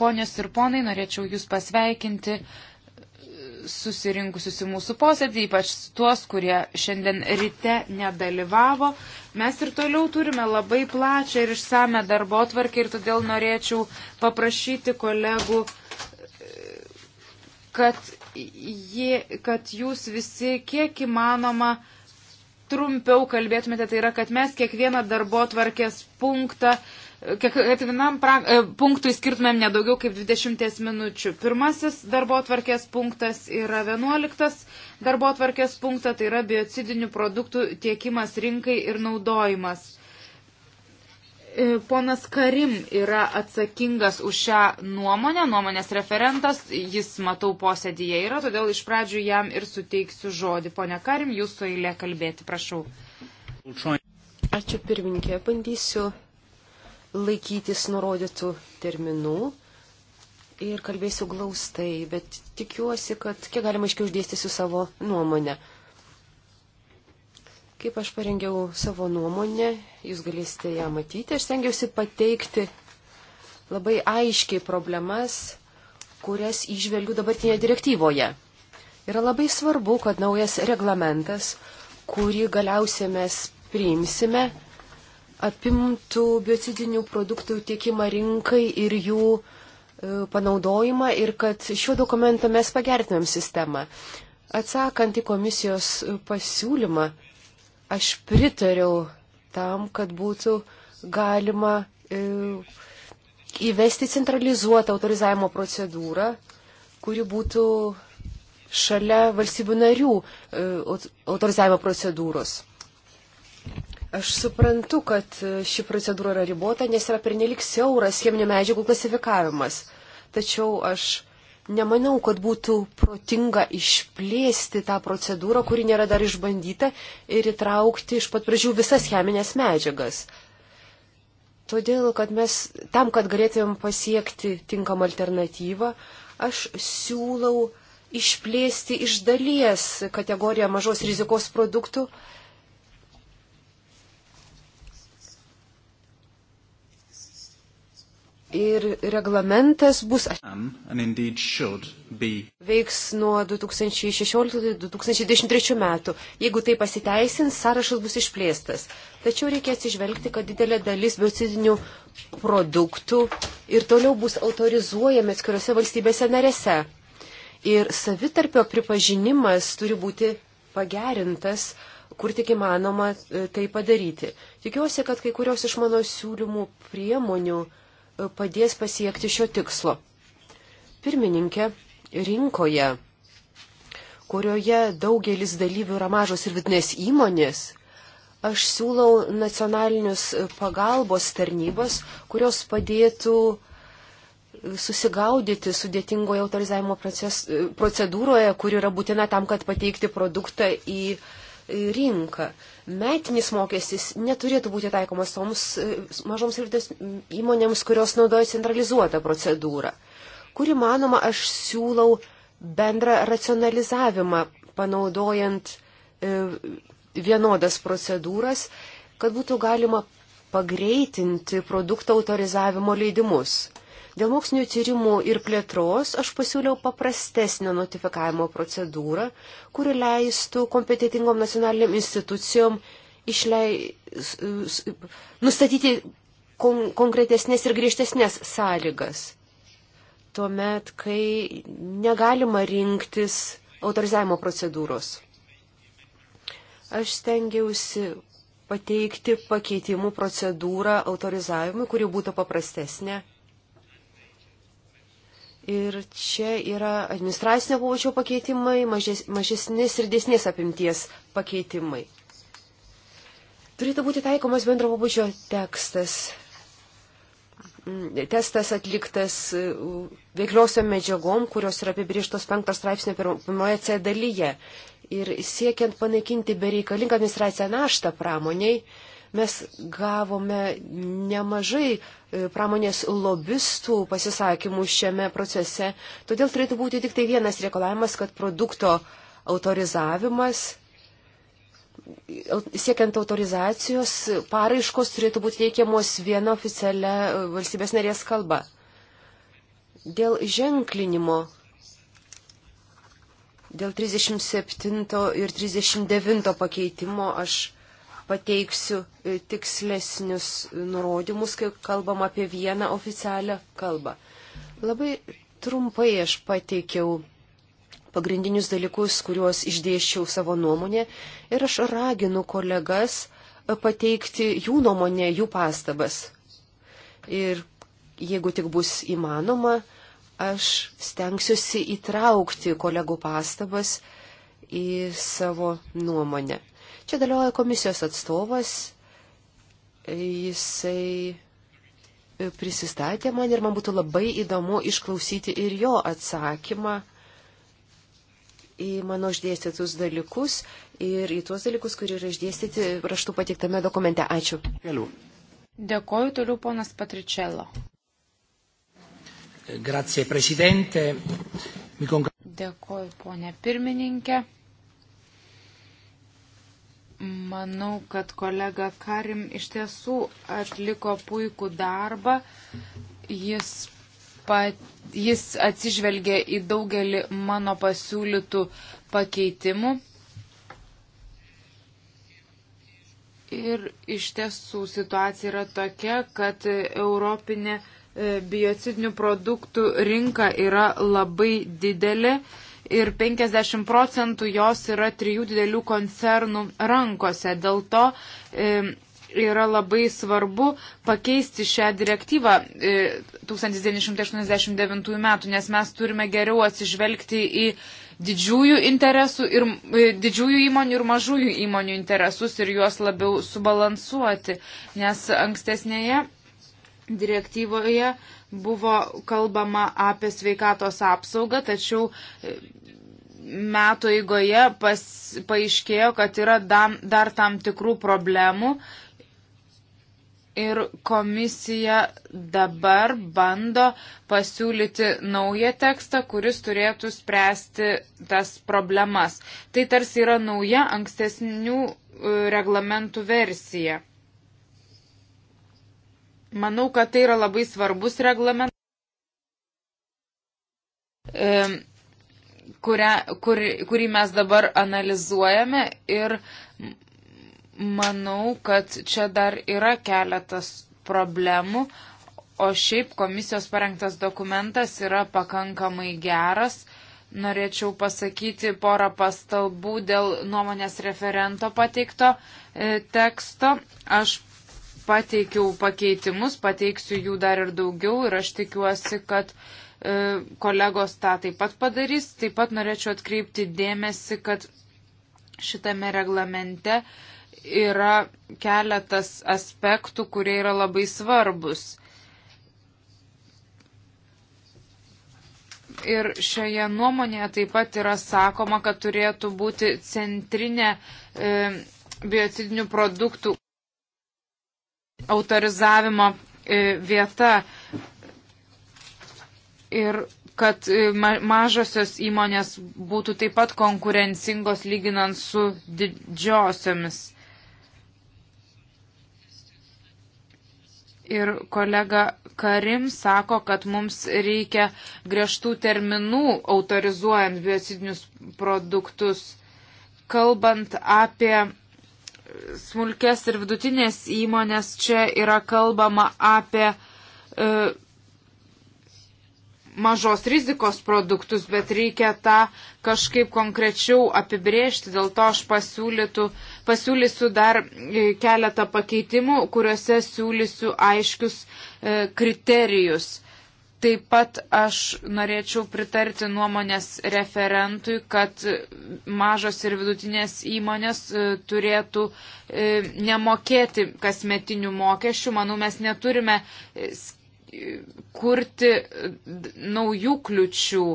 Ponios ir ponai, norėčiau Jūs pasveikinti susirinkusius į mūsų posėdį, ypač tuos, kurie šiandien ryte nedalyvavo. Mes ir toliau turime labai plačią ir išsame darbo tvarkį ir todėl norėčiau paprašyti kolegų, kad, jie, kad jūs visi kiek įmanoma trumpiau kalbėtumėte, tai yra, kad mes kiekvieną darbo tvarkės punktą uh, kiekvienam e, punktui skirtumėm nedaugiau kaip 20 minučių. Pirmasis darbo atvarkės punktas yra 11 darbo atvarkės punktą, tai yra biocidinių produktų tiekimas rinkai ir naudojimas. E, ponas Karim yra atsakingas už šią nuomonę, nuomonės referentas, jis, matau, posėdėje yra, todėl iš pradžių jam ir suteiksiu žodį. Pone Karim, jūsų eilė kalbėti, prašau. Ačiū pirmininkė, bandysiu laikytis nurodytų terminų ir kalbėsiu glaustai, bet tikiuosi, kad kiek galima aiškiau išdėstysiu savo nuomonę. Kaip aš parengiau savo nuomonę, jūs galėsite ją matyti. Aš stengiausi pateikti labai aiškiai problemas, kurias išvelgiu dabartinėje direktyvoje. Yra labai svarbu, kad naujas reglamentas, kurį galiausiai mes priimsime, apimtų biocidinių produktų tiekimą rinkai ir jų e, panaudojimą ir kad šiuo dokumentu mes pagertumėm sistemą. Atsakant į komisijos e, pasiūlymą, aš pritariau tam, kad būtų galima e, įvesti centralizuotą autorizavimo procedūrą, kuri būtų šalia valstybių narių autorizavimo procedūros. Aš suprantu, kad ši procedūra yra ribota, nes yra pernelik siauras cheminių medžiagų klasifikavimas. Tačiau aš nemanau, kad būtų protinga išplėsti tą procedūrą, kuri nėra dar išbandyta, ir įtraukti iš pat pradžių visas cheminės medžiagas. Todėl, kad mes tam, kad galėtumėm pasiekti tinkamą alternatyvą, aš siūlau išplėsti iš dalies kategoriją mažos rizikos produktų Ir reglamentas bus veiks nuo 2016-2023 metų. Jeigu tai pasiteisins, sąrašas bus išplėstas. Tačiau reikia atsižvelgti, kad didelė dalis biocidinių produktų ir toliau bus autorizuojami atskiriuose valstybėse narėse. Ir savitarpio pripažinimas turi būti pagerintas kur tik įmanoma e, tai padaryti. Tikiuosi, kad kai kurios iš mano siūlymų priemonių uh, padės pasiekti šio tikslo. Pirmininkė, rinkoje, kurioje daugelis dalyvių yra mažos ir vidinės įmonės, aš siūlau nacionalinius pagalbos tarnybos, kurios padėtų susigaudyti sudėtingoje autorizavimo proces, procedūroje, kur yra būtina tam, kad pateikti produktą į uh, rinką. Metinis mokestis neturėtų būti taikomas toms e, mažoms ir įmonėms, kurios naudoja centralizuotą procedūrą, kuri, manoma, aš siūlau bendrą racionalizavimą, panaudojant e, vienodas procedūras, kad būtų galima pagreitinti produkto autorizavimo leidimus. Dėl mokslinio tyrimų ir plėtros aš pasiūliau paprastesnę notifikavimo procedūrą, kuri leistų kompetitingom nacionaliniam institucijom išlei... nustatyti kon konkretesnės ir griežtesnės sąlygas. Tuomet, kai negalima rinktis autorizavimo procedūros. Aš stengiausi pateikti pakeitimų procedūrą autorizavimui, kuri būtų paprastesnė Ir čia yra administracinio pobūdžio pakeitimai, mažes, mažesnės ir dėsnės apimties pakeitimai. Turėtų būti taikomas bendro pobūdžio tekstas. Mm, testas atliktas uh, veikliosiom medžiagom, kurios yra apibrieštos 5 straipsnio 1 C dalyje. Ir siekiant panaikinti bereikalingą administraciją naštą pramoniai, Mes gavome nemažai e, pramonės lobistų pasisakymų šiame procese, todėl turėtų būti tik tai vienas reikalavimas, kad produkto autorizavimas, siekiant autorizacijos, paraiškos turėtų būti teikiamos viena oficialia e, valstybės narės kalba. Dėl ženklinimo, dėl 37 ir 39 pakeitimo aš pateiksiu e, tikslesnius nurodymus, kai kalbam apie vieną oficialią kalbą. Labai trumpai aš pateikiau pagrindinius dalykus, kuriuos išdėščiau savo nuomonę ir aš raginu kolegas e, pateikti jų nuomonę, jų pastabas. Ir jeigu tik bus įmanoma, aš stengsiuosi įtraukti kolegų pastabas į savo nuomonę. Čia dalyvauja komisijos atstovas, jisai e, prisistatė man ir man būtų labai įdomu išklausyti ir jo atsakymą į mano išdėstytus dalykus ir į tuos dalykus, kurie yra išdėstyti raštu patiktame dokumente. Ačiū. Keliu. Dėkoju toliau ponas Patričello. Grazie, prezidente. Dėkoju, ponė pirmininkė. Manau, kad kolega Karim iš tiesų atliko puikų darbą. Jis, pat, jis atsižvelgė į daugelį mano pasiūlytų pakeitimų. Ir iš tiesų situacija yra tokia, kad europinė e, biocidinių produktų rinka yra labai didelė ir 50 procentų jos yra trijų didelių koncernų rankose. Dėl to e, yra labai svarbu pakeisti šią direktyvą 1989 e, metų, nes mes turime geriau atsižvelgti į didžiųjų, interesų ir, e, didžiųjų įmonių ir mažųjų įmonių interesus ir juos labiau subalansuoti, nes ankstesnėje direktyvoje buvo kalbama apie sveikatos apsaugą, tačiau e, metų eigoje pas, paaiškėjo, kad yra dam, dar tam tikrų problemų ir komisija dabar bando pasiūlyti naują tekstą, kuris turėtų spręsti tas problemas. Tai tarsi yra nauja ankstesnių e, reglamentų versija. Manau, kad tai yra labai svarbus reglamentas, kurią, kur, kurį mes dabar analizuojame ir manau, kad čia dar yra keletas problemų, o šiaip komisijos parengtas dokumentas yra pakankamai geras. Norėčiau pasakyti porą pastalbų dėl nuomonės referento pateikto e, teksto. Aš pateikiau pakeitimus, pateiksiu jų dar ir daugiau ir aš tikiuosi, kad e, kolegos tą taip pat padarys. Taip pat norėčiau atkreipti dėmesį, kad šitame reglamente yra keletas aspektų, kurie yra labai svarbus. ir šioje nuomonėje taip pat yra sakoma, kad turėtų būti centrinė e, biocidinių produktų autorizavimo e, vieta ir kad e, mažosios įmonės būtų taip pat konkurencingos lyginant su didžiosiomis. Ir kolega Karim sako, kad mums reikia griežtų terminų autorizuojant biocidinius produktus. Kalbant apie smulkes ir vidutinės įmonės, čia yra kalbama apie e, mažos rizikos produktus, bet reikia tą kažkaip konkrečiau apibrėžti. Dėl to aš pasiūlysiu dar e, keletą pakeitimų, kuriuose siūlysiu aiškius e, kriterijus. Taip pat aš norėčiau pritarti nuomonės referentui, kad mažos ir vidutinės įmonės e, turėtų e, nemokėti kasmetinių mokesčių. Manau, mes neturime e, kurti naujų kliučių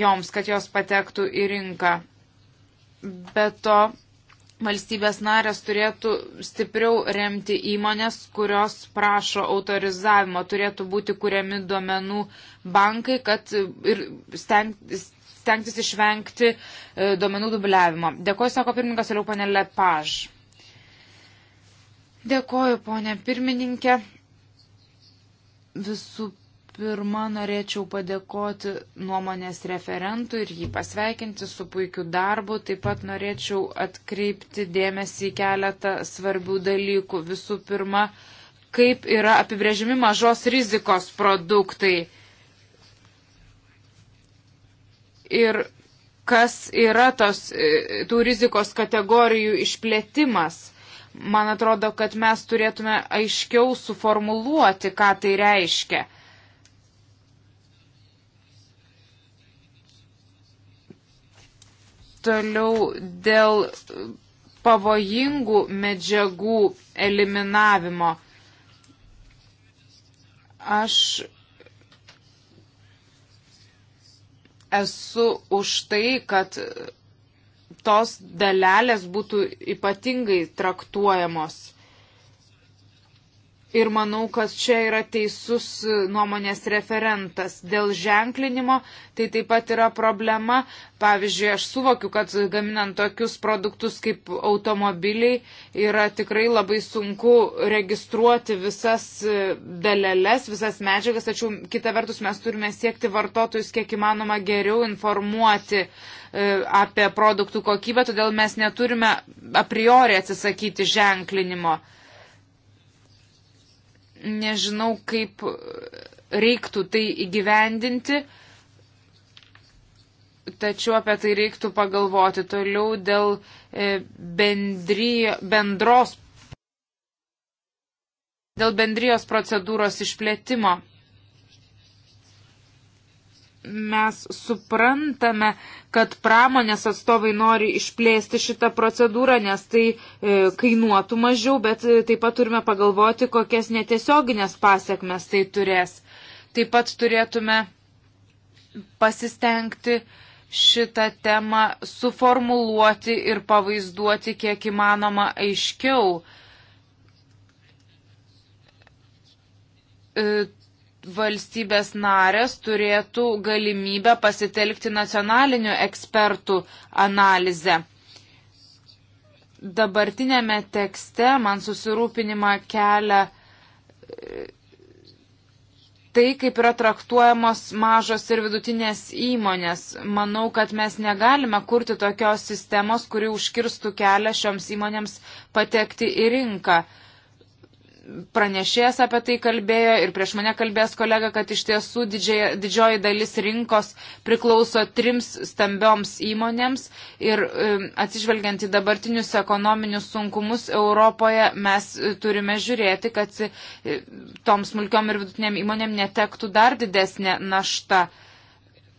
joms, kad jos patektų į rinką. Be to, valstybės narės turėtų stipriau remti įmonės, kurios prašo autorizavimo, turėtų būti kuriami duomenų bankai, kad ir stengtis, stengtis išvengti e, duomenų dubliavimo. Dėkuoju, sako pirmininkas, vėliau ponė Lepaž. Dėkuoju, ponė pirmininkė. Visų Pirma, norėčiau padėkoti nuomonės referentui ir jį pasveikinti su puikiu darbu. Taip pat norėčiau atkreipti dėmesį į keletą svarbių dalykų. Visų pirma, kaip yra apibrėžimi mažos rizikos produktai ir kas yra tos, e, tų rizikos kategorijų išplėtimas man atrodo, kad mes turėtume aiškiau suformuluoti, ką tai reiškia. Toliau dėl pavojingų medžiagų eliminavimo. Aš esu už tai, kad tos dalelės būtų ypatingai traktuojamos ir manau, kad čia yra teisus nuomonės referentas. Dėl ženklinimo tai taip pat yra problema. Pavyzdžiui, aš suvokiu, kad gaminant tokius produktus kaip automobiliai yra tikrai labai sunku registruoti visas daleles, visas medžiagas, tačiau kita vertus mes turime siekti vartotojus kiek įmanoma geriau informuoti e, apie produktų kokybę, todėl mes neturime a priori atsisakyti ženklinimo nežinau, kaip reiktų tai įgyvendinti, tačiau apie tai reiktų pagalvoti toliau dėl e, bendry, bendros, dėl bendrijos procedūros išplėtimo mes suprantame, kad pramonės atstovai nori išplėsti šitą procedūrą, nes tai e, kainuotų mažiau, bet e, taip pat turime pagalvoti, kokias netiesioginės pasiekmes tai turės. Taip pat turėtume pasistengti šitą temą suformuluoti ir pavaizduoti kiek įmanoma aiškiau. E, valstybės narės turėtų galimybę pasitelkti nacionalinių ekspertų analizę. Dabartinėme tekste man susirūpinimą kelia e, tai, kaip yra traktuojamos mažos ir vidutinės įmonės. Manau, kad mes negalime kurti tokios sistemos, kuri užkirstų kelią šioms įmonėms patekti į rinką pranešėjas apie tai kalbėjo ir prieš mane kalbės kolega, kad iš tiesų didžiai, didžioji dalis rinkos priklauso trims stambioms įmonėms ir um, atsižvelgiant į dabartinius ekonominius sunkumus Europoje mes e, turime žiūrėti, kad e, toms smulkiom ir vidutiniam įmonėm netektų dar didesnė našta.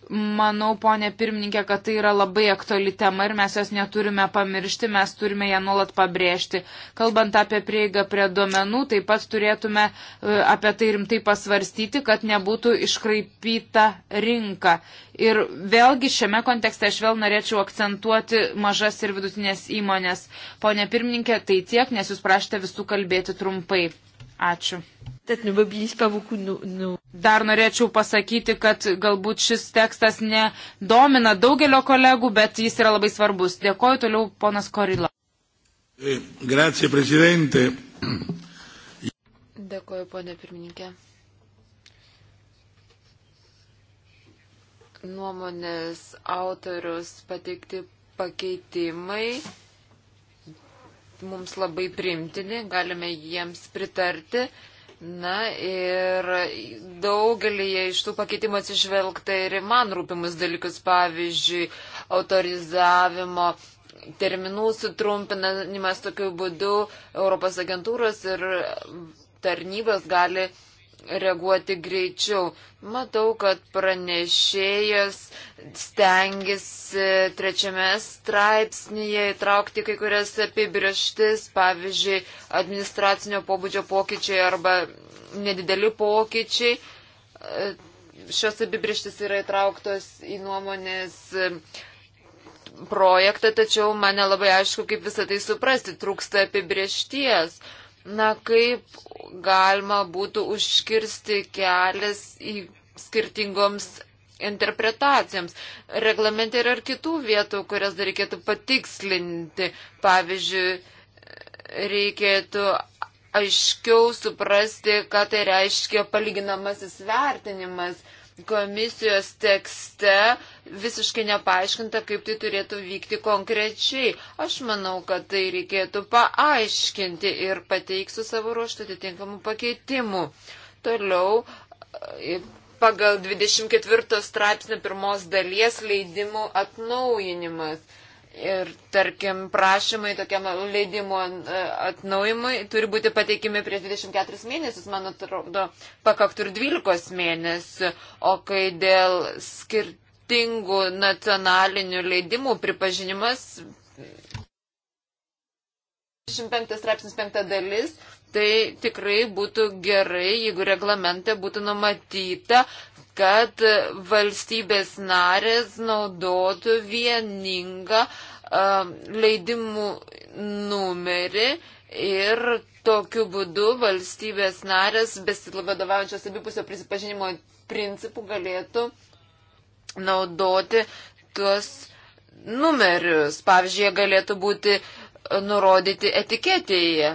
Manau, ponė pirmininkė, kad tai yra labai aktuali tema ir mes jos neturime pamiršti, mes turime ją nuolat pabrėžti. Kalbant apie prieigą prie duomenų, taip pat turėtume e, apie tai rimtai pasvarstyti, kad nebūtų iškraipyta rinka. Ir vėlgi šiame kontekste aš vėl norėčiau akcentuoti mažas ir vidutinės įmonės. Pone pirmininkė, tai tiek, nes jūs prašėte visų kalbėti trumpai. Ačiū. Nu, nu. Dar norėčiau pasakyti, kad galbūt šis tekstas nedomina daugelio kolegų, bet jis yra labai svarbus. Dėkoju toliau, ponas Korila. E, grazie, prezidente. Dėkoju, ponė pirmininkė. Nuomonės autorius pateikti pakeitimai mums labai primtini, galime jiems pritarti. Na ir daugelį iš tų pakeitimų atsižvelgta ir man rūpimus dalykus, pavyzdžiui, autorizavimo terminų sutrumpinimas tokiu būdu Europos agentūros ir tarnybos gali uh, reaguoti greičiau. Matau, kad pranešėjas stengiasi trečiame straipsnėje įtraukti kai kurias apibrieštis, pavyzdžiui, administracinio pobūdžio pokyčiai arba nedideli pokyčiai. Šios apibrieštis yra įtrauktos į nuomonės projektą, tačiau mane labai aišku, kaip visą tai suprasti, trūksta apibriešties. Na, kaip galima būtų užkirsti kelias į skirtingoms interpretacijoms. Reglamente yra ir kitų vietų, kurias dar reikėtų patikslinti. Pavyzdžiui, reikėtų aiškiau suprasti, ką tai reiškia palyginamasis vertinimas komisijos tekste visiškai nepaaiškinta, kaip tai turėtų vykti konkrečiai. Aš manau, kad tai reikėtų paaiškinti ir pateiksiu savo ruoštų atitinkamų pakeitimų. Toliau e, pagal 24 straipsnio pirmos dalies leidimų atnaujinimas. Ir tarkim, prašymai tokiam leidimo e, atnaujimui turi būti pateikimi prieš 24 mėnesius, man atrodo, pakaktų ir 12 mėnesių. O kai dėl skirtingų nacionalinių leidimų pripažinimas 25 straipsnis 5 dalis tai tikrai būtų gerai, jeigu reglamente būtų numatyta, kad valstybės narės naudotų vieningą um, leidimų numerį ir tokiu būdu valstybės narės, besivadovaujančios abipusio prisipažinimo principų, galėtų naudoti tuos numerius. Pavyzdžiui, galėtų būti nurodyti etiketėje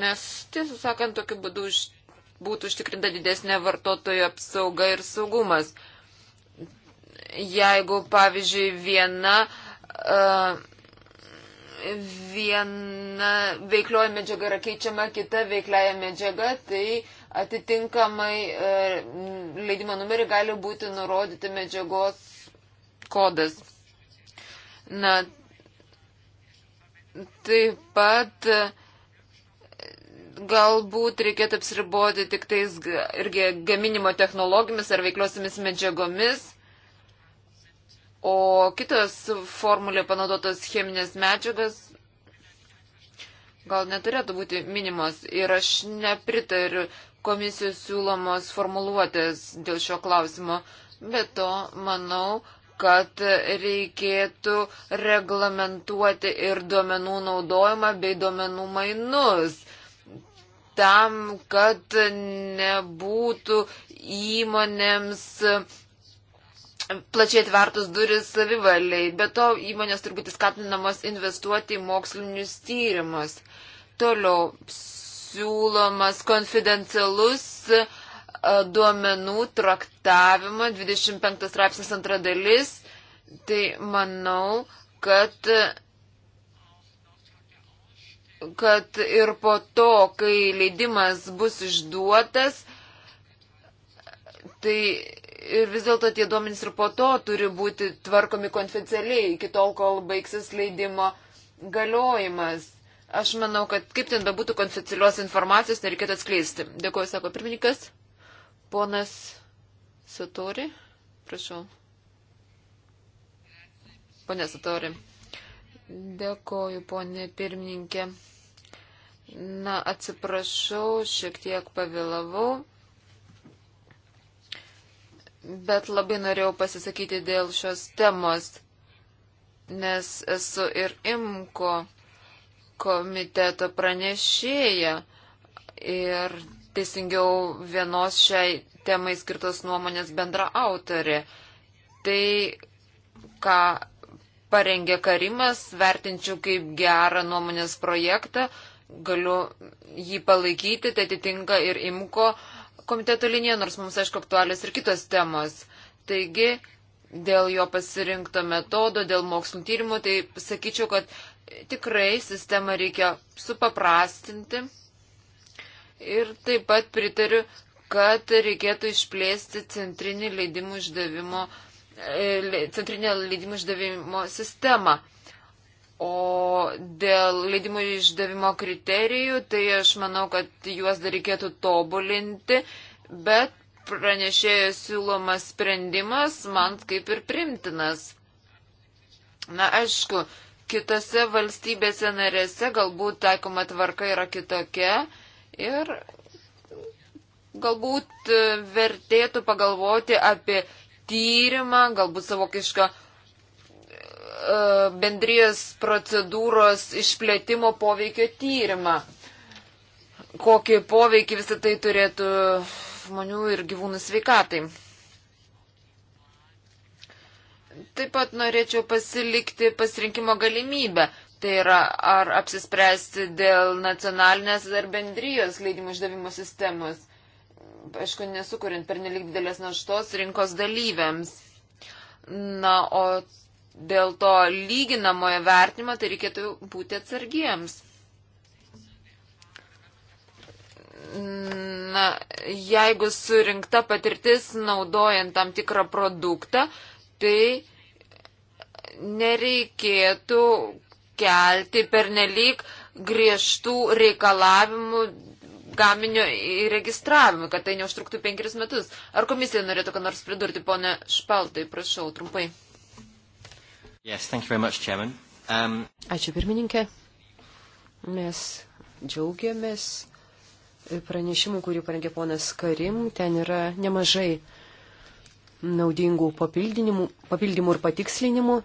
nes, tiesą sakant, tokiu būdu už, būtų užtikrinta didesnė vartotojų apsauga ir saugumas. Jeigu, pavyzdžiui, viena, uh, viena veiklioji medžiaga yra keičiama kita veikliaja medžiaga, tai atitinkamai uh, leidimo numerį gali būti nurodyti medžiagos kodas. Na, taip pat uh, galbūt reikėtų apsiriboti tik tais irgi gaminimo technologijomis ar veikliosiamis medžiagomis, o kitos formulė panaudotos cheminės medžiagas gal neturėtų būti minimos. Ir aš nepritariu komisijos siūlomos formuluotės dėl šio klausimo. Be to, manau, kad reikėtų reglamentuoti ir duomenų naudojimą bei duomenų mainus tam, kad nebūtų įmonėms plačiai atvertos duris savivaliai. Be to įmonės turbūt įskatinamos investuoti į mokslinius tyrimus. Toliau siūlomas konfidencialus e, duomenų traktavimą 25 straipsnis antra dalis. Tai manau, kad kad ir po to, kai leidimas bus išduotas, tai vis dėlto tie duomenys ir po to turi būti tvarkomi konfidencialiai iki tol, kol baigsis leidimo galiojimas. Aš manau, kad kaip ten bebūtų konfidencialios informacijos, nereikėtų atskleisti. Dėkuoju, sako pirmininkas. Ponas Satori, prašau. Pone Satori. Dėkoju, ponė pirmininkė. Na, atsiprašau, šiek tiek pavėlavau, bet labai norėjau pasisakyti dėl šios temos, nes esu ir imko komiteto pranešėja ir teisingiau vienos šiai temai skirtos nuomonės bendra autorė. Tai, ką parengė Karimas, vertinčiau kaip gerą nuomonės projektą, galiu jį palaikyti, tai atitinka ir IMKO komiteto linija, nors mums aišku aktualios ir kitos temos. Taigi, dėl jo pasirinkto metodo, dėl mokslinų tyrimų, tai sakyčiau, kad tikrai sistemą reikia supaprastinti. Ir taip pat pritariu, kad reikėtų išplėsti centrinį leidimų išdavimo uh, E, centrinę leidimų išdavimo sistemą. O dėl leidimų išdavimo kriterijų, tai aš manau, kad juos dar reikėtų tobulinti, bet pranešėjo siūlomas sprendimas man kaip ir primtinas. Na, aišku, kitose valstybėse narėse galbūt taikoma tvarka yra kitokia ir galbūt vertėtų pagalvoti apie tyrimą, galbūt savokišką e, bendrijos procedūros išplėtimo poveikio tyrimą. Kokį poveikį visą tai turėtų žmonių ir gyvūnų sveikatai. Taip pat norėčiau pasilikti pasirinkimo galimybę. Tai yra, ar apsispręsti dėl nacionalinės ar bendrijos leidimų išdavimo sistemos aišku, nesukuriant pernelik didelės naštos rinkos dalyviams. Na, o dėl to lyginamojo vertinimo tai reikėtų būti atsargiems. Na, jeigu surinkta patirtis naudojant tam tikrą produktą, tai nereikėtų kelti pernelyg griežtų reikalavimų gaminio įregistravimui, kad tai neužtruktų penkeris metus. Ar komisija norėtų ką nors pridurti, ponė Špaltai, prašau, trumpai. Yes, much, chairman. um... Ačiū pirmininkė. Mes džiaugiamės pranešimų, kurį parengė ponas Karim. Ten yra nemažai naudingų papildymų, papildymų ir patikslinimų.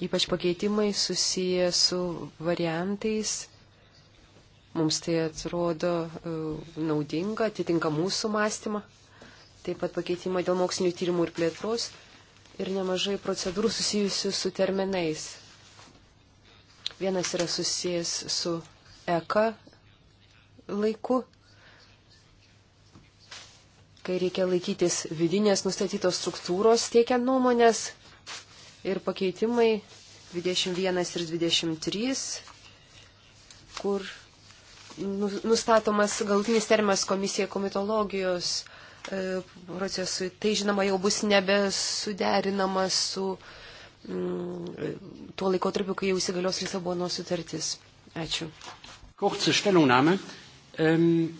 Ypač pakeitimai susiję su variantais. Mums tai atrodo e, naudinga, atitinka mūsų mąstymą. Taip pat pakeitimai dėl mokslinių tyrimų ir plėtros ir nemažai procedūrų susijusių su terminais. Vienas yra susijęs su eka laiku, kai reikia laikytis vidinės nustatytos struktūros teikiant nuomonės, ir pakeitimai 21 ir 23, kur nu, nustatomas galutinis terminas komisija komitologijos e, procesui. Tai žinoma jau bus nebesuderinama su mm, tuo laikotarpiu, kai jau įsigalios Lisabono sutartis. Ačiū. Kurze Stellungnahme. Ähm.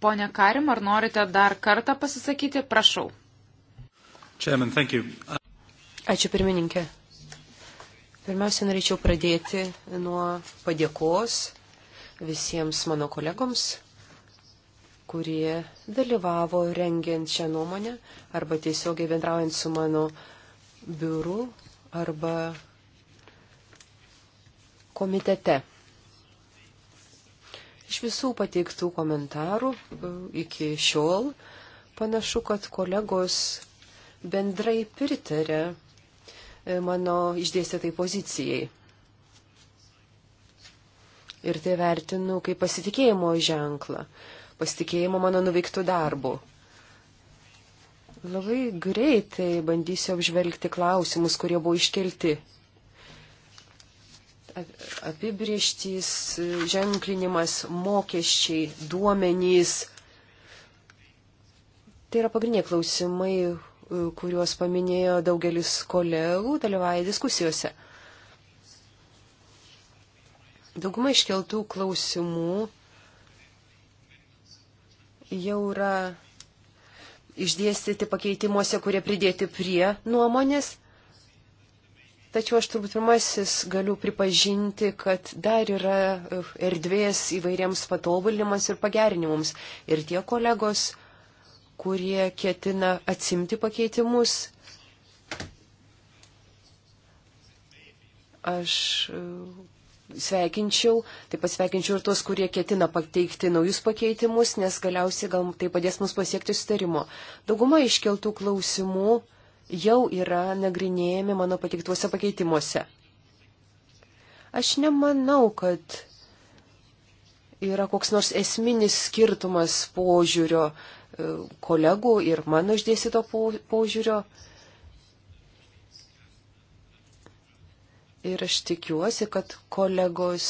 Pone Karim, ar norite dar kartą pasisakyti? Prašau. Chairman, thank you. Ačiū pirmininkė. Pirmiausia, norėčiau pradėti nuo padėkos visiems mano kolegoms, kurie dalyvavo rengiant šią nuomonę arba tiesiogiai bendraujant su mano biuru arba komitete. Iš visų pateiktų komentarų iki šiol panašu, kad kolegos bendrai pritarė E, mano išdėstėtai pozicijai. Ir tai vertinu kaip pasitikėjimo ženklą, pasitikėjimo mano nuveiktų darbų. Labai greitai bandysiu apžvelgti klausimus, kurie buvo iškelti. Apibrieštys, ženklinimas, mokesčiai, duomenys. Tai yra pagrindiniai klausimai, kuriuos paminėjo daugelis kolegų, dalyvauja diskusijose. Dauguma iškeltų klausimų jau yra išdėstyti pakeitimuose, kurie pridėti prie nuomonės. Tačiau aš turbūt pirmasis galiu pripažinti, kad dar yra erdvės įvairiems patobulinimams ir pagerinimams. Ir tie kolegos, kurie ketina atsimti pakeitimus. Aš e, sveikinčiau, taip pat sveikinčiau ir tos, kurie ketina pateikti naujus pakeitimus, nes galiausiai gal tai padės mums pasiekti sutarimo. Dauguma iškeltų klausimų jau yra nagrinėjami mano pateiktuose pakeitimuose. Aš nemanau, kad yra koks nors esminis skirtumas požiūrio E, kolegų ir mano išdėsito požiūrio. Ir aš tikiuosi, kad kolegos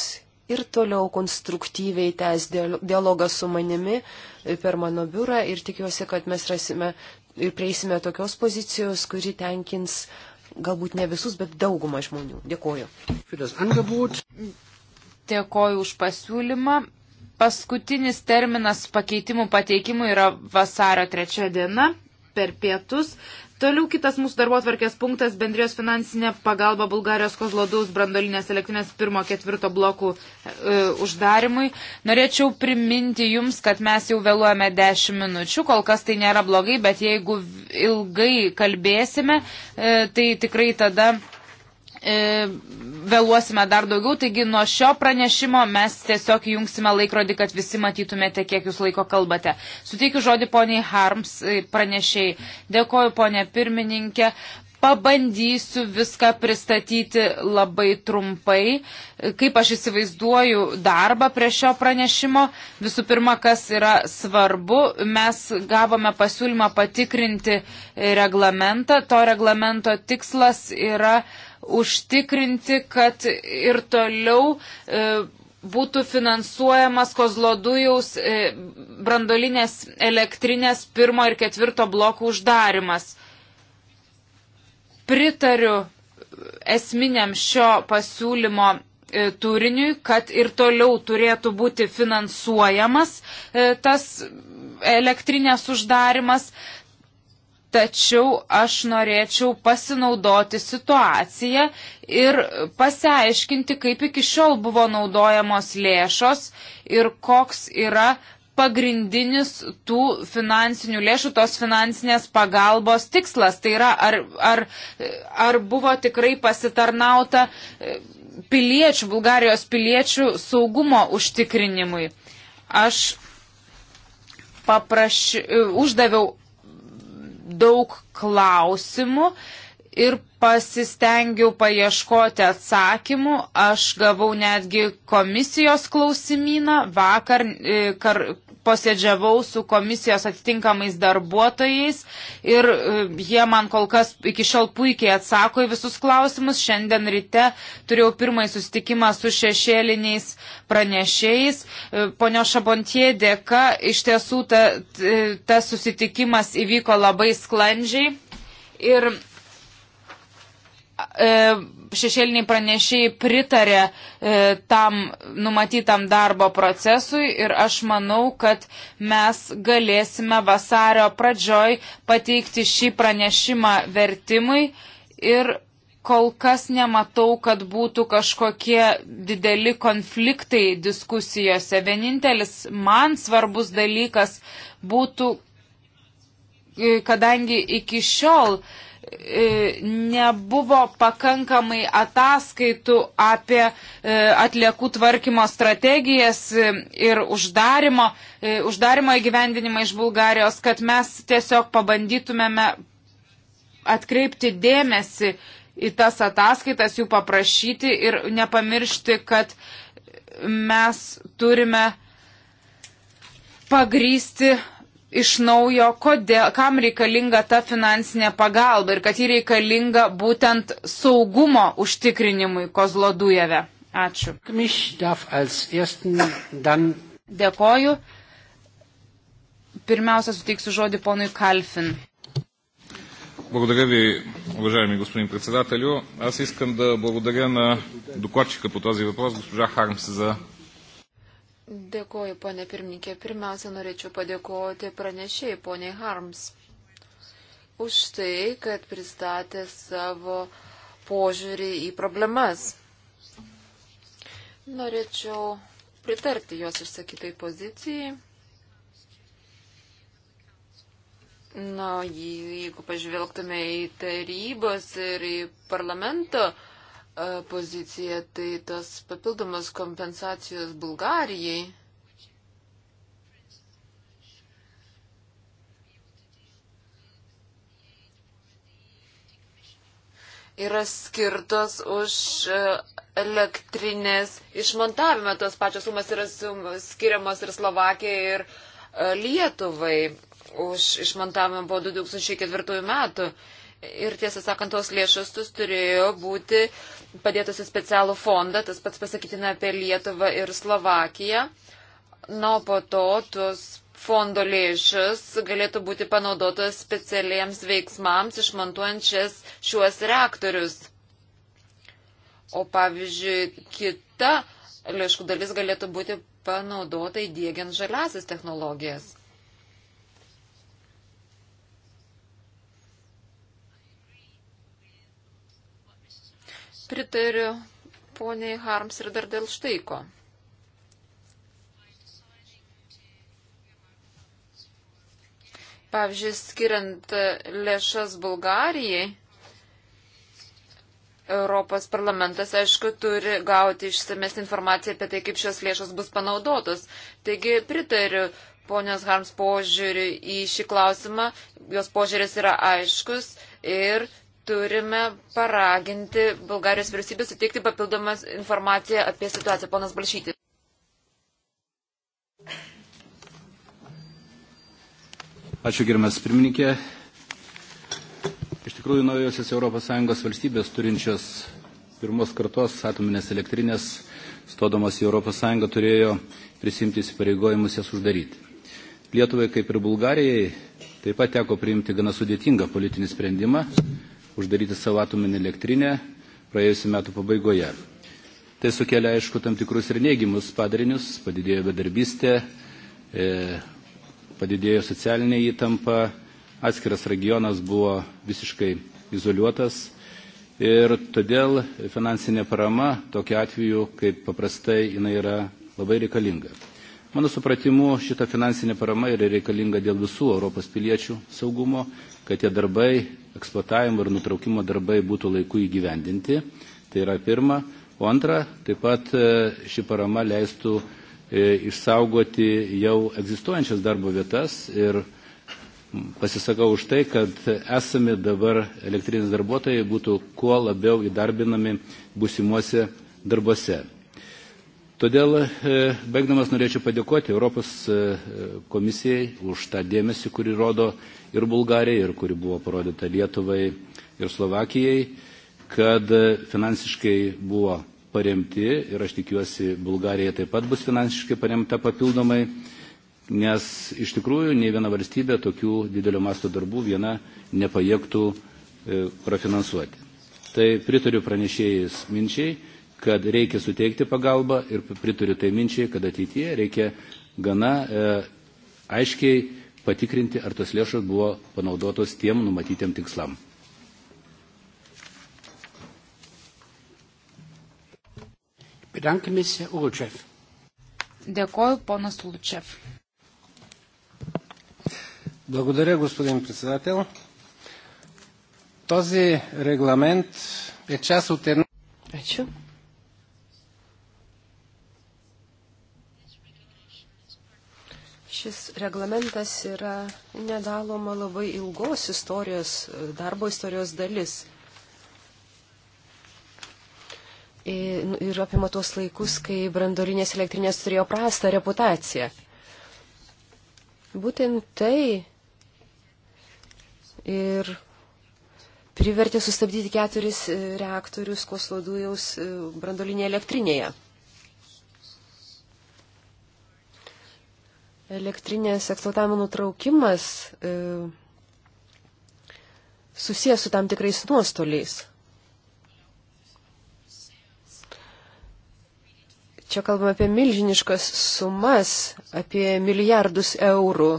ir toliau konstruktyviai tęs dialogą su manimi per mano biurą ir tikiuosi, kad mes rasime ir prieisime tokios pozicijos, kuri tenkins galbūt ne visus, bet daugumą žmonių. Dėkoju. Dėkoju už pasiūlymą. Paskutinis terminas pakeitimų pateikimų yra vasario trečia diena per pietus. Toliau kitas mūsų darbo atvarkės punktas - bendrijos finansinė pagalba Bulgarijos kozlodaus brandolinės elektrinės pirmo ketvirto blokų e, uždarimui. Norėčiau priminti Jums, kad mes jau vėluojame 10 minučių, kol kas tai nėra blogai, bet jeigu ilgai kalbėsime, e, tai tikrai tada E, vėluosime dar daugiau, taigi nuo šio pranešimo mes tiesiog jungsime laikrodį, kad visi matytumėte, kiek jūs laiko kalbate. Suteikiu žodį poniai Harms e, pranešiai. Dėkoju, ponė pirmininkė. Pabandysiu viską pristatyti labai trumpai, kaip aš įsivaizduoju darbą prie šio pranešimo. Visų pirma, kas yra svarbu, mes gavome pasiūlymą patikrinti reglamentą. To reglamento tikslas yra uh, užtikrinti, kad ir toliau e, būtų finansuojamas kozlodujaus e, brandolinės elektrinės pirmo ir ketvirto blokų uždarimas. Pritariu esminiam šio pasiūlymo e, turiniui, kad ir toliau turėtų būti finansuojamas e, tas elektrinės uždarimas, tačiau aš norėčiau pasinaudoti situaciją ir pasiaiškinti, kaip iki šiol buvo naudojamos lėšos ir koks yra pagrindinis tų finansinių lėšų, tos finansinės pagalbos tikslas. Tai yra, ar, ar, ar buvo tikrai pasitarnauta e, piliečių, Bulgarijos piliečių saugumo užtikrinimui. Aš papraš, e, uždaviau daug klausimų ir pasistengiau paieškoti atsakymų, aš gavau netgi komisijos klausimyną, vakar e, kar, posėdžiavau su komisijos atitinkamais darbuotojais ir e, jie man kol kas iki šiol puikiai atsako į visus klausimus. Šiandien ryte turėjau pirmąjį susitikimą su šešėliniais pranešėjais. E, Ponio Šabontie dėka iš tiesų tas ta, ta susitikimas įvyko labai sklandžiai. Ir E, šešėliniai pranešiai pritarė e, tam numatytam darbo procesui ir aš manau, kad mes galėsime vasario pradžioj pateikti šį pranešimą vertimui ir kol kas nematau, kad būtų kažkokie dideli konfliktai diskusijose. Vienintelis man svarbus dalykas būtų, e, kadangi iki šiol uh, E, nebuvo pakankamai ataskaitų apie e, atliekų tvarkymo strategijas e, ir uždarimo, uždarimo įgyvendinimą iš Bulgarijos, kad mes tiesiog pabandytumėme atkreipti dėmesį į tas ataskaitas, jų paprašyti ir nepamiršti, kad mes turime pagrysti iš naujo, kodėl, kam reikalinga ta finansinė pagalba ir kad ji reikalinga būtent saugumo užtikrinimui Kozlodujeve. Ačiū. Dėkoju. Pirmiausia, suteiksiu žodį ponui Kalfin. Благодаря ви, уважаеми господин председателю. Аз искам да благодаря на докладчика по този въпрос, госпожа Хармс, за Dėkoju, ponė pirmininkė. Pirmiausia, norėčiau padėkoti pranešėjai, poniai Harms, už tai, kad pristatė savo požiūrį į problemas. Norėčiau pritarti jos išsakytai pozicijai. Na, jeigu pažvelgtume į tarybos ir į parlamento E, poziciją, tai tas papildomas kompensacijos Bulgarijai. Yra skirtos už e, elektrinės išmontavimą. Tos pačios sumas yra skiriamas ir Slovakijai, ir e, Lietuvai. Už išmontavimą buvo 2004 metų. Ir tiesą sakant, tos lėšos turėjo būti padėtos į specialų fondą, tas pats pasakytina apie Lietuvą ir Slovakiją. Na, o po to tos fondo lėšas galėtų būti panaudotos specialiems veiksmams, išmontuojant šias, šiuos reaktorius. O pavyzdžiui, kita lėšų dalis galėtų būti panaudota įdėgiant žaliasis technologijas. pritariu poniai Harms ir dar dėl štaiko. Pavyzdžiui, skiriant lėšas Bulgarijai, Europos parlamentas, aišku, turi gauti išsames informaciją apie tai, kaip šios lėšos bus panaudotos. Taigi pritariu ponios Harms požiūrį į šį klausimą, jos požiūris yra aiškus ir turime paraginti Bulgarijos vyriausybę suteikti papildomą informaciją apie situaciją. Ponas Balšytis. Ačiū gerimas pirmininkė. Iš tikrųjų, naujosios ES valstybės turinčios pirmos kartos atominės elektrinės, stodamas į ES, turėjo prisimti įsipareigojimus jas uždaryti. Lietuvai, kaip ir Bulgarijai, taip pat teko priimti gana sudėtingą politinį sprendimą uždaryti savo atominę elektrinę praėjusiu metu pabaigoje. Tai sukelia, aišku, tam tikrus ir neigiamus padarinius, padidėjo bedarbystė, e, padidėjo socialinė įtampa, atskiras regionas buvo visiškai izoliuotas ir todėl finansinė parama tokiu atveju, kaip paprastai, jinai yra labai reikalinga. Mano supratimu, šita finansinė parama yra reikalinga dėl visų Europos piliečių saugumo, kad tie darbai eksploatavimo ir nutraukimo darbai būtų laiku įgyvendinti. Tai yra pirma. O antra, taip pat e, ši parama leistų e, išsaugoti jau egzistuojančias darbo vietas ir pasisakau už tai, kad esami dabar elektrinės darbuotojai būtų kuo labiau įdarbinami būsimuose darbuose. Todėl, e, baigdamas, norėčiau padėkoti Europos e, komisijai už tą dėmesį, kurį rodo ir Bulgarijai, ir kuri buvo parodyta Lietuvai ir Slovakijai, kad e, finansiškai buvo paremti ir aš tikiuosi, Bulgarija taip pat bus finansiškai paremta papildomai, nes iš tikrųjų nei viena valstybė tokių didelio masto darbų viena nepajėgtų prafinansuoti. Tai pritariu pranešėjais minčiai kad reikia suteikti pagalbą ir prituriu tai minčiai, kad ateityje reikia gana e, aiškiai patikrinti, ar tos lėšos buvo panaudotos tiem numatytiem tikslam. Bedankimis, Ulučev. Dėkoju, ponas Ulučev. Благодаря, господин председател. Този регламент е част от едно... Ačiū. Šis reglamentas yra nedaloma labai ilgos istorijos, darbo istorijos dalis. Nu, ir apima tuos laikus, kai brandolinės elektrinės turėjo prastą reputaciją. Būtent tai ir privertė sustabdyti keturis e, reaktorius Koslodujaus e, brandolinėje elektrinėje. elektrinės eksploatavimo nutraukimas e, susijęs su tam tikrais nuostoliais. Čia kalbame apie milžiniškas sumas, apie milijardus eurų.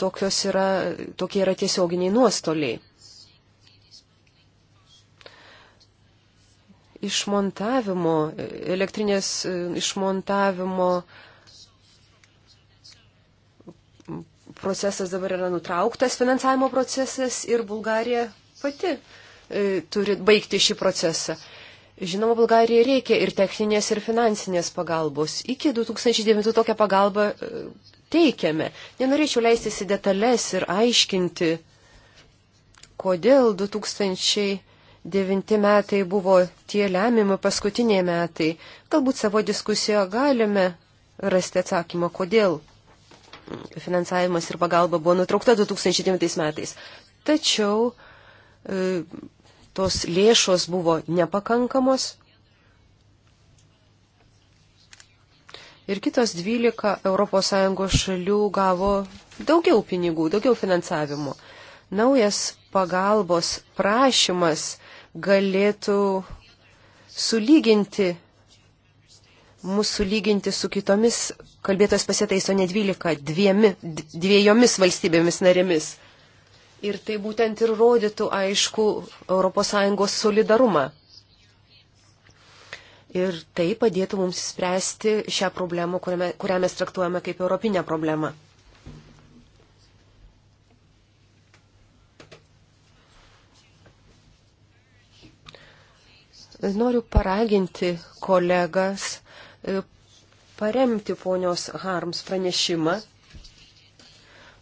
Tokios yra, tokie yra tiesioginiai nuostoliai. Išmontavimo, elektrinės e, išmontavimo e, procesas dabar yra nutrauktas, finansavimo procesas ir Bulgarija pati e, turi baigti šį procesą. Žinoma, Bulgarijai reikia ir techninės, ir finansinės pagalbos. Iki 2009 tokią pagalbą e, teikiame. Nenorėčiau leistis į detalės ir aiškinti, kodėl 2009 metai buvo tie lemiami paskutiniai metai. Galbūt savo diskusijoje galime rasti atsakymą, kodėl finansavimas ir pagalba buvo nutraukta 2009 metais. Tačiau e, tos lėšos buvo nepakankamos. Ir kitos 12 ES šalių gavo daugiau pinigų, daugiau finansavimo. Naujas pagalbos prašymas galėtų sulyginti mūsų lyginti su kitomis, kalbėtojas pasitaiso ne 12, dviemi, dviejomis valstybėmis narėmis. Ir tai būtent ir rodytų aišku ES solidarumą. Ir tai padėtų mums spręsti šią problemą, kurią, kurią mes traktuojame kaip europinę problemą. Noriu paraginti kolegas E, paremti ponios Harms pranešimą.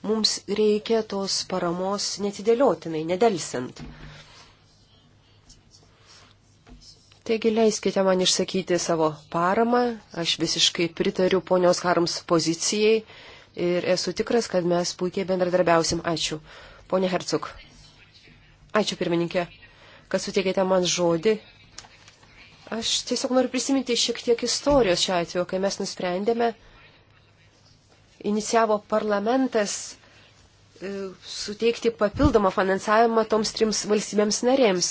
Mums reikia tos paramos netidėliotinai, nedelsint. Taigi leiskite man išsakyti savo paramą. Aš visiškai pritariu ponios Harms pozicijai ir esu tikras, kad mes puikiai bendradarbiausim. Ačiū. Pone Hercuk. Ačiū pirmininkė, kad suteikėte man žodį Aš tiesiog noriu prisiminti šiek tiek istorijos šiuo atveju, kai mes nusprendėme, inicijavo parlamentas e, suteikti papildomą finansavimą toms trims valstybėms narėms.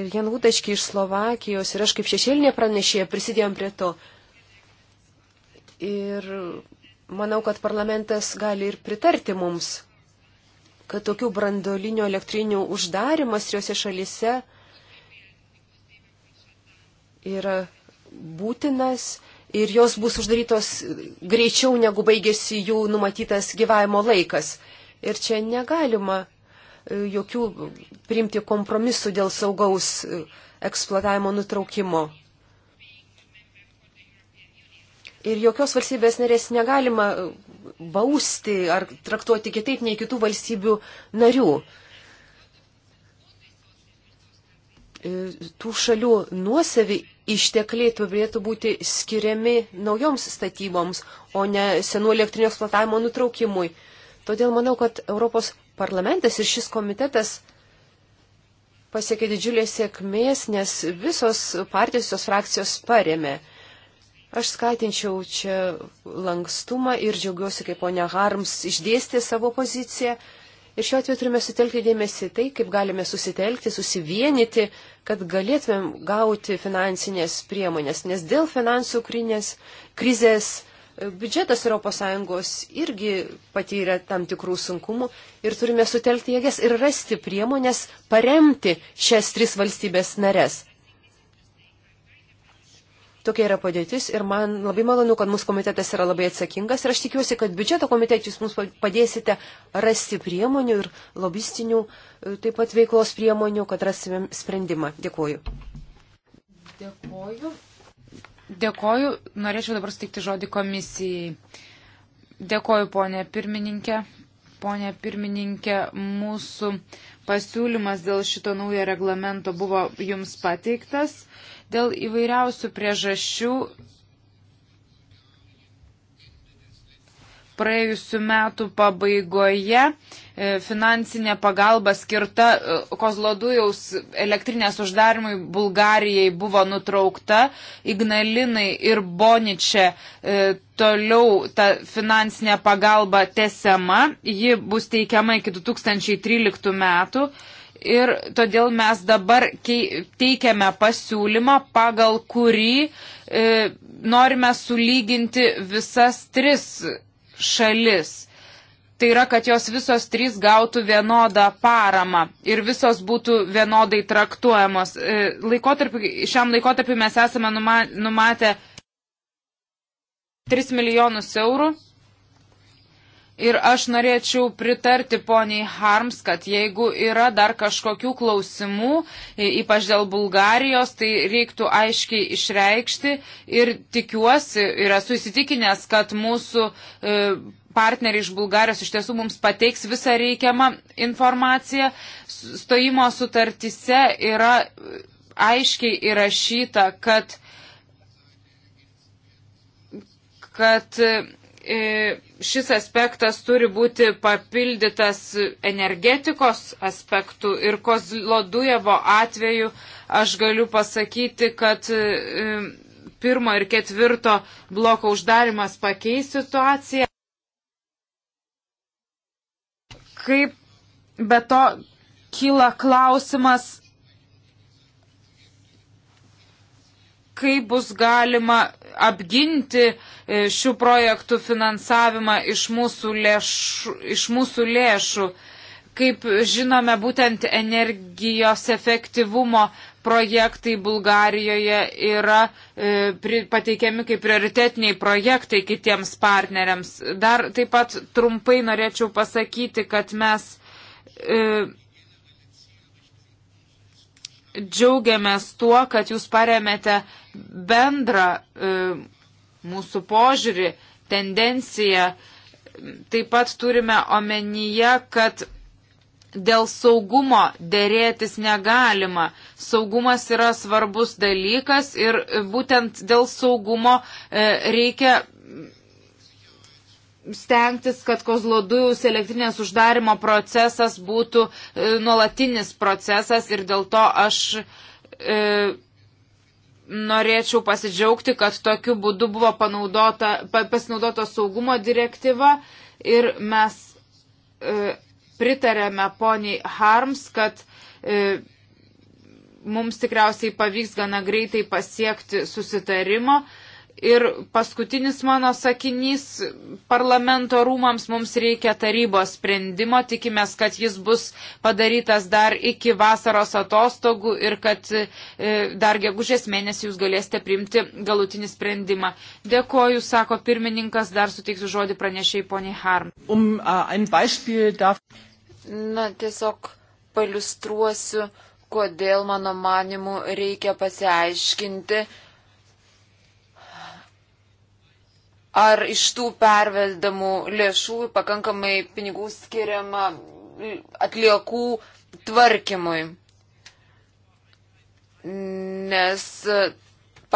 Ir Jan Udački iš Slovakijos ir aš kaip šešėlinė pranešėja prisidėjom prie to. Ir manau, kad parlamentas gali ir pritarti mums, kad tokių brandolinio elektrinių uždarimas jose šalise yra būtinas ir jos bus uždarytos greičiau, negu baigėsi jų numatytas gyvavimo laikas. Ir čia negalima e, jokių priimti kompromisų dėl saugaus e, eksploatavimo nutraukimo. Ir jokios valstybės narės negalima e, bausti ar traktuoti kitaip nei kitų valstybių narių. E, tų šalių nuosavi ištekliai turėtų būti skiriami naujoms statyboms, o ne senų elektrinio eksploatavimo nutraukimui. Todėl manau, kad Europos parlamentas ir šis komitetas pasiekė didžiulės sėkmės, nes visos partijos, visos frakcijos paremė. Aš skatinčiau čia lankstumą ir džiaugiuosi, kaip ponia Harms išdėstė savo poziciją. Ir šiuo atveju turime sutelkti dėmesį tai, kaip galime susitelkti, susivienyti, kad galėtumėm gauti finansinės priemonės, nes dėl finansų krinės, krizės e, biudžetas ES irgi patyrė tam tikrų sunkumų ir turime sutelkti jėgas ir rasti priemonės paremti šias tris valstybės nares. Tokia yra padėtis ir man labai malonu, kad mūsų komitetas yra labai atsakingas ir aš tikiuosi, kad biudžeto komitete jūs mums padėsite rasti priemonių ir lobistinių e, taip pat veiklos priemonių, kad rasime sprendimą. Dėkuoju. Dėkuoju. Dėkuoju. Norėčiau dabar stikti žodį komisijai. Dėkuoju, ponė pirmininkė. Ponė pirmininkė, mūsų pasiūlymas dėl šito naujo reglamento buvo jums pateiktas. Uh, Dėl įvairiausių priežasčių praėjusiu metu pabaigoje e, finansinė pagalba skirta e, Kozlodujaus elektrinės uždarimui Bulgarijai buvo nutraukta, Ignalinai ir Boniče e, toliau ta finansinė pagalba tesiama, ji bus teikiama iki 2013 metų ir todėl mes dabar teikiame pasiūlymą, pagal kurį e, norime sulyginti visas tris šalis. Tai yra, kad jos visos trys gautų vienodą paramą ir visos būtų vienodai traktuojamos. E, laikotarpį, šiam laikotarpiu mes esame numatę 3 milijonus eurų. Ir aš norėčiau pritarti poniai Harms, kad jeigu yra dar kažkokių klausimų, ypač dėl Bulgarijos, tai reiktų aiškiai išreikšti ir tikiuosi ir esu įsitikinęs, kad mūsų e, partneriai iš Bulgarijos iš tiesų mums pateiks visą reikiamą informaciją. Stojimo sutartise yra aiškiai įrašyta, kad, kad e, E, šis aspektas turi būti papildytas energetikos aspektų ir Kozlodujevo atveju aš galiu pasakyti, kad e, pirmo ir ketvirto bloko uždarimas pakeis situaciją. Kaip be to kyla klausimas, kaip bus galima apginti e, šių projektų finansavimą iš mūsų lėšų. Iš mūsų lėšų. Kaip žinome, būtent energijos efektyvumo projektai Bulgarijoje yra e, pri, pateikiami kaip prioritetiniai projektai kitiems partneriams. Dar taip pat trumpai norėčiau pasakyti, kad mes e, džiaugiamės tuo, kad jūs paremėte bendrą e, mūsų požiūrį, tendenciją. Taip pat turime omenyje, kad dėl saugumo dėrėtis negalima. Saugumas yra svarbus dalykas ir būtent dėl saugumo e, reikia stengtis, kad kozlodujus elektrinės uždarimo procesas būtų e, nuolatinis procesas ir dėl to aš e, norėčiau pasidžiaugti, kad tokiu būdu buvo panaudota, pasinaudota saugumo direktyva ir mes e, pritarėme poniai Harms, kad e, mums tikriausiai pavyks gana greitai pasiekti susitarimo. E, Ir paskutinis mano sakinys parlamento rūmams mums reikia tarybos sprendimo, tikimės, kad jis bus padarytas dar iki vasaros atostogų ir kad e, dar gegužės mėnesį jūs galėsite priimti galutinį sprendimą. Dėkoju, sako pirmininkas, dar suteiksiu žodį pranešiai poniai Harm. Um, uh, darf... Na, tiesiog paliustruosiu, kodėl mano manimu reikia pasiaiškinti ar iš tų pervedamų lėšų pakankamai pinigų skiriama atliekų tvarkymui. Nes,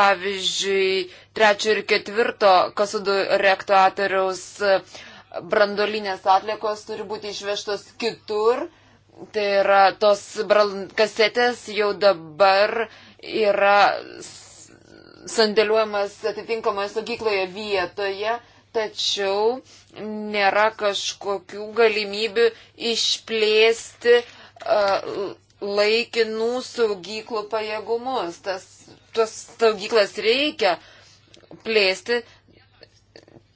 pavyzdžiui, trečio ir ketvirto kasudų reaktoriaus brandolinės atliekos turi būti išvežtos kitur. Tai yra tos kasetės jau dabar yra sandėliuojamas atitinkamoje saugykloje vietoje, tačiau nėra kažkokių galimybių išplėsti uh, laikinų saugyklų pajėgumus. Tas, tuos saugyklas reikia plėsti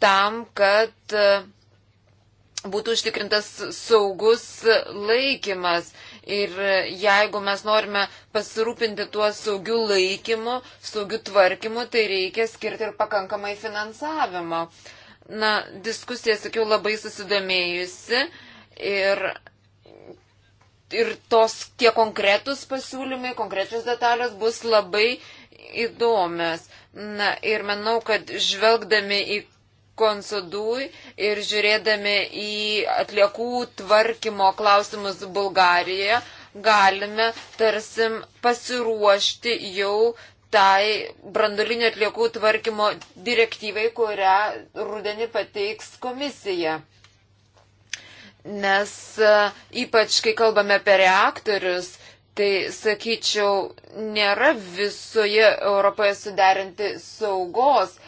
tam, kad uh, būtų užtikrintas saugus laikymas. Uh, Ir jeigu mes norime pasirūpinti tuo saugiu laikymu, saugiu tvarkymu, tai reikia skirti ir pakankamai finansavimo. Na, diskusiją, sakiau, labai susidomėjusi ir, ir tos tie konkretus pasiūlymai, konkrečios detalės bus labai įdomios. Na ir manau, kad žvelgdami į Konsudui ir žiūrėdami į atliekų tvarkymo klausimus Bulgarijoje, galime tarsim pasiruošti jau tai brandolinio atliekų tvarkymo direktyvai, kurią rudenį pateiks komisija. Nes e, ypač, kai kalbame apie reaktorius, tai, sakyčiau, nėra visoje Europoje suderinti saugos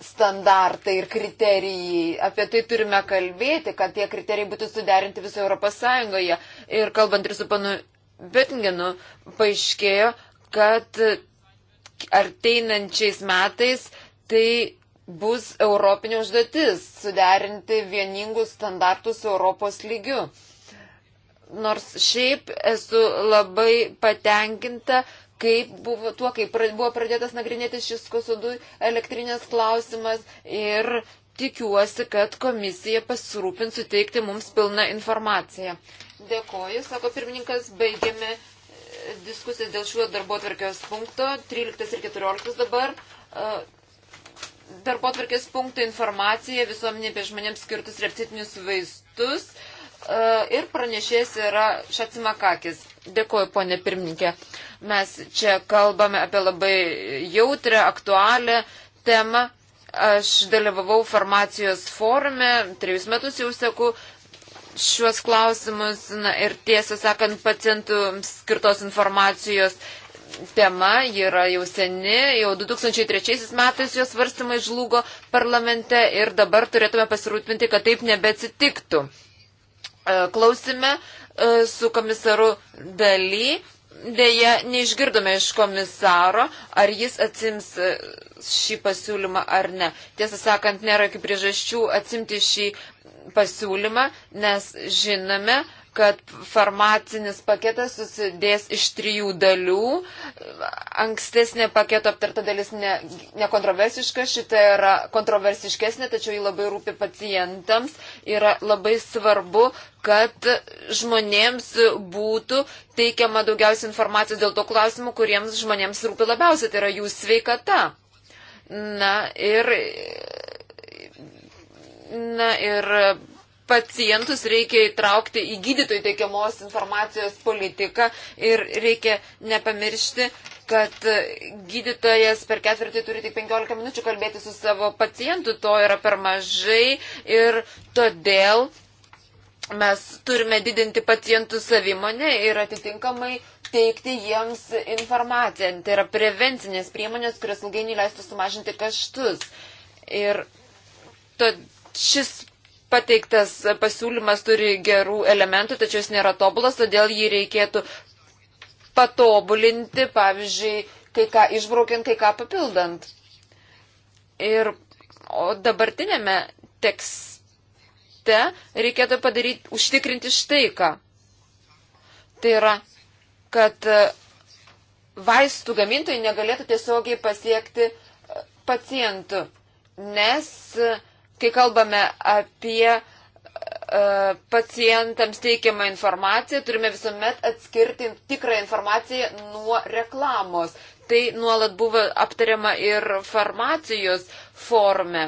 standartai ir kriterijai. Apie tai turime kalbėti, kad tie kriterijai būtų suderinti visoje Europos Sąjungoje. Ir kalbant ir su panu Bettingenu, paaiškėjo, kad arteinančiais metais tai bus europinė užduotis suderinti vieningus standartus Europos lygiu. Nors šiaip esu labai patenkinta, kaip buvo, tuo, kaip buvo pradėtas nagrinėti šis kosodų elektrinės klausimas ir tikiuosi, kad komisija pasirūpins suteikti mums pilną informaciją. Dėkoju, sako pirmininkas, baigiame e, diskusijas dėl šiuo darbo tvarkės punkto, 13 ir 14 dabar. E, darbo tvarkės punkto informacija visuomenė apie žmonėms skirtus reptitinius vaistus e, ir pranešės yra Šacimakakis. Dėkuoju, ponė pirmininkė. Mes čia kalbame apie labai jautrę, aktualią temą. Aš dalyvavau farmacijos forume, trejus metus jau sėku šiuos klausimus na, ir tiesą sakant, pacientų skirtos informacijos tema yra jau seni, jau 2003 metais jos svarstymai žlugo parlamente ir dabar turėtume pasirūpinti, kad taip nebeatsitiktų. E, klausime E, su komisaru daly. Deja, neišgirdome iš komisaro, ar jis atsims e, šį pasiūlymą ar ne. Tiesą sakant, nėra jokių priežasčių atsimti šį pasiūlymą, nes žinome, uh, kad farmacinis paketas susidės iš trijų dalių. Ankstesnė paketo aptarta dalis nekontroversiška, ne, ne šita yra kontroversiškesnė, tačiau ji labai rūpi pacientams. Yra labai svarbu, kad žmonėms būtų teikiama daugiausiai informacijos dėl to klausimų, kuriems žmonėms rūpi labiausiai, tai yra jų sveikata. Na ir. Na ir pacientus reikia įtraukti į gydytojų teikiamos informacijos politiką ir reikia nepamiršti, kad gydytojas per ketvirtį turi tik 15 minučių kalbėti su savo pacientu, to yra per mažai ir todėl mes turime didinti pacientų savimonę ir atitinkamai teikti jiems informaciją. Tai yra prevencinės priemonės, kurios ilgainiui leistų sumažinti kaštus. Ir to, šis pateiktas pasiūlymas turi gerų elementų, tačiau jis nėra tobulas, todėl jį reikėtų patobulinti, pavyzdžiui, kai ką išbraukiant, kai ką papildant. Ir o dabartinėme tekste reikėtų padaryti, užtikrinti štai ką. Tai yra, kad e, vaistų gamintojai negalėtų tiesiogiai pasiekti e, pacientų, nes uh, kai kalbame apie e, pacientams teikiamą informaciją, turime visuomet atskirti tikrą informaciją nuo reklamos. Tai nuolat buvo aptariama ir farmacijos forme.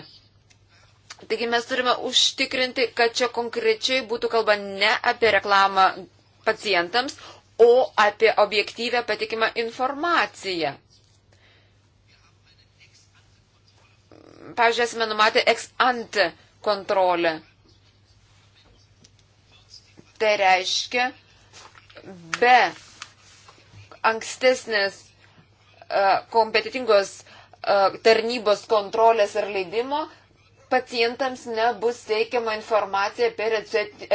Taigi mes turime užtikrinti, kad čia konkrečiai būtų kalba ne apie reklamą pacientams, o apie objektyvę patikimą informaciją. pavyzdžiui, esame numatę ex ante kontrolę. Tai reiškia, be ankstesnės e, kompetitingos e, tarnybos kontrolės ir leidimo pacientams nebus teikiama informacija apie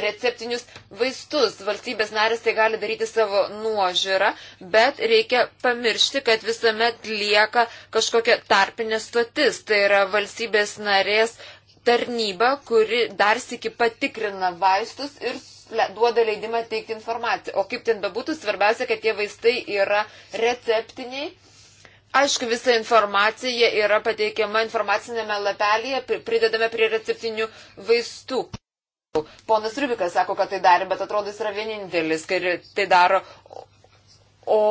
receptinius vaistus. Valstybės narės tai gali daryti savo nuožiūrą, bet reikia pamiršti, kad visuomet lieka kažkokia tarpinė stotis. Tai yra valstybės narės tarnyba, kuri dar sėki patikrina vaistus ir duoda leidimą teikti informaciją. O kaip ten bebūtų, svarbiausia, kad tie vaistai yra receptiniai Aišku, visa informacija yra pateikiama informacinėme lapelėje, pridedame prie receptinių vaistų. Ponas Rubikas sako, kad tai darė, bet atrodo, jis yra vienintelis, kai tai daro. O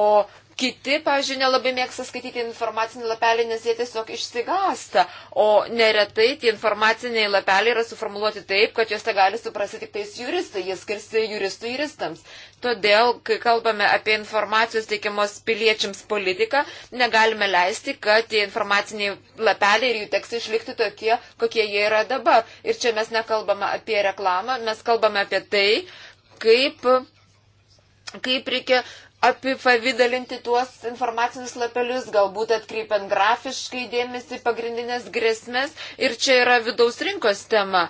Kiti, pavyzdžiui, nelabai mėgsta skaityti informacinį lapelį, nes jie tiesiog išsigasta, o neretai tie informaciniai lapeliai yra suformuoluoti taip, kad juos te gali suprasti tik tais juristai, jie skirsti juristų juristams. Todėl, kai kalbame apie informacijos teikiamos piliečiams politiką, negalime leisti, kad tie informaciniai lapeliai ir jų tekstai išliktų tokie, kokie jie yra dabar. Ir čia mes nekalbame apie reklamą, mes kalbame apie tai, kaip, kaip reikia apipavydalinti tuos informacinius lapelius, galbūt atkreipiant grafiškai dėmesį pagrindinės grėsmės. Ir čia yra vidaus rinkos tema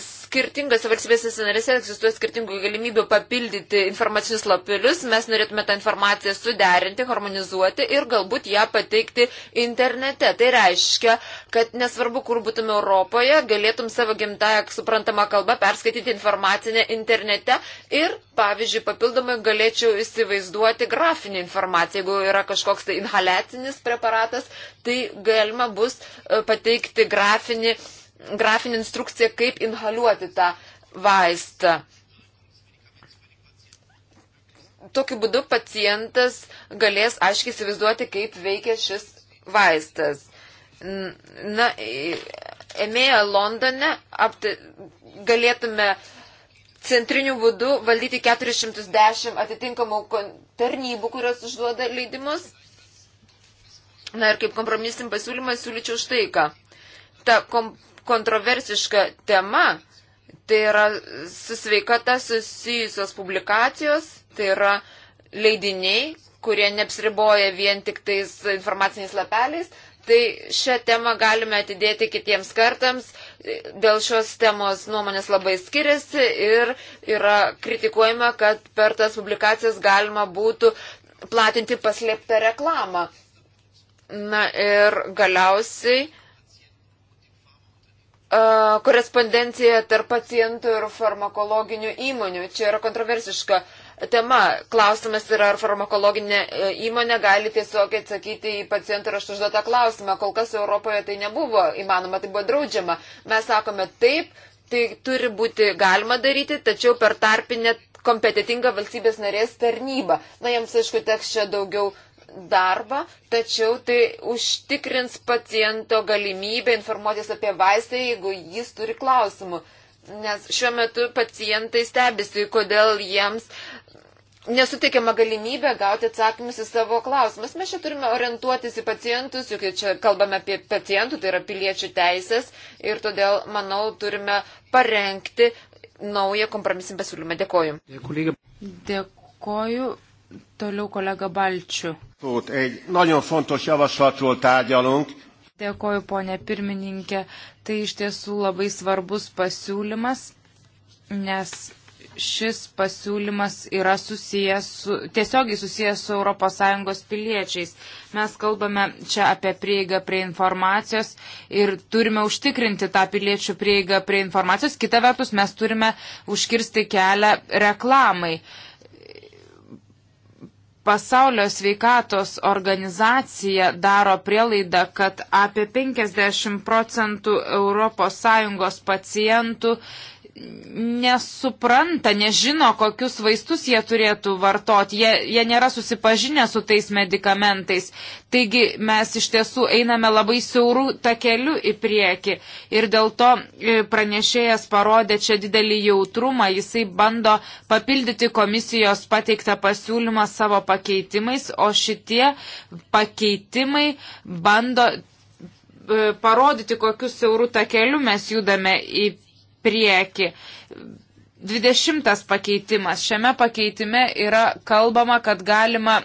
skirtingose valstybėse narėse egzistuoja skirtingų galimybių papildyti informacinius lapelius, mes norėtume tą informaciją suderinti, harmonizuoti ir galbūt ją pateikti internete. Tai reiškia, kad nesvarbu, kur būtume Europoje, galėtum savo gimtają suprantamą kalbą perskaityti informacinę internete ir, pavyzdžiui, papildomai galėčiau įsivaizduoti grafinį informaciją. Jeigu yra kažkoks tai inhalacinis preparatas, tai galima bus e, pateikti grafinį informaciją grafinė instrukcija, kaip inhaliuoti tą vaistą. Tokiu būdu pacientas galės aiškiai įsivaizduoti, kaip veikia šis vaistas. Na, e, emėja Londone apti, galėtume centriniu būdu valdyti 410 atitinkamų tarnybų, kurios užduoda leidimus. Na ir kaip kompromisim pasiūlymą siūlyčiau štai ką. Ta kom kontroversiška tema. Tai yra susveikata susijusios publikacijos, tai yra leidiniai, kurie neapsriboja vien tik tais informaciniais lapeliais. Tai šią temą galime atidėti kitiems kartams. Dėl šios temos nuomonės labai skiriasi ir yra kritikuojama, kad per tas publikacijas galima būtų platinti paslėptą reklamą. Na ir galiausiai korespondencija tarp pacientų ir farmakologinių įmonių. Čia yra kontroversiška tema. Klausimas yra, ar farmakologinė e, įmonė gali tiesiog atsakyti į pacientų raštų užduotą klausimą. Kol kas Europoje tai nebuvo įmanoma, tai buvo draudžiama. Mes sakome taip, tai turi būti galima daryti, tačiau per tarpinę kompetitinga valstybės narės tarnyba. Na, jiems, aišku, teks čia daugiau darbą, tačiau tai užtikrins paciento galimybę informuotis apie vaistą, jeigu jis turi klausimų. Nes šiuo metu pacientai stebisi, kodėl jiems nesuteikiama galimybė gauti atsakymus į savo klausimus. Mes čia turime orientuotis į pacientus, juk čia kalbame apie pacientų, tai yra piliečių teisės ir todėl, manau, turime parengti naują kompromisinį pasiūlymą. Dėkoju. Dėkoju. Toliau kolega Balčių. Dėkoju, ponė pirmininkė. Tai iš tiesų labai svarbus pasiūlymas, nes šis pasiūlymas yra susijęs su, tiesiogiai susijęs su ES piliečiais. Mes kalbame čia apie prieigą prie informacijos ir turime užtikrinti tą piliečių prieigą prie informacijos. Kita vertus, mes turime užkirsti kelią reklamai. Uh, Pasaulio sveikatos organizacija daro prielaidą, kad apie 50 procentų ES pacientų nesupranta, nežino, kokius vaistus jie turėtų vartoti, jie, jie nėra susipažinę su tais medikamentais. Taigi mes iš tiesų einame labai siaurų tą keliu į priekį ir dėl to e, pranešėjas parodė čia didelį jautrumą, jisai bando papildyti komisijos pateiktą pasiūlymą savo pakeitimais, o šitie pakeitimai bando e, parodyti, kokius siaurų tą keliu mes judame į priekį priekį. 20 pakeitimas. Šiame pakeitime yra kalbama, kad galima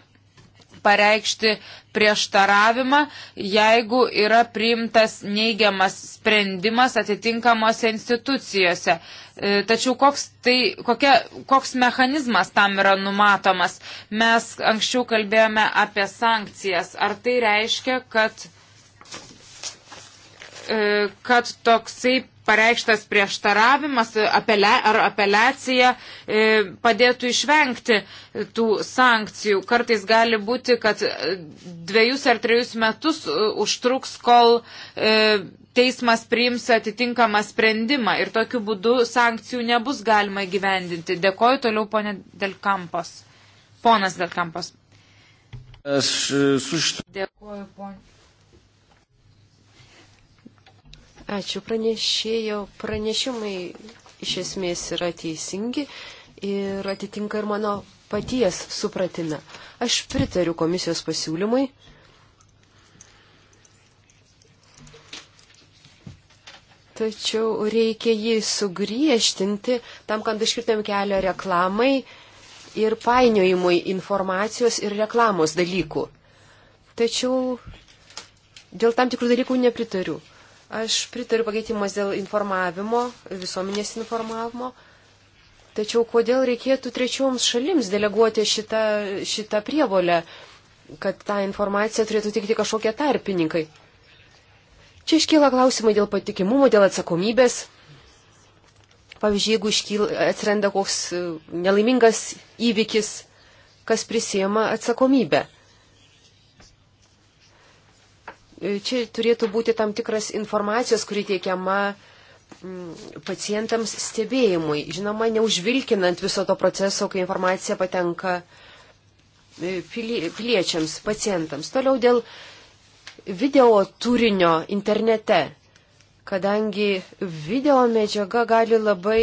pareikšti prieštaravimą, jeigu yra priimtas neigiamas sprendimas atitinkamose institucijose. E, tačiau koks, tai, kokia, koks mechanizmas tam yra numatomas? Mes anksčiau kalbėjome apie sankcijas. Ar tai reiškia, kad e, kad toksai pareikštas prieštaravimas apele, ar apeliacija e, padėtų išvengti tų sankcijų. Kartais gali būti, kad dviejus ar trejus metus e, užtruks, kol e, teismas priims atitinkamą sprendimą ir tokiu būdu sankcijų nebus galima gyvendinti. Dėkoju toliau, ponė Delkampos. Ponas Delkampos. Aš e, suštu. Dėkoju, ponė. Ačiū pranešėjo. Pranešimai iš esmės yra teisingi ir atitinka ir mano paties supratime. Aš pritariu komisijos pasiūlymui. Tačiau reikia jį sugriežtinti tam, kad iškirtėm kelią reklamai ir painiojimui informacijos ir reklamos dalykų. Tačiau dėl tam tikrų dalykų nepritariu. Aš pritariu pakeitimas dėl informavimo, visuomenės informavimo. Tačiau kodėl reikėtų trečioms šalims deleguoti šitą, šitą prievolę, kad tą informaciją turėtų tikti kažkokie tarpininkai? Čia iškyla klausimai dėl patikimumo, dėl atsakomybės. Pavyzdžiui, jeigu iškyla, atsiranda koks e, nelaimingas įvykis, kas prisėma atsakomybę. Čia turėtų būti tam tikras informacijos, kuri teikiama mm, pacientams stebėjimui. Žinoma, neužvilkinant viso to proceso, kai informacija patenka e, piliečiams, pacientams. Toliau dėl video turinio internete, kadangi video medžiaga gali labai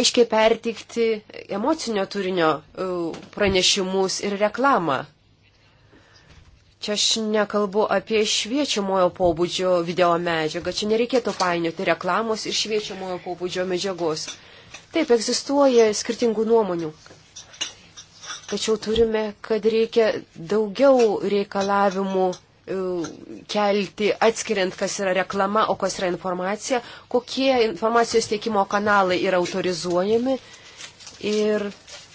aiškiai pertikti emocinio turinio e, pranešimus ir reklamą. Čia aš nekalbu apie šviečiamojo pobūdžio video medžiagą, čia nereikėtų painioti reklamos ir šviečiamojo pobūdžio medžiagos. Taip, egzistuoja skirtingų nuomonių. Tačiau turime, kad reikia daugiau reikalavimų e, kelti, atskiriant, kas yra reklama, o kas yra informacija, kokie informacijos tiekimo kanalai yra autorizuojami ir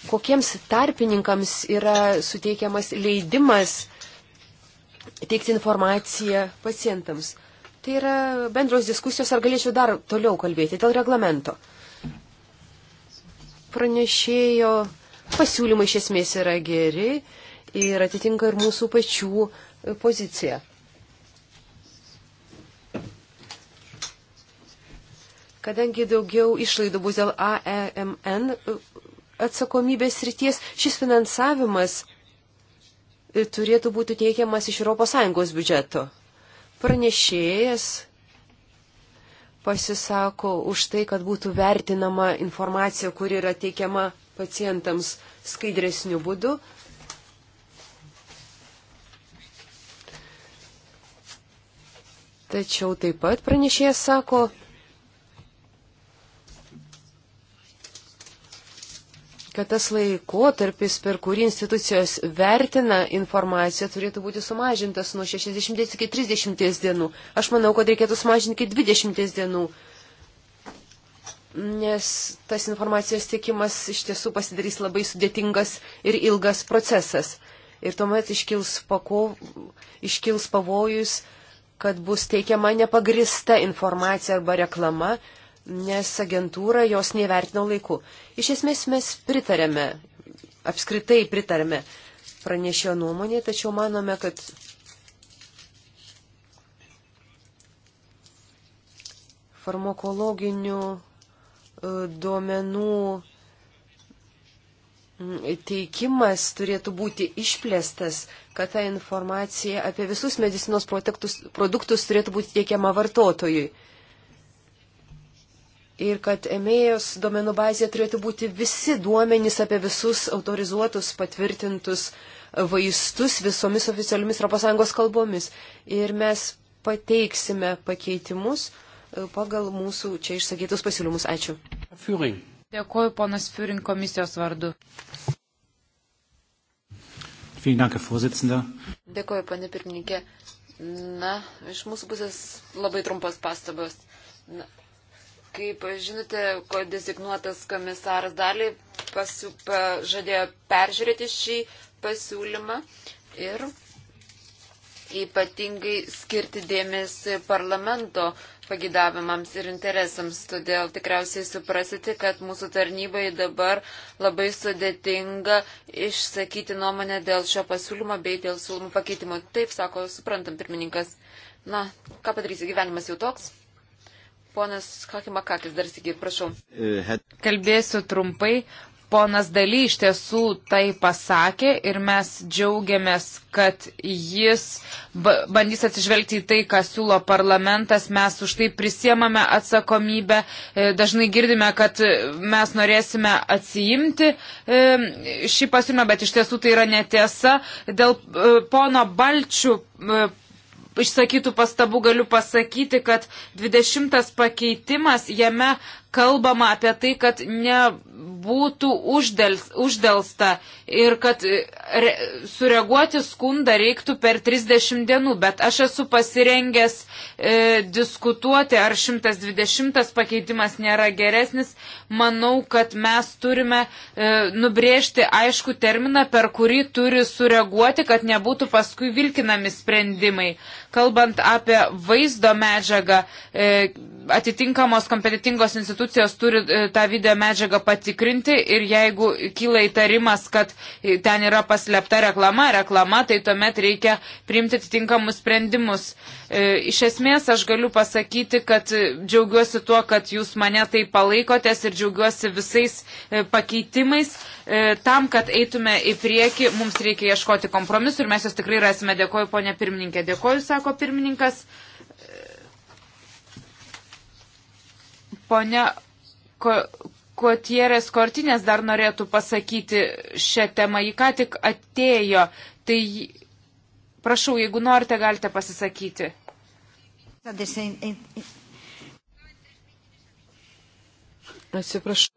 kokiems tarpininkams yra suteikiamas leidimas teikti informaciją pacientams. Tai yra bendros diskusijos, ar galėčiau dar toliau kalbėti dėl reglamento. Pranešėjo pasiūlymai iš esmės yra geri ir atitinka ir mūsų pačių poziciją. Kadangi daugiau išlaidų bus dėl AEMN atsakomybės ryties, šis finansavimas turėtų būti teikiamas iš ES biudžeto. Pranešėjas pasisako už tai, kad būtų vertinama informacija, kuri yra teikiama pacientams skaidresniu būdu. Tačiau taip pat pranešėjas sako, kad tas laikotarpis, per kurį institucijos vertina informaciją, turėtų būti sumažintas nuo 60 iki 30 dienų. Aš manau, kad reikėtų sumažinti iki 20 dienų, nes tas informacijos tiekimas iš tiesų pasidarys labai sudėtingas ir ilgas procesas. Ir tuomet iškils, pako, iškils pavojus, kad bus teikiama nepagrista informacija arba reklama, nes agentūra jos nevertino laiku. Iš esmės mes pritarėme, apskritai pritarėme pranešėjo nuomonė, tačiau manome, kad farmakologinių e, duomenų teikimas turėtų būti išplėstas, kad ta informacija apie visus medicinos produktus, produktus turėtų būti tiekiama vartotojui ir kad emėjos duomenų bazėje turėtų būti visi duomenys apie visus autorizuotus, patvirtintus vaistus visomis oficialiomis ES kalbomis. Ir mes pateiksime pakeitimus e, pagal mūsų čia išsakytus pasiūlymus. Ačiū. Führing. Dėkuoju, ponas Führing, komisijos vardu. Dėkuoju, pane pirmininkė. Na, iš mūsų pusės labai trumpas pastabas. Na, Kaip žinote, kol designuotas komisaras dalį pasiū, pažadėjo peržiūrėti šį pasiūlymą ir ypatingai skirti dėmesį parlamento pagidavimams ir interesams. Todėl tikriausiai suprasite, kad mūsų tarnybai dabar labai sudėtinga išsakyti nuomonę dėl šio pasiūlymo bei dėl siūlymų pakeitimo. Taip sako, suprantam, pirmininkas. Na, ką padarysi, gyvenimas jau toks. Ponas Hakimakakis, dar sėkiai, prašau. E, Kalbėsiu trumpai. Ponas Daly iš tiesų tai pasakė ir mes džiaugiamės, kad jis bandys atsižvelgti į tai, ką siūlo parlamentas. Mes už tai prisiemame atsakomybę. E, dažnai girdime, kad mes norėsime atsiimti e, šį pasiūlymą, bet iš tiesų tai yra netiesa. Dėl pono Balčių išsakytų pastabų galiu pasakyti, kad 20 pakeitimas jame kalbama apie tai, kad nebūtų uždels, uždelsta ir kad e, re, sureaguoti skundą reiktų per 30 dienų, bet aš esu pasirengęs e, diskutuoti, ar 120 pakeitimas nėra geresnis. Manau, kad mes turime e, nubrėžti aišku terminą, per kurį turi sureaguoti, kad nebūtų paskui vilkinami sprendimai. Kalbant apie vaizdo medžiagą, e, atitinkamos kompetitingos institucijos, institucijos turi e, tą video medžiagą patikrinti ir jeigu kyla įtarimas, kad ten yra paslėpta reklama, reklama, tai tuomet reikia priimti atitinkamus sprendimus. E, iš esmės aš galiu pasakyti, kad džiaugiuosi tuo, kad jūs mane tai palaikotės ir džiaugiuosi visais e, pakeitimais. Tam, kad eitume į priekį, mums reikia ieškoti kompromisų ir mes jos tikrai rasime. Dėkoju, ponė pirmininkė. Dėkoju, sako pirmininkas. Pone Kuotierės Kortinės dar norėtų pasakyti šią temą. Ji ką tik atėjo. Tai prašau, jeigu norite, galite pasisakyti. Atsiprašau.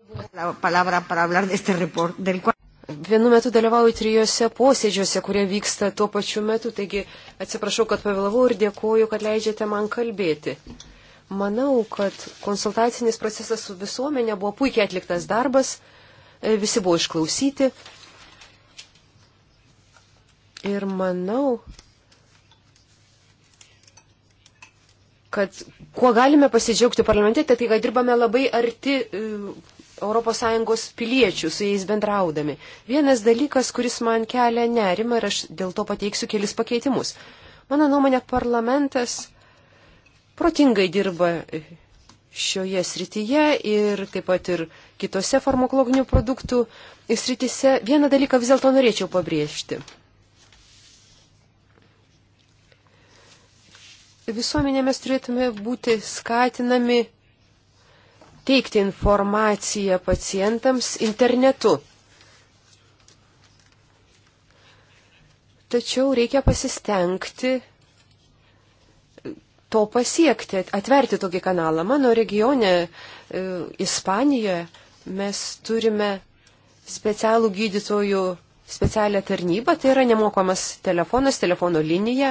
Vienu metu dalyvauju trijose posėdžiuose, kurie vyksta tuo pačiu metu, taigi atsiprašau, kad pavėlavau ir dėkuoju, kad leidžiate man kalbėti. Manau, kad konsultacinis procesas su visuomenė buvo puikiai atliktas darbas, e, visi buvo išklausyti. Ir manau, kad kuo galime pasidžiaugti parlamente, tai, tai kad dirbame labai arti ES piliečių, su jais bendraudami. Vienas dalykas, kuris man kelia nerimą ir aš dėl to pateiksiu kelis pakeitimus. Mano nuomonė, parlamentas protingai dirba šioje srityje ir taip pat ir kitose farmakologinių produktų srityse, vieną dalyką vis dėlto norėčiau pabrėžti. Visuomenė mes turėtume būti skatinami teikti informaciją pacientams internetu. Tačiau reikia pasistengti to pasiekti, atverti tokį kanalą. Mano regione, e, Ispanijoje, mes turime specialų gydytojų specialią tarnybą, tai yra nemokamas telefonas, telefono linija,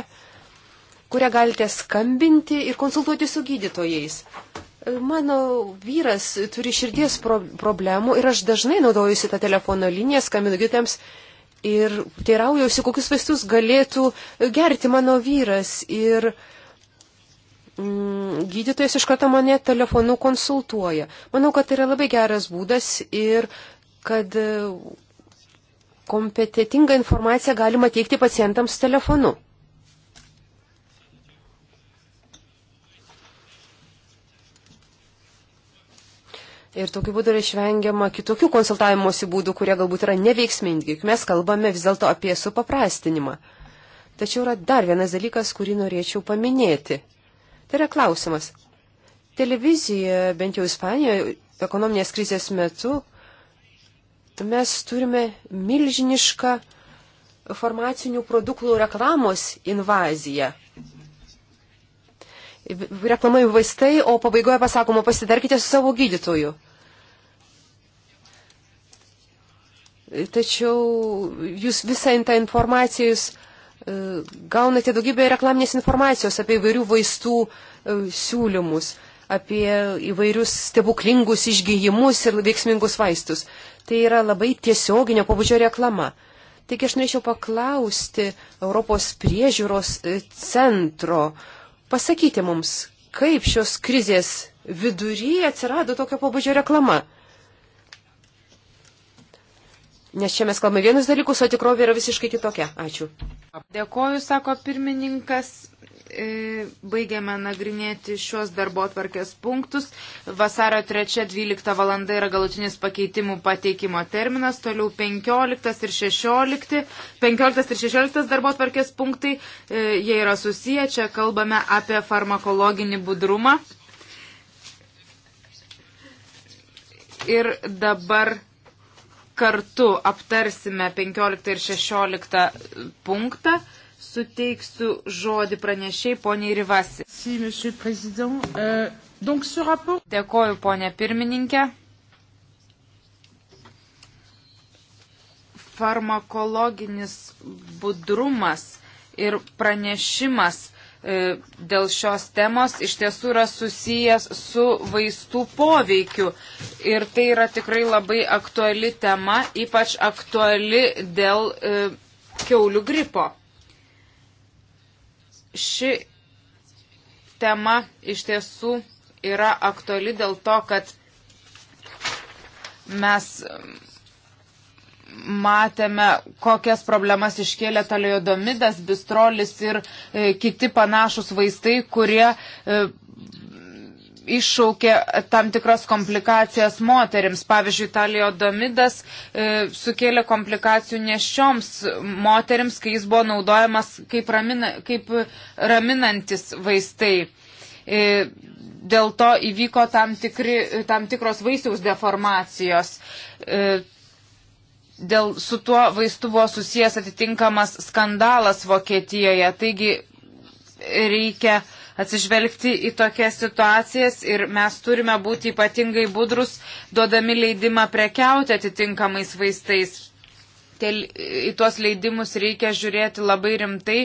kurią galite skambinti ir konsultuoti su gydytojais. E, mano vyras turi širdies pro problemų ir aš dažnai naudojusi tą telefono liniją, skambinu gydytojams ir teiraujausi, kokius vaistus galėtų gerti mano vyras. Ir uh, Mm, gydytojas iš karto mane telefonu konsultuoja. Manau, kad tai yra labai geras būdas ir kad e, kompetitingą informaciją galima teikti pacientams telefonu. Ir tokiu būdu yra išvengiama kitokių konsultavimosi būdų, kurie galbūt yra neveiksmingi, juk mes kalbame vis dėlto apie supaprastinimą. Tačiau yra dar vienas dalykas, kurį norėčiau paminėti. Tai yra klausimas. Televizija, bent jau Ispanijoje, ekonominės krizės metu mes turime milžinišką farmacinių produktų reklamos invaziją. Reklamai vaistai, o pabaigoje pasakoma, pasidarkite su savo gydytoju. Tačiau jūs visą tą informaciją jūs E, gaunate daugybę reklaminės informacijos apie įvairių vaistų e, siūlymus, apie įvairius stebuklingus išgyjimus ir veiksmingus vaistus. Tai yra labai tiesioginio pabudžio reklama. Taigi aš norėčiau paklausti Europos priežiūros e, centro, pasakyti mums, kaip šios krizės viduryje atsirado tokio pabudžio reklama. Nes čia mes kalbame vienus dalykus, o tikrovė yra visiškai kitokia. Ačiū. Dėkoju, sako pirmininkas. E, baigiame nagrinėti šios darbo atvarkės punktus. Vasario 3.12 val. yra galutinis pakeitimų pateikimo terminas, toliau 15 ir 16, 15 ir 16 darbo atvarkės punktai, e, jie yra susiję, čia kalbame apie farmakologinį budrumą. Ir dabar kartu aptarsime 15 ir 16 punktą. Suteiksiu žodį pranešiai poniai Rivasi. Euh, Dėkoju, ponė pirmininkė. Farmakologinis budrumas ir pranešimas E, dėl šios temos iš tiesų yra susijęs su vaistų poveikiu. Ir tai yra tikrai labai aktuali tema, ypač aktuali dėl e, keulių gripo. Ši tema iš tiesų yra aktuali dėl to, kad mes matėme, kokias problemas iškėlė taliodomidas, bistrolis ir e, kiti panašus vaistai, kurie e, iššaukė tam tikras komplikacijas moteriams. Pavyzdžiui, taliodomidas e, sukėlė komplikacijų nešioms moteriams, kai jis buvo naudojamas kaip, ramina, kaip raminantis vaistai. E, dėl to įvyko tam, tikri, tam tikros vaisiaus deformacijos. E, dėl su tuo vaistu buvo susijęs atitinkamas skandalas Vokietijoje. Taigi reikia atsižvelgti į tokias situacijas ir mes turime būti ypatingai budrus, duodami leidimą prekiauti atitinkamais vaistais te, į tuos leidimus reikia žiūrėti labai rimtai,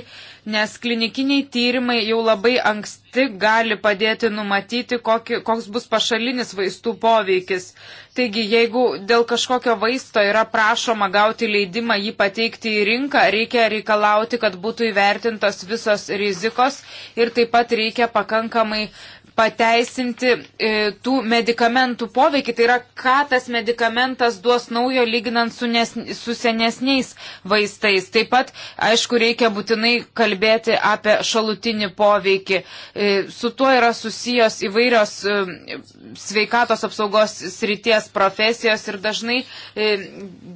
nes klinikiniai tyrimai jau labai anksti gali padėti numatyti, kokį, koks bus pašalinis vaistų poveikis. Taigi, jeigu dėl kažkokio vaisto yra prašoma gauti leidimą jį pateikti į rinką, reikia reikalauti, kad būtų įvertintos visos rizikos ir taip pat reikia pakankamai pateisinti e, tų medikamentų poveikį, tai yra, ką tas medikamentas duos naujo lyginant su, nes, su senesniais vaistais. Taip pat, aišku, reikia būtinai kalbėti apie šalutinį poveikį. E, su tuo yra susijęs įvairios e, sveikatos apsaugos srities profesijos ir dažnai e,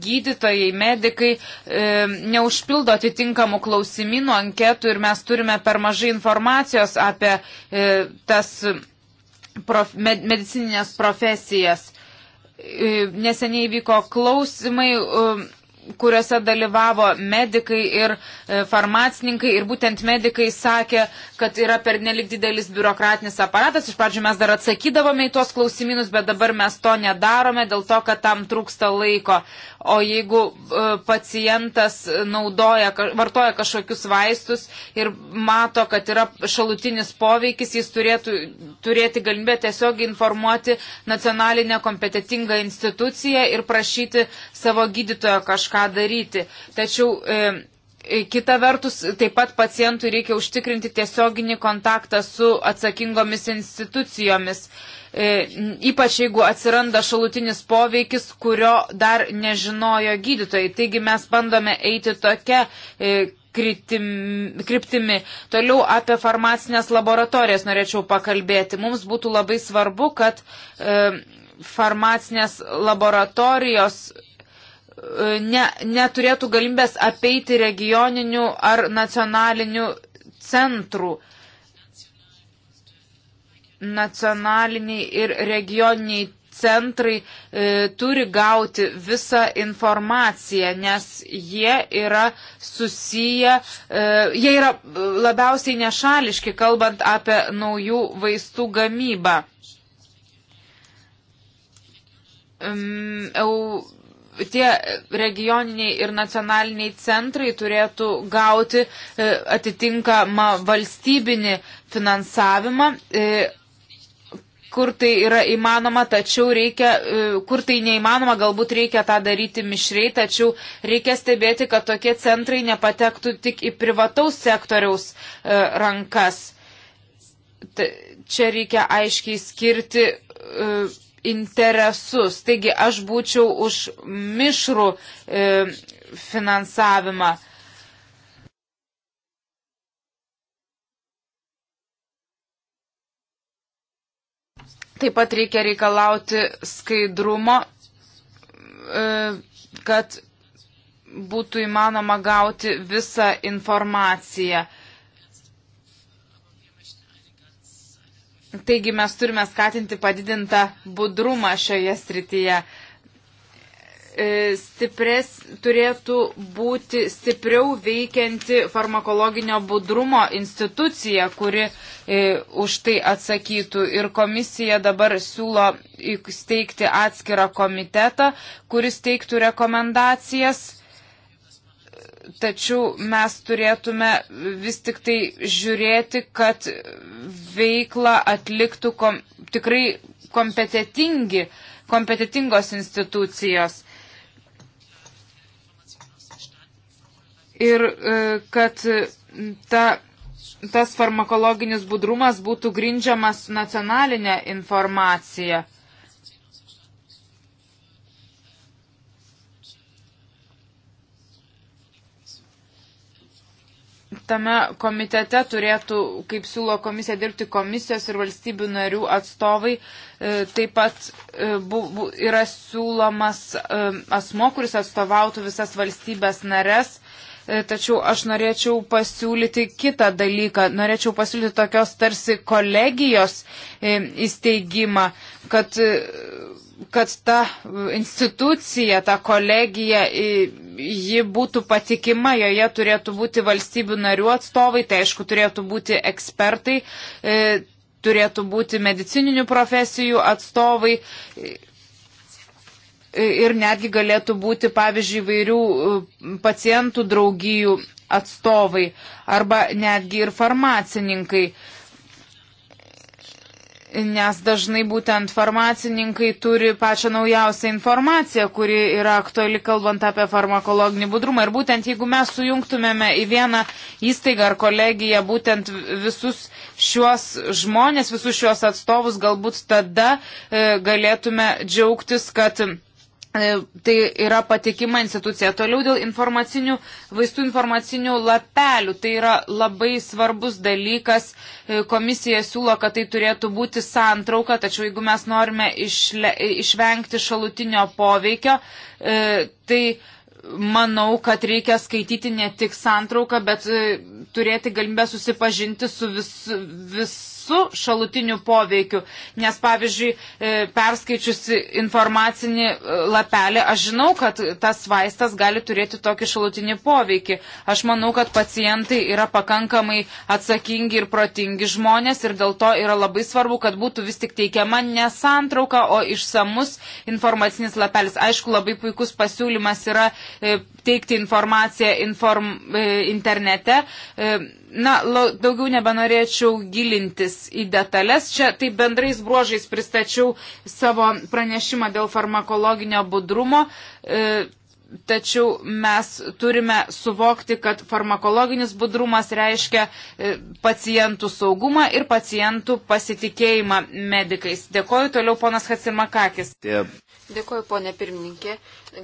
gydytojai, medikai e, neužpildo atitinkamų klausimynų, anketų ir mes turime per mažai informacijos apie e, tas prof, med, medicininės profesijas. E, neseniai vyko klausimai, e, kuriuose dalyvavo medikai ir e, farmacininkai ir būtent medikai sakė, kad yra pernelik didelis biurokratinis aparatas. Iš pradžių mes dar atsakydavome į tuos klausimynus, bet dabar mes to nedarome dėl to, kad tam trūksta laiko. O jeigu e, pacientas naudoja, vartoja kažkokius vaistus ir mato, kad yra šalutinis poveikis, jis turėtų turėti galimybę tiesiog informuoti nacionalinę kompetitingą instituciją ir prašyti savo gydytojo kažką daryti. Tačiau e, e, Kita vertus, taip pat pacientui reikia užtikrinti tiesioginį kontaktą su atsakingomis institucijomis. E, E, ypač jeigu atsiranda šalutinis poveikis, kurio dar nežinojo gydytojai. Taigi mes bandome eiti tokia e, kryptimi. Toliau apie farmacinės laboratorijas norėčiau pakalbėti. Mums būtų labai svarbu, kad e, farmacinės laboratorijos ne, neturėtų galimybės apeiti regioninių ar nacionalinių centrų. E, nacionaliniai ir regioniniai centrai e, turi gauti visą informaciją, nes jie yra susiję, e, jie yra labiausiai nešališki, kalbant apie naujų vaistų gamybą. Eu, tie regioniniai ir nacionaliniai centrai turėtų gauti e, atitinkamą valstybinį finansavimą. E, kur tai yra įmanoma, tačiau reikia, e, kur tai neįmanoma, galbūt reikia tą daryti mišriai, tačiau reikia stebėti, kad tokie centrai nepatektų tik į privataus sektoriaus e, rankas. Čia reikia aiškiai skirti e, interesus. Taigi aš būčiau už mišrų finansavimą. Taip pat reikia reikalauti skaidrumo, e, kad būtų įmanoma gauti visą informaciją. Taigi mes turime skatinti padidintą budrumą šioje srityje. E, stipres turėtų būti stipriau veikianti farmakologinio budrumo institucija, kuri e, už tai atsakytų. Ir komisija dabar siūlo steigti atskirą komitetą, kuris teiktų rekomendacijas. Tačiau mes turėtume vis tik tai žiūrėti, kad veiklą atliktų kom, tikrai kompetitingi kompetitingos institucijos. ir e, kad ta, tas farmakologinis budrumas būtų grindžiamas nacionalinė informacija. tame komitete turėtų, kaip siūlo komisija, dirbti komisijos ir valstybių narių atstovai. E, taip pat e, yra siūlomas asmo, kuris atstovautų visas valstybės nares. E, tačiau aš norėčiau pasiūlyti kitą dalyką. Norėčiau pasiūlyti tokios tarsi kolegijos e, įsteigimą, kad, e, kad ta institucija, ta kolegija, ji būtų patikima, joje turėtų būti valstybių narių atstovai, tai aišku, turėtų būti ekspertai turėtų būti medicininių profesijų atstovai ir netgi galėtų būti, pavyzdžiui, vairių e, pacientų draugijų atstovai arba netgi ir farmacininkai. Nes dažnai būtent farmacininkai turi pačią naujausią informaciją, kuri yra aktuali kalbant apie farmakologinį budrumą. Ir būtent jeigu mes sujungtumėme į vieną įstaigą ar kolegiją būtent visus šiuos žmonės, visus šiuos atstovus, galbūt tada e, galėtume džiaugtis, kad E, tai yra patikima institucija. Toliau dėl informacinių, vaistų informacinių lapelių. Tai yra labai svarbus dalykas. E, komisija siūlo, kad tai turėtų būti santrauka, tačiau jeigu mes norime išle, išvengti šalutinio poveikio, e, tai manau, kad reikia skaityti ne tik santrauką, bet turėti galimybę susipažinti su vis, vis su šalutiniu poveikiu. Nes, pavyzdžiui, e, perskaičius informacinį e, lapelį, aš žinau, kad tas vaistas gali turėti tokį šalutinį poveikį. Aš manau, kad pacientai yra pakankamai atsakingi ir protingi žmonės ir dėl to yra labai svarbu, kad būtų vis tik teikiama nesantrauka, o išsamus informacinis lapelis. Aišku, labai puikus pasiūlymas yra e, teikti informaciją inform, e, internete. E, na, daugiau nebenorėčiau gilintis į detalės. Čia taip bendrais bruožais pristačiau savo pranešimą dėl farmakologinio budrumo. E, tačiau mes turime suvokti, kad farmakologinis budrumas reiškia pacientų saugumą ir pacientų pasitikėjimą medikais. Dėkoju toliau ponas Hatsimakakis. Taip. Dėkuoju, ponė pirmininkė.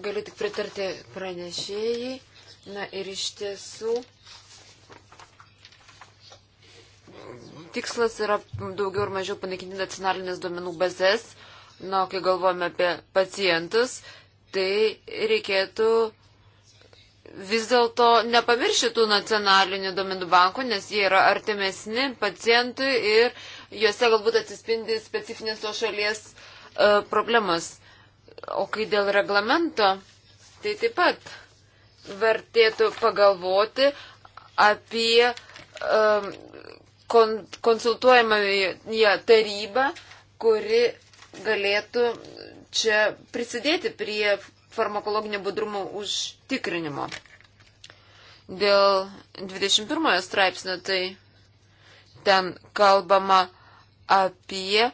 Galiu tik pritarti pranešėjai. Na ir iš tiesų. Tikslas yra daugiau ar mažiau panaikinti nacionalinės duomenų bazės. Na, kai galvojame apie pacientus, tai reikėtų vis dėlto nepamiršti tų nacionalinių duomenų bankų, nes jie yra artimesni pacientui ir juose galbūt atsispindi specifinės to šalies uh, problemas. O kai dėl reglamento, tai taip pat vertėtų pagalvoti apie um, kon, konsultuojamąją tarybą, kuri galėtų čia prisidėti prie farmakologinio budrumo užtikrinimo. Dėl 21 straipsnio tai ten kalbama apie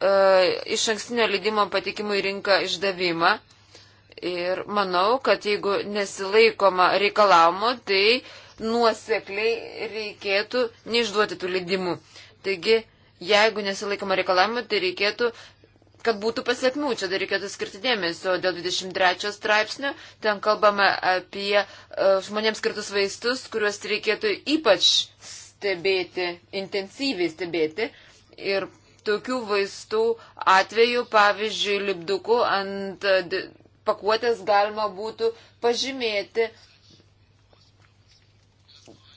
E, iš ankstinio leidimo patikimų į rinką išdavimą. Ir manau, kad jeigu nesilaikoma reikalavimo, tai nuosekliai reikėtų neišduoti tų leidimų. Taigi, jeigu nesilaikoma reikalavimo, tai reikėtų, kad būtų pasiekmių. Čia dar reikėtų skirti dėmesio. Dėl 23 straipsnio ten kalbame apie uh, žmonėms skirtus vaistus, kuriuos reikėtų ypač stebėti, intensyviai stebėti. Ir tokių vaistų atveju, pavyzdžiui, lipduku ant e, pakuotės galima būtų pažymėti,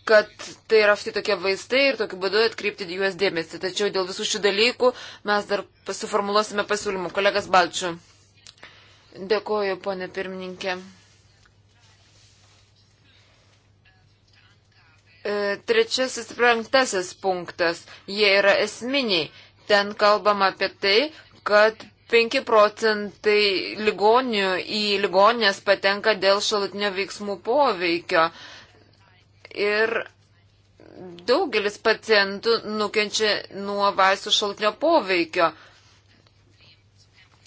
kad tai yra štai tokie vaistai ir tokiu būdu atkreipti juos dėmesį. Tačiau dėl visų šių dalykų mes dar suformuluosime pasiūlymų. Kolegas Balčių. Dėkuoju, ponė pirmininkė. E, trečiasis, penktasis punktas. Jie yra esminiai. Ten kalbama apie tai, kad 5 procentai ligonių į ligonės patenka dėl šalutinio veiksmų poveikio. Ir daugelis pacientų nukenčia nuo vaistų šalutinio poveikio.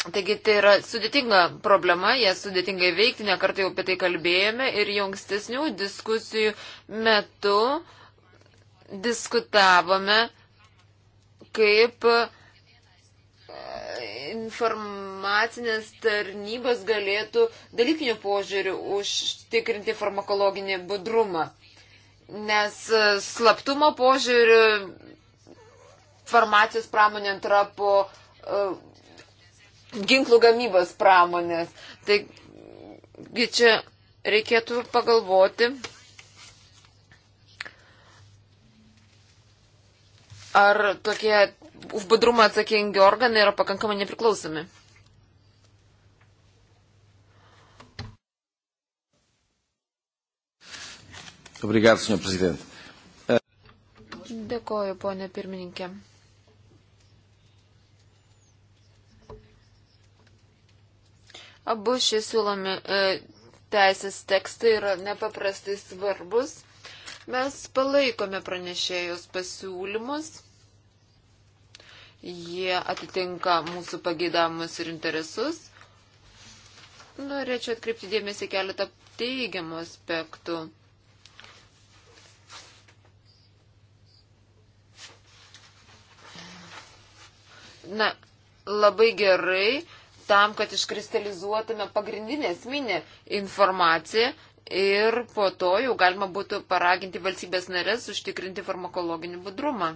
Taigi tai yra sudėtinga problema, ją sudėtingai veikti, nekartą jau apie tai kalbėjome ir jau ankstesnių diskusijų metu diskutavome kaip e, informacinės tarnybos galėtų dalykinių požiūrių užtikrinti farmakologinį budrumą. Nes e, slaptumo požiūrių farmacijos pramonė antra po uh, ginklų gamybos pramonės. Taigi čia reikėtų pagalvoti ar tokie už budrumą atsakingi organai yra pakankamai nepriklausomi? Obrigado, Sr. Presidente. Dėkoju, ponė pirmininkė. Abu šie siūlomi e, teisės tekstai yra nepaprastai svarbus. Mes palaikome pranešėjus pasiūlymus jie atitinka mūsų pageidavimus ir interesus. Norėčiau atkreipti dėmesį keletą teigiamų aspektų. Na, labai gerai tam, kad iškristalizuotume pagrindinę esminę informaciją ir po to jau galima būtų paraginti valstybės narės užtikrinti farmakologinį budrumą.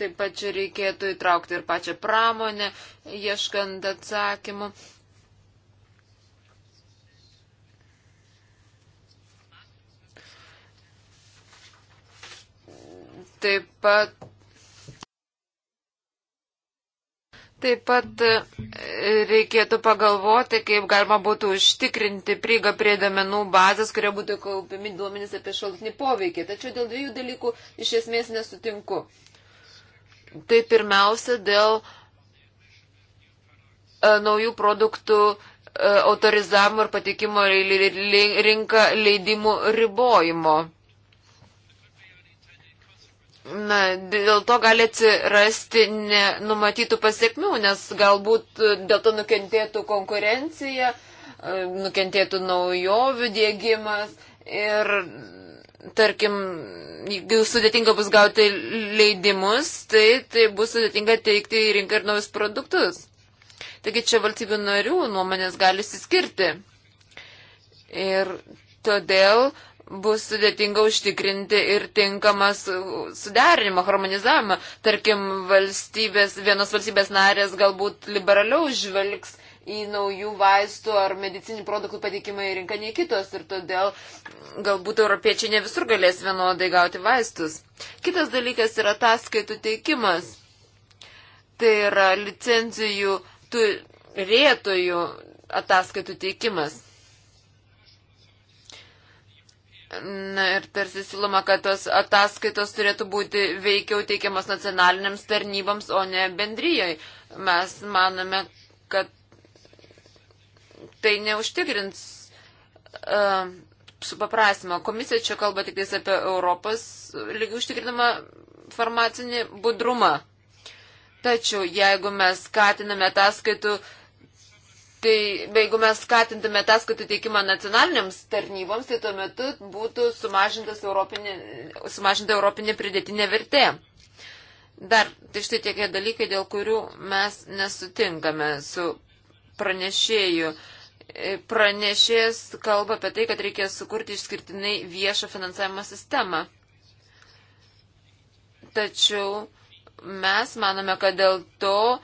Taip pat čia reikėtų įtraukti ir pačią pramonę, ieškant atsakymų. Taip pat. Taip pat e, reikėtų pagalvoti, kaip galima būtų užtikrinti prieigą prie domenų bazės, kurie būtų kaupiami duomenys apie šalutinį poveikį. Tačiau dėl dviejų dalykų iš esmės nesutinku tai pirmiausia dėl e, naujų produktų e, autorizavimo ir patikimo rinką leidimų ribojimo. Na, dėl to gali atsirasti numatytų pasiekmių, nes galbūt e, dėl to nukentėtų konkurencija, nukentėtų naujovių dėgymas ir tarkim, jeigu sudėtinga bus gauti leidimus, tai, tai bus sudėtinga teikti į rinką ir naujus produktus. Taigi čia valstybių narių nuomonės gali įsiskirti. Ir todėl bus sudėtinga užtikrinti ir tinkamas suderinimą, harmonizavimą. Tarkim, valstybės, vienos valstybės narės galbūt liberaliau žvelgs į naujų vaistų ar medicinių produktų patikimą į rinką nei kitos ir todėl galbūt europiečiai ne visur galės vienodai gauti vaistus. Kitas dalykas yra ataskaitų teikimas. Tai yra licencijų turėtojų ataskaitų teikimas. Na ir tarsi siūloma, kad tos ataskaitos turėtų būti veikiau teikiamas nacionaliniams tarnybams, o ne bendryjai. Mes manome, kad tai neužtikrins uh, e, supaprasimo. Komisija čia kalba tik apie Europos lygių užtikrinamą farmacinį budrumą. Tačiau jeigu mes skatiname ataskaitų, tai jeigu mes skatintume ataskaitų teikimą nacionaliniams tarnyboms, tai tuo metu būtų europinė, sumažinta europinė pridėtinė vertė. Dar tai štai tie dalykai, dėl kurių mes nesutinkame su pranešėju. Uh, pranešėjas kalba apie tai, kad reikia sukurti išskirtinai viešo finansavimo sistemą. Tačiau mes manome, kad dėl to uh,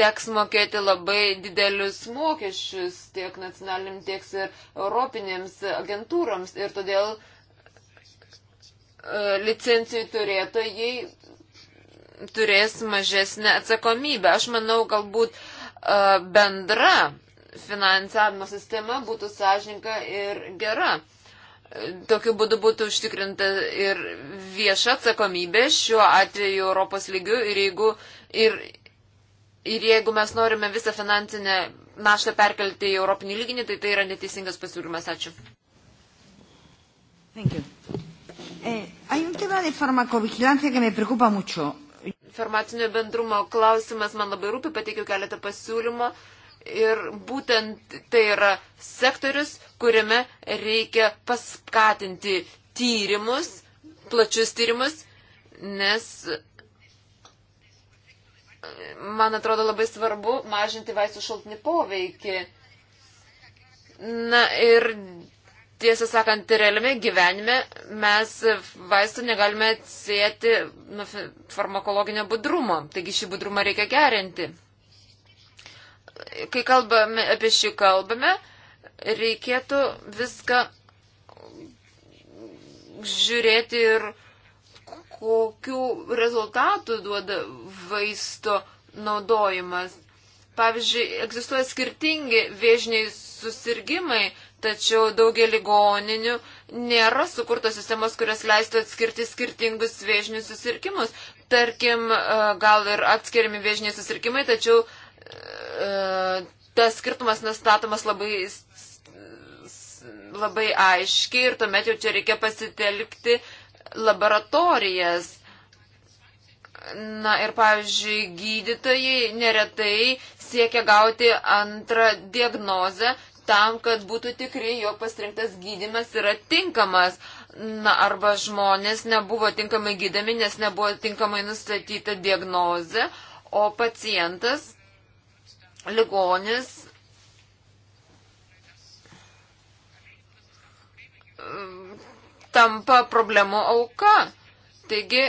teks mokėti labai didelius mokesčius tiek nacionaliniam, tiek ir europinėms agentūroms. Ir todėl uh, licencijų turėtojai turės mažesnę atsakomybę. Aš manau, galbūt uh, bendra finansavimo sistema būtų sąžininga ir gera. Tokiu būdu būtų užtikrinta ir vieša atsakomybė šiuo atveju Europos lygiu ir jeigu, ir, ir jeigu mes norime visą finansinę naštą perkelti į Europinį lyginį, tai tai yra neteisingas pasiūlymas. Ačiū. Thank you. Eh, hay un tema de farmacovigilancia que me preocupa mucho informacinio bendrumo klausimas man labai rūpi, pateikiau keletą pasiūlymų. Ir būtent tai yra sektorius, kuriame reikia paskatinti tyrimus, plačius tyrimus, nes, man atrodo, labai svarbu mažinti vaistų šaltinį poveikį. Na ir tiesą sakant, realiame gyvenime mes vaistų negalime atsijėti nuo farmakologinio budrumo, taigi šį budrumą reikia gerinti. Kai kalbame apie šį kalbame, reikėtų viską žiūrėti ir kokių rezultatų duoda vaisto naudojimas. Pavyzdžiui, egzistuoja skirtingi viežiniai susirgymai, tačiau daugelį ligoninių nėra sukurtos sistemos, kurios leistų atskirti skirtingus vėžinius susirkimus. Tarkim, e, gal ir atskiriami vėžiniai susirkimai, tačiau e, tas skirtumas nustatomas labai labai aiškiai ir tuomet jau čia reikia pasitelkti laboratorijas. Na ir pavyzdžiui, gydytojai neretai siekia gauti antrą diagnozę, tam, kad būtų tikri, jog pasirinktas gydimas yra tinkamas. Na, arba žmonės nebuvo tinkamai gydami, nes nebuvo tinkamai nustatyta diagnozė, o pacientas, ligonis, tampa problemų auka. Taigi,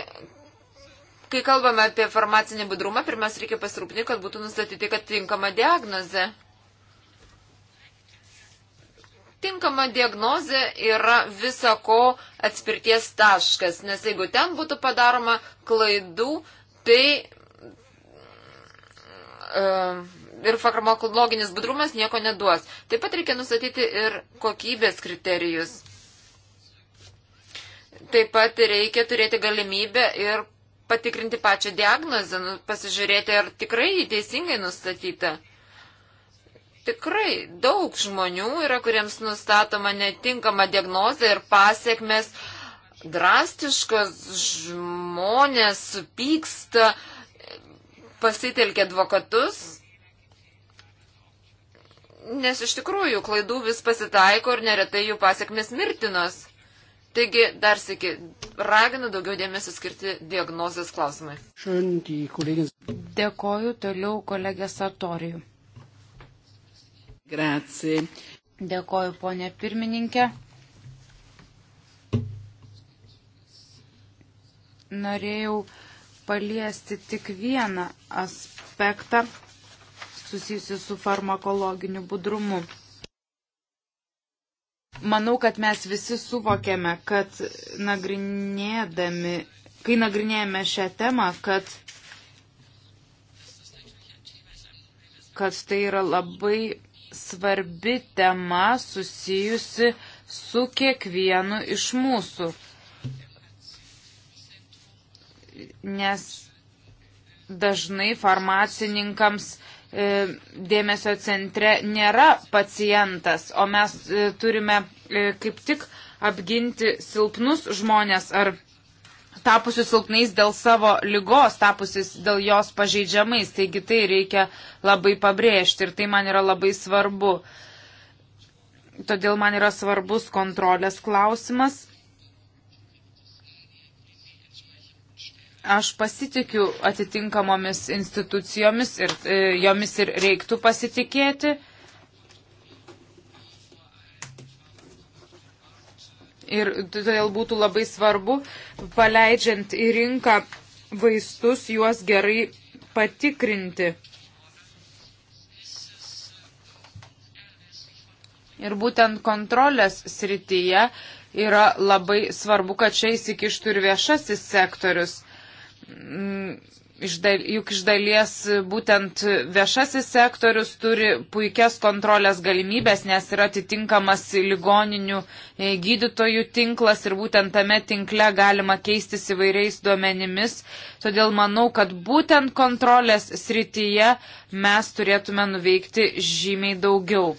kai kalbame apie farmacinį budrumą, pirmiausia reikia pasirūpinti, kad būtų nustatyti, kad tinkama diagnozė tinkama diagnozė yra visako atspirties taškas, nes jeigu ten būtų padaroma klaidų, tai uh, ir farmakologinis budrumas nieko neduos. Taip pat reikia nustatyti ir kokybės kriterijus. Taip pat reikia turėti galimybę ir patikrinti pačią diagnozę, nu, pasižiūrėti, ar tikrai teisingai nustatyta. Uh, tikrai daug žmonių yra, kuriems nustatoma netinkama diagnozė ir pasiekmes drastiškas, žmonės supyksta, pasitelkia advokatus, nes iš tikrųjų klaidų vis pasitaiko ir neretai jų pasiekmes mirtinos. Taigi, dar sėki, raginu daugiau dėmesio skirti diagnozės klausimai. Dėkoju toliau kolegė Satorijų. Grazie. Dėkoju, ponė pirmininkė. Norėjau paliesti tik vieną aspektą susijusi su farmakologiniu budrumu. Manau, kad mes visi suvokėme, kad nagrinėdami, kai nagrinėjame šią temą, kad, kad tai yra labai svarbi tema susijusi su kiekvienu iš mūsų. Nes dažnai farmacininkams e, dėmesio centre nėra pacientas, o mes e, turime e, kaip tik apginti silpnus žmonės ar pacientus tapusius silpnais dėl savo lygos, tapusius dėl jos pažeidžiamais. Taigi tai reikia labai pabrėžti ir tai man yra labai svarbu. Todėl man yra svarbus kontrolės klausimas. Aš pasitikiu atitinkamomis institucijomis ir e, jomis ir reiktų pasitikėti. E, Ir todėl būtų labai svarbu, paleidžiant į rinką vaistus, juos gerai patikrinti. Ir būtent kontrolės srityje yra labai svarbu, kad čia įsikištų ir viešasis sektorius mm, juk iš dalies būtent viešasis sektorius turi puikias kontrolės galimybės, nes yra atitinkamas ligoninių e, gydytojų tinklas ir būtent tame tinkle galima keistis įvairiais duomenimis. Todėl manau, kad būtent kontrolės srityje mes turėtume nuveikti žymiai daugiau.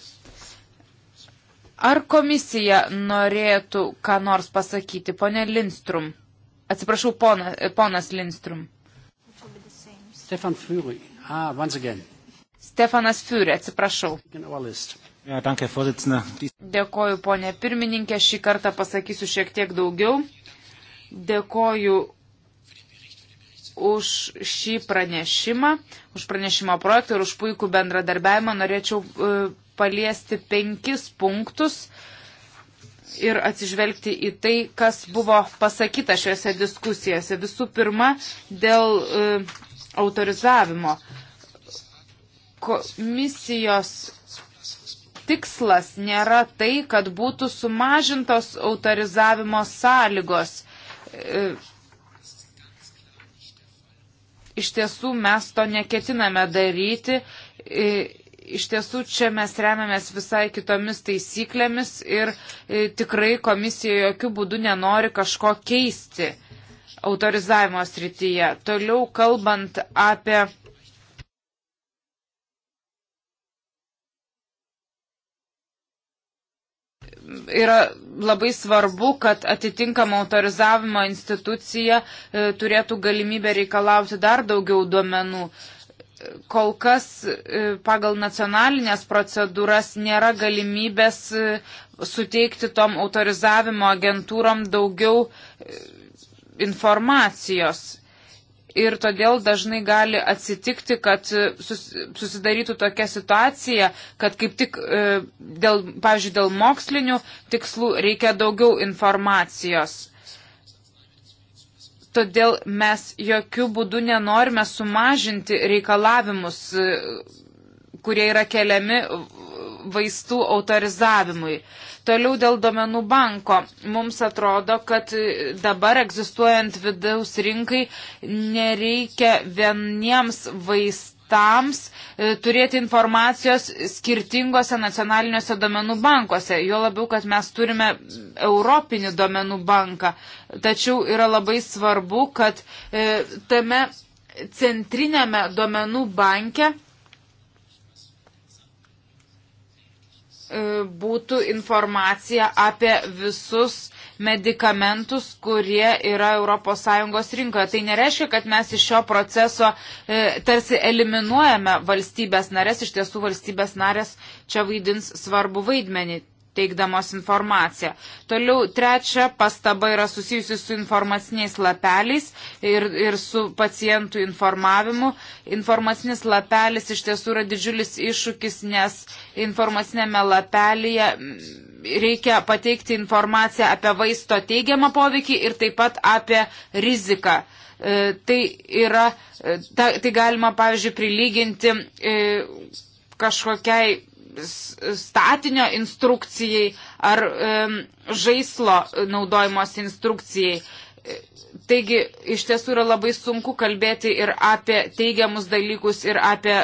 Ar komisija norėtų ką nors pasakyti, ponė Lindstrum? Atsiprašau, pona, ponas Lindstrum. Stefan Führy. Ah, once again. Stefanas Führy, atsiprašau. Ja, danke, Dėkoju, ponė pirmininkė, šį kartą pasakysiu šiek tiek daugiau. Dėkoju už šį pranešimą, už pranešimo projektą ir už puikų bendradarbiavimą. Norėčiau e, paliesti penkis punktus ir atsižvelgti į tai, kas buvo pasakyta šiuose diskusijose. Visų pirma, dėl e, autorizavimo. Komisijos tikslas nėra tai, kad būtų sumažintos autorizavimo sąlygos. E, iš tiesų mes to neketiname daryti. E, iš tiesų čia mes remiamės visai kitomis taisyklėmis ir e, tikrai komisija jokių būdų nenori kažko keisti autorizavimo srityje. Toliau kalbant apie. Yra labai svarbu, kad atitinkama autorizavimo institucija e, turėtų galimybę reikalauti dar daugiau duomenų kol kas e, pagal nacionalinės procedūras nėra galimybės e, suteikti tom autorizavimo agentūrom daugiau informacijos. Ir todėl dažnai gali atsitikti, kad susidarytų tokia situacija, kad kaip tik, e, dėl, pavyzdžiui, dėl mokslinių tikslų reikia daugiau informacijos. Todėl mes jokių būdų nenorime sumažinti reikalavimus e, kurie yra keliami vaistų autorizavimui. Toliau dėl domenų banko. Mums atrodo, kad dabar egzistuojant vidaus rinkai nereikia vieniems vaistams tams e, turėti informacijos skirtingose nacionaliniuose domenų bankuose. Jo labiau, kad mes turime Europinį domenų banką. Tačiau yra labai svarbu, kad e, tame centrinėme domenų banke E, būtų informacija apie visus medikamentus, kurie yra ES rinkoje. Tai nereiškia, kad mes iš šio proceso e, tarsi eliminuojame valstybės narės, iš tiesų valstybės narės čia vaidins svarbu vaidmenį teikdamos informaciją. Toliau trečia pastaba yra susijusi su informaciniais lapeliais ir, ir su pacientų informavimu. Informacinis lapelis iš tiesų yra didžiulis iššūkis, nes informacinėme lapelėje reikia pateikti informaciją apie vaisto teigiamą poveikį ir taip pat apie riziką. E, tai, yra, e, tai galima, pavyzdžiui, prilyginti e, kažkokiai statinio instrukcijai ar žaislo naudojimos instrukcijai. Taigi iš tiesų yra labai sunku kalbėti ir apie teigiamus dalykus, ir apie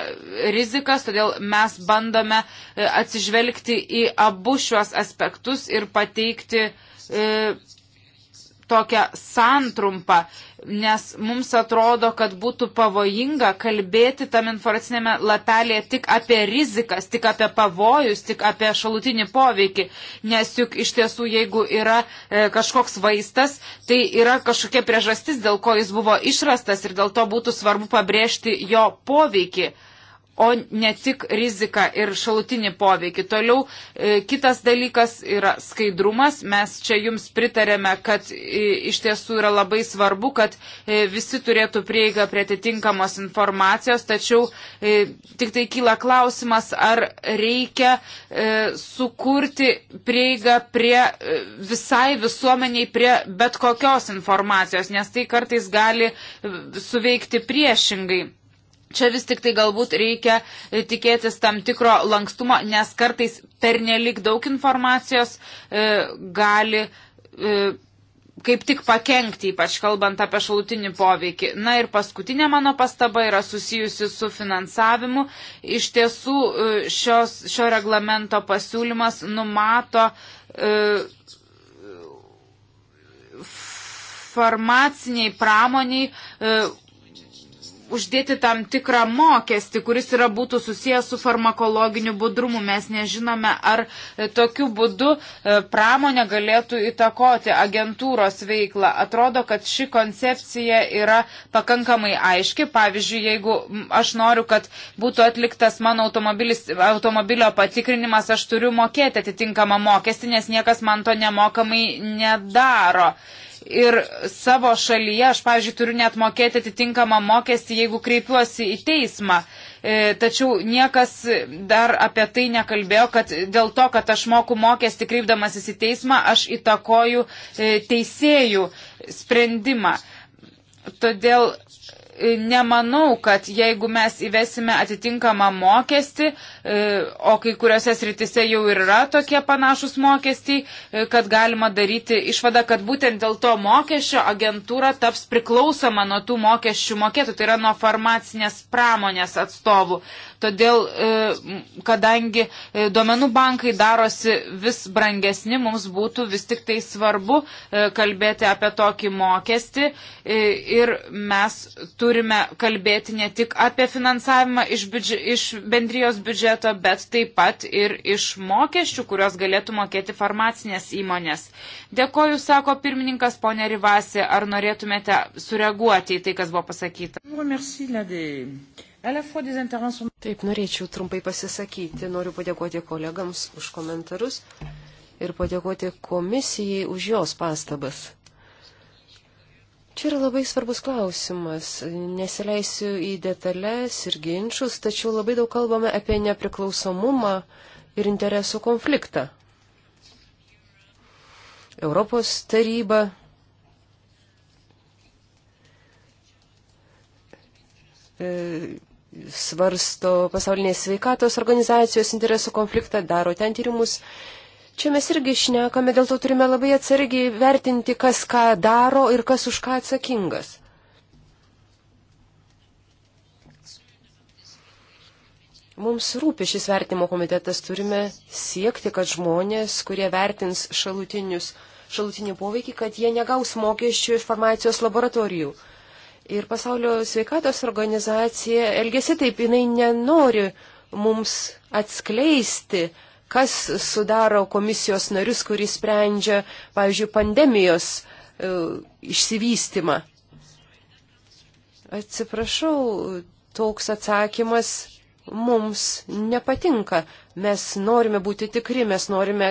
rizikas, todėl mes bandome e, atsižvelgti į abu šiuos aspektus ir pateikti e, tokią santrumpą, nes mums atrodo, kad būtų pavojinga kalbėti tam informacinėme lapelėje tik apie rizikas, tik apie pavojus, tik apie šalutinį poveikį, nes juk iš tiesų, jeigu yra e, kažkoks vaistas, tai yra kažkokia priežastis, dėl ko jis buvo išrastas ir dėl to būtų svarbu pabrėžti jo poveikį o ne tik riziką ir šalutinį poveikį. Toliau e, kitas dalykas yra skaidrumas. Mes čia jums pritarėme, kad e, iš tiesų yra labai svarbu, kad e, visi turėtų prieigą prie atitinkamos informacijos, tačiau e, tik tai kyla klausimas, ar reikia e, sukurti prieigą prie e, visai visuomeniai, prie bet kokios informacijos, nes tai kartais gali e, suveikti priešingai. Čia vis tik tai galbūt reikia e, tikėtis tam tikro lankstumo, nes kartais pernelik daug informacijos e, gali e, kaip tik pakengti, ypač kalbant apie šalutinį poveikį. Na ir paskutinė mano pastaba yra susijusi su finansavimu. Iš tiesų e, šios, šio reglamento pasiūlymas numato e, farmaciniai pramoniai e, uždėti tam tikrą mokestį, kuris yra būtų susijęs su farmakologiniu budrumu. Mes nežinome, ar e, tokiu būdu e, pramonė galėtų įtakoti agentūros veiklą. Atrodo, kad ši koncepcija yra pakankamai aiški. Pavyzdžiui, jeigu aš noriu, kad būtų atliktas mano automobilio patikrinimas, aš turiu mokėti atitinkamą mokestį, nes niekas man to nemokamai nedaro ir savo šalyje, aš, pavyzdžiui, turiu net mokėti atitinkamą mokestį, jeigu kreipiuosi į teismą. E, tačiau niekas dar apie tai nekalbėjo, kad dėl to, kad aš moku mokestį kreipdamasis į teismą, aš įtakoju e, teisėjų sprendimą. Todėl e, nemanau, kad jeigu mes įvesime atitinkamą mokestį, E, o kai kuriuose sritise jau yra tokie panašus mokestiai, e, kad galima daryti išvadą, kad būtent dėl to mokesčio agentūra taps priklausoma nuo tų mokesčių mokėtų, tai yra nuo farmacinės pramonės atstovų. Todėl, e, kadangi duomenų bankai darosi vis brangesni, mums būtų vis tik tai svarbu kalbėti apie tokį mokestį ir mes turime kalbėti ne tik apie finansavimą iš, biudž... iš bendrijos biudžeto, biudžeto, bet taip pat ir iš mokesčių, kuriuos galėtų mokėti farmacinės įmonės. Dėkoju, sako pirmininkas ponė Rivasi, ar norėtumėte sureaguoti į tai, kas buvo pasakyta? Taip, norėčiau trumpai pasisakyti, noriu padėkoti kolegams už komentarus ir padėkoti komisijai už jos pastabas. Čia yra labai svarbus klausimas. Nesileisiu į detalės ir ginčius, tačiau labai daug kalbame apie nepriklausomumą ir interesų konfliktą. Europos taryba e, svarsto pasaulinės sveikatos organizacijos interesų konfliktą, daro ten tyrimus Čia mes irgi šnekame, dėl to turime labai atsargiai vertinti, kas ką daro ir kas už ką atsakingas. Mums rūpi šis vertimo komitetas, turime siekti, kad žmonės, kurie vertins šalutinį poveikį, kad jie negaus mokesčių iš farmacijos laboratorijų. Ir pasaulio sveikatos organizacija elgesi taip, jinai nenori mums atskleisti, kas sudaro komisijos narius, kuris sprendžia, pavyzdžiui, pandemijos e, išsivystimą. Atsiprašau, toks atsakymas mums nepatinka. Mes norime būti tikri, mes norime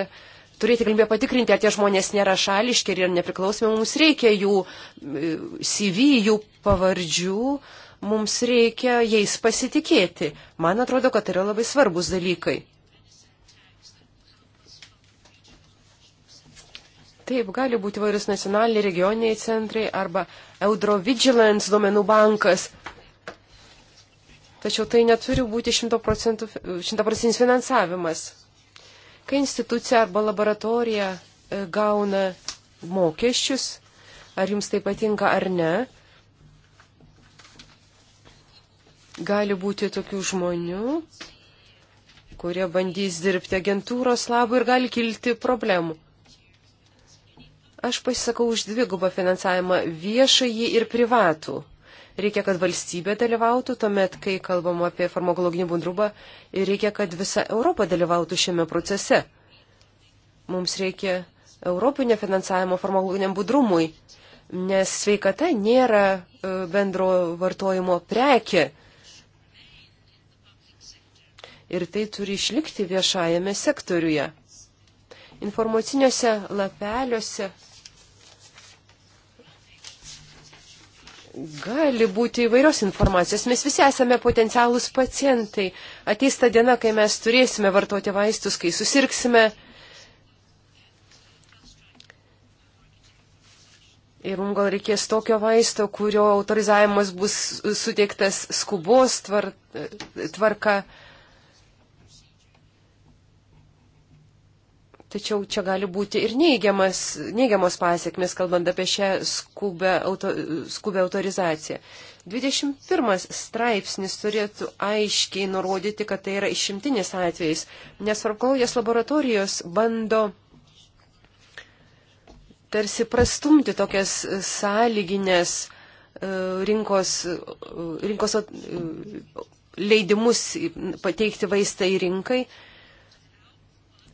turėti galimybę patikrinti, ar tie žmonės nėra šališki ir nepriklausomi. Mums reikia jų e, CV, jų pavardžių, mums reikia jais pasitikėti. Man atrodo, kad tai yra labai svarbus dalykai. Taip, gali būti įvairius nacionaliniai regioniniai centrai arba Eudrovigilance duomenų bankas. Tačiau tai neturi būti 100 procentinis finansavimas. Kai institucija arba laboratorija e, gauna mokesčius, ar jums tai patinka ar ne, gali būti tokių žmonių, kurie bandys dirbti agentūros labui ir gali kilti problemų. Aš pasisakau už dvigubą finansavimą - viešąjį ir privatų. Reikia, kad valstybė dalyvautų, tuomet, kai kalbam apie farmakologinį bundrubą, ir reikia, kad visa Europa dalyvautų šiame procese. Mums reikia europinio finansavimo farmakologiniam budrumui, nes sveikata nėra e, bendro vartojimo prekė. Ir tai turi išlikti viešajame sektoriuje informaciniuose lapeliuose gali būti įvairios informacijos. Mes visi esame potencialūs pacientai. Ateis ta diena, kai mes turėsime vartoti vaistus, kai susirksime. Ir mums gal reikės tokio vaisto, kurio autorizavimas bus suteiktas skubos tvar, tvarka. Tačiau čia gali būti ir neigiamas, neigiamos pasiekmes, kalbant apie šią skubę, auto, skubę autorizaciją. 21 straipsnis turėtų aiškiai nurodyti, kad tai yra išimtinis atvejis, nes farmakologijos laboratorijos bando tarsi prastumti tokias sąlyginės e, rinkos, e, rinkos e, leidimus pateikti vaistą į rinkai,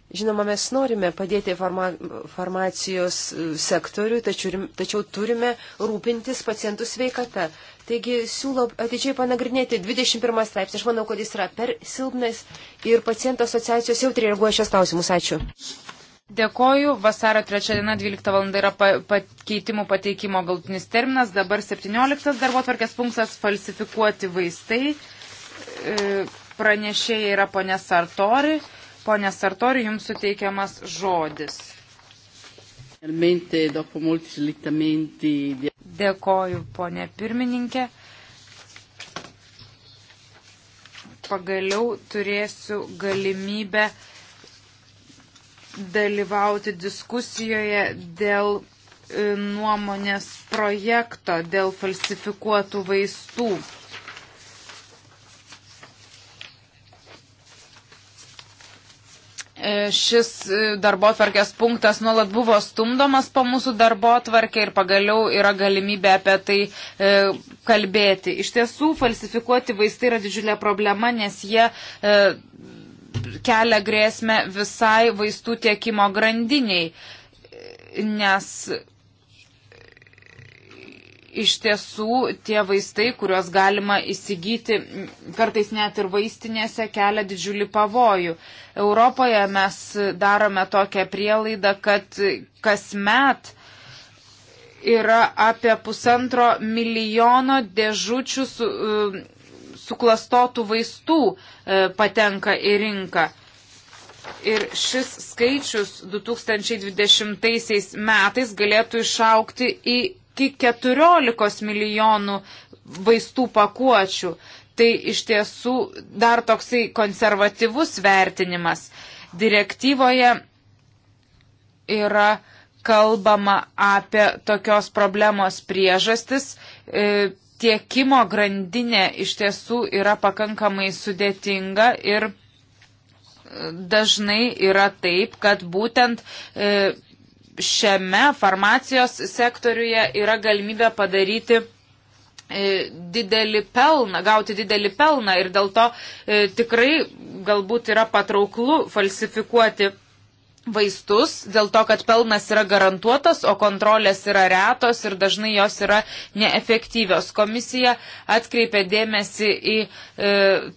Žinoma, mes norime padėti farma, farmacijos e, sektoriui, tačiau, tačiau turime rūpintis pacientų sveikata. Taigi siūlau atidžiai panagrinėti 21 straipsnį. Aš manau, kad jis yra per silpnas ir pacientų asociacijos jautriai reaguoja šios klausimus. Ačiū. Dėkoju. Vasario 3 diena 12 val. yra pakeitimų pateikimo galtinis terminas. Dabar 17 darbo tvarkės punktas - falsifikuoti vaistai. E, Pranešėjai yra ponė Sartori. Pone Sartori, jums suteikiamas žodis. Dėkoju, ponė pirmininkė. Pagaliau turėsiu galimybę dalyvauti diskusijoje dėl e, nuomonės projekto, dėl falsifikuotų vaistų. E, šis e, darbo tvarkės punktas nuolat buvo stumdomas po mūsų darbo tvarkę ir pagaliau yra galimybė apie tai e, kalbėti. Iš tiesų, falsifikuoti vaistai yra didžiulė problema, nes jie e, kelia grėsmę visai vaistų tiekimo grandiniai, nes iš tiesų tie vaistai, kuriuos galima įsigyti kartais net ir vaistinėse, kelia didžiulį pavojų. Europoje mes darome tokią prielaidą, kad kasmet yra apie pusantro milijono dėžučių su, e, suklastotų vaistų e, patenka į rinką. Ir šis skaičius 2020 metais galėtų išaukti į iki 14 milijonų vaistų pakuočių. Tai iš tiesų dar toksai konservatyvus vertinimas. Direktyvoje yra kalbama apie tokios problemos priežastis. E, tiekimo grandinė iš tiesų yra pakankamai sudėtinga ir e, dažnai yra taip, kad būtent e, šiame farmacijos sektoriuje yra galimybė padaryti e, didelį pelną, gauti didelį pelną ir dėl to e, tikrai galbūt yra patrauklu falsifikuoti vaistus dėl to, kad pelnas yra garantuotas, o kontrolės yra retos ir dažnai jos yra neefektyvios. Komisija atkreipė dėmesį į e,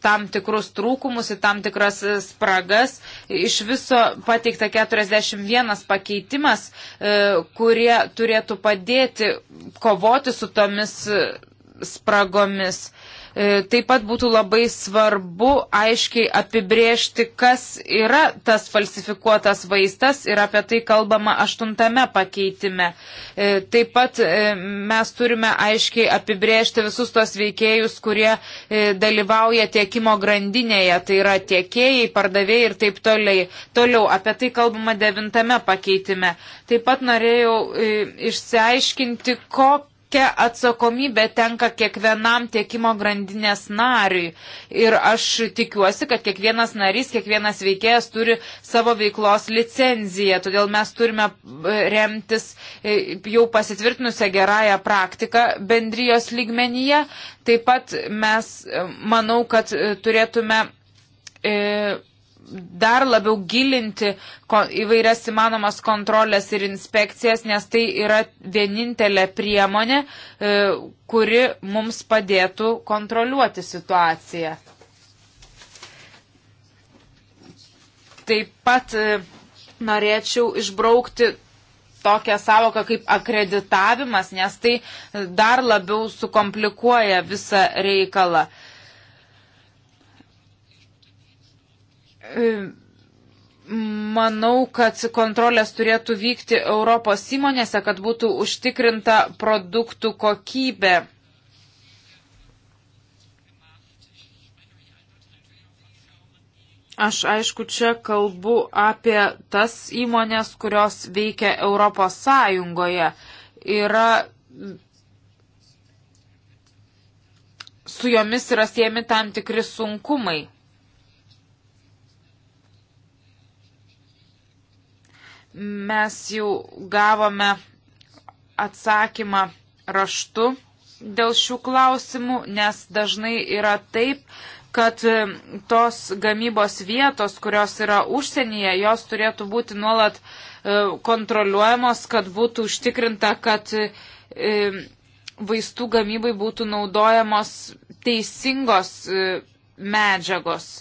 tam tikrus trūkumus, į tam tikras e, spragas. Iš viso pateikta 41 pakeitimas, e, kurie turėtų padėti kovoti su tomis e, spragomis. E, taip pat būtų labai svarbu aiškiai apibriežti, kas yra tas falsifikuotas vaistas ir apie tai kalbama aštuntame pakeitime. E, taip pat e, mes turime aiškiai apibriežti visus tos veikėjus, kurie dalyvauja tiekimo grandinėje, tai yra tiekėjai, pardavėjai ir taip toliai. toliau. Apie tai kalbama devintame pakeitime. Taip pat norėjau išsiaiškinti, kokią kokia atsakomybė tenka kiekvienam tiekimo grandinės nariui. Ir aš tikiuosi, kad kiekvienas narys, kiekvienas veikėjas turi savo veiklos licenciją. Todėl mes turime e, remtis e, jau pasitvirtinusią gerąją praktiką bendrijos lygmenyje. Taip pat mes, e, manau, kad turėtume. E, dar labiau gilinti įvairias įmanomas kontrolės ir inspekcijas, nes tai yra vienintelė priemonė, e, kuri mums padėtų kontroliuoti situaciją. Taip pat e, norėčiau išbraukti tokią savoką kaip akreditavimas, nes tai dar labiau sukomplikuoja visą reikalą. Manau, kad kontrolės turėtų vykti Europos įmonėse, kad būtų užtikrinta produktų kokybė. Aš aišku čia kalbu apie tas įmonės, kurios veikia Europos Sąjungoje. Yra su jomis yra siemi tam tikri sunkumai. Mes jau gavome atsakymą raštu dėl šių klausimų, nes dažnai yra taip, kad e, tos gamybos vietos, kurios yra užsienyje, jos turėtų būti nuolat e, kontroliuojamos, kad būtų užtikrinta, kad e, vaistų gamybai būtų naudojamos teisingos medžiagos.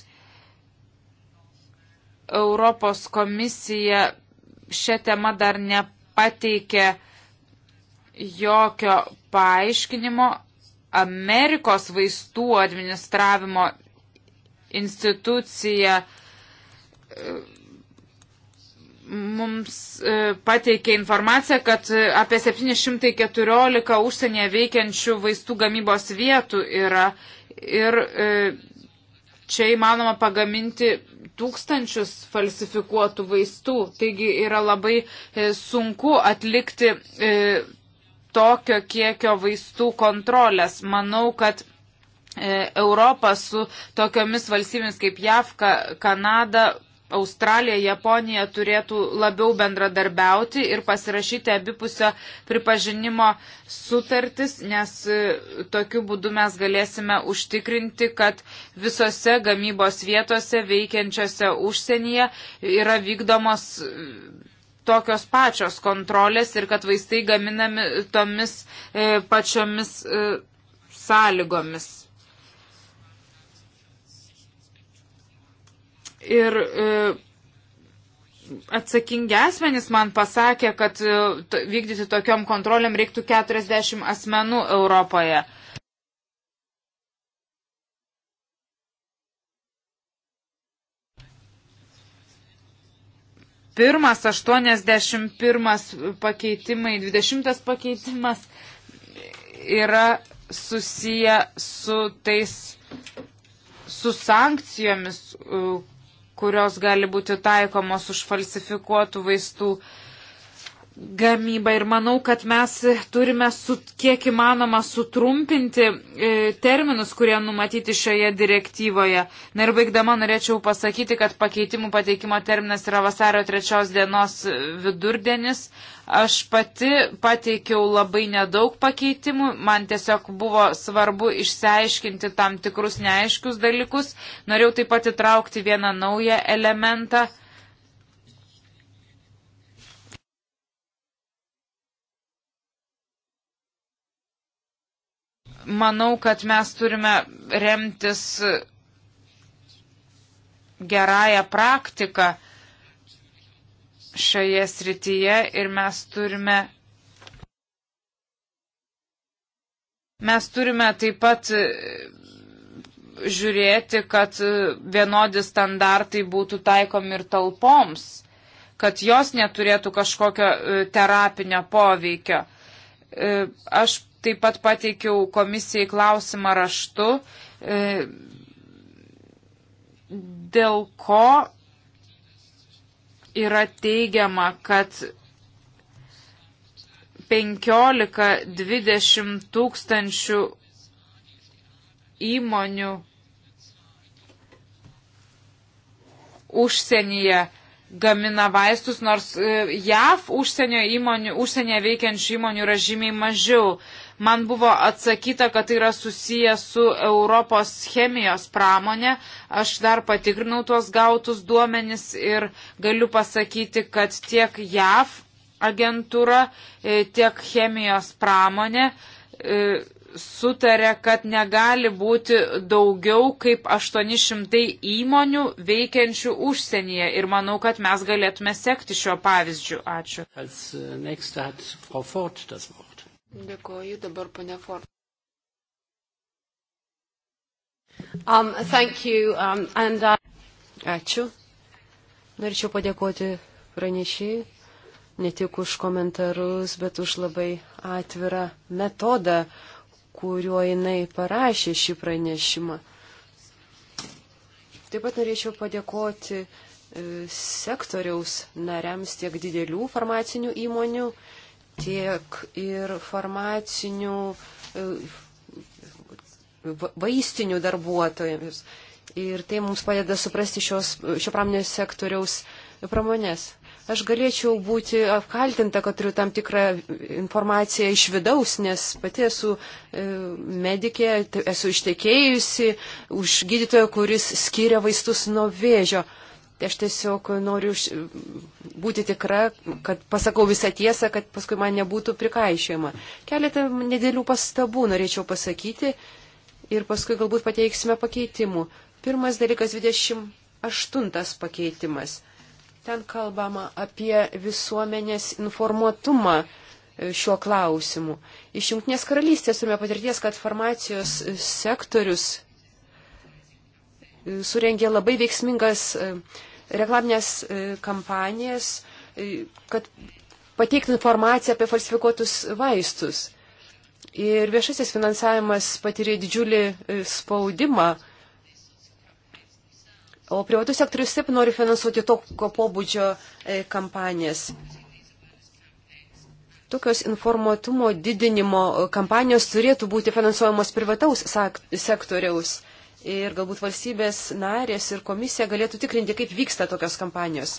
Europos komisija šią temą dar nepateikė jokio paaiškinimo. Amerikos vaistų administravimo institucija e, mums e, pateikė informaciją, kad apie 714 užsienyje veikiančių vaistų gamybos vietų yra ir e, čia įmanoma pagaminti tūkstančius falsifikuotų vaistų. Taigi yra labai e, sunku atlikti e, tokio kiekio vaistų kontrolės. Manau, kad e, Europą su tokiomis valstybėmis kaip JAV, Kanada Australija, Japonija turėtų labiau bendradarbiauti ir pasirašyti abipusio pripažinimo sutartis, nes e, tokiu būdu mes galėsime užtikrinti, kad visose gamybos vietose veikiančiose užsienyje yra vykdomos e, tokios pačios kontrolės ir kad vaistai gaminami tomis e, pačiomis sąlygomis. Ir e, atsakingi asmenys man pasakė, kad e, vykdyti tokiom kontroliam reiktų 40 asmenų Europoje. Pirmas, 81 pakeitimai, 20 pakeitimas yra susiję su tais, su sankcijomis, e, kurios gali būti taikomos už falsifikuotų vaistų uh, gamybą ir manau, kad mes turime su, kiek įmanoma sutrumpinti e, terminus, kurie numatyti šioje direktyvoje. Na ir baigdama norėčiau pasakyti, kad pakeitimų pateikimo terminas yra vasario trečios dienos vidurdienis. Aš pati pateikiau labai nedaug pakeitimų, man tiesiog buvo svarbu išsiaiškinti tam tikrus neaiškius dalykus. Norėjau taip pat įtraukti vieną naują elementą manau, kad mes turime remtis gerąją praktiką šioje srityje ir mes turime. Mes turime taip pat e, žiūrėti, kad e, vienodi standartai būtų taikomi ir talpoms, kad jos neturėtų kažkokio e, terapinio poveikio. Aš taip pat pateikiau komisijai klausimą raštu, e, dėl ko yra teigiama, kad 15-20 tūkstančių įmonių užsienyje gamina vaistus, nors e, JAV užsienio įmonių, užsienyje veikiančių įmonių yra žymiai mažiau. Man buvo atsakyta, kad tai yra susiję su Europos chemijos pramonė. Aš dar patikrinau tuos gautus duomenis ir galiu pasakyti, kad tiek JAV agentūra, e, tiek chemijos pramonė e, sutarė, kad negali būti daugiau kaip 800 įmonių veikiančių užsienyje ir manau, kad mes galėtume sekti šio pavyzdžiu. Ačiū. Äh, Dėkuoju dabar, ponė Ford. Um, thank you, um, and, uh... Ačiū. Norėčiau padėkoti pranešėjai ne tik už komentarus, bet už labai atvirą metodą, kuriuo jinai parašė šį pranešimą. Taip pat norėčiau padėkoti e, sektoriaus nariams tiek didelių farmacinių įmonių, tiek ir farmacinių e, vaistinių darbuotojams. Ir tai mums padeda suprasti šios, šio pramonės sektoriaus pramonės. Aš galėčiau būti apkaltinta, kad turiu tam tikrą informaciją iš vidaus, nes pati esu e, medikė, esu ištekėjusi už gydytojo, kuris skiria vaistus nuo vėžio. Uh, Tai aš tiesiog noriu būti tikra, kad pasakau visą tiesą, kad paskui man nebūtų prikaišėjama. Keletą nedėlių pastabų norėčiau pasakyti ir paskui galbūt pateiksime pakeitimų. Pirmas dalykas - 28 pakeitimas. Ten kalbama apie visuomenės informuotumą e, šiuo klausimu. Iš Junktinės karalystės turime patirties, kad farmacijos sektorius e, surengė labai veiksmingas e, reklaminės e, kampanijas, e, kad pateiktų informaciją apie falsifikuotus vaistus. Ir viešasis finansavimas patyrė didžiulį e, spaudimą. O privatus sektorius taip nori finansuoti tokio pobūdžio kampanijas. Tokios informuotumo didinimo kampanijos turėtų būti finansuojamos privataus sektoriaus ir galbūt valstybės narės ir komisija galėtų tikrinti, kaip vyksta tokios kampanijos.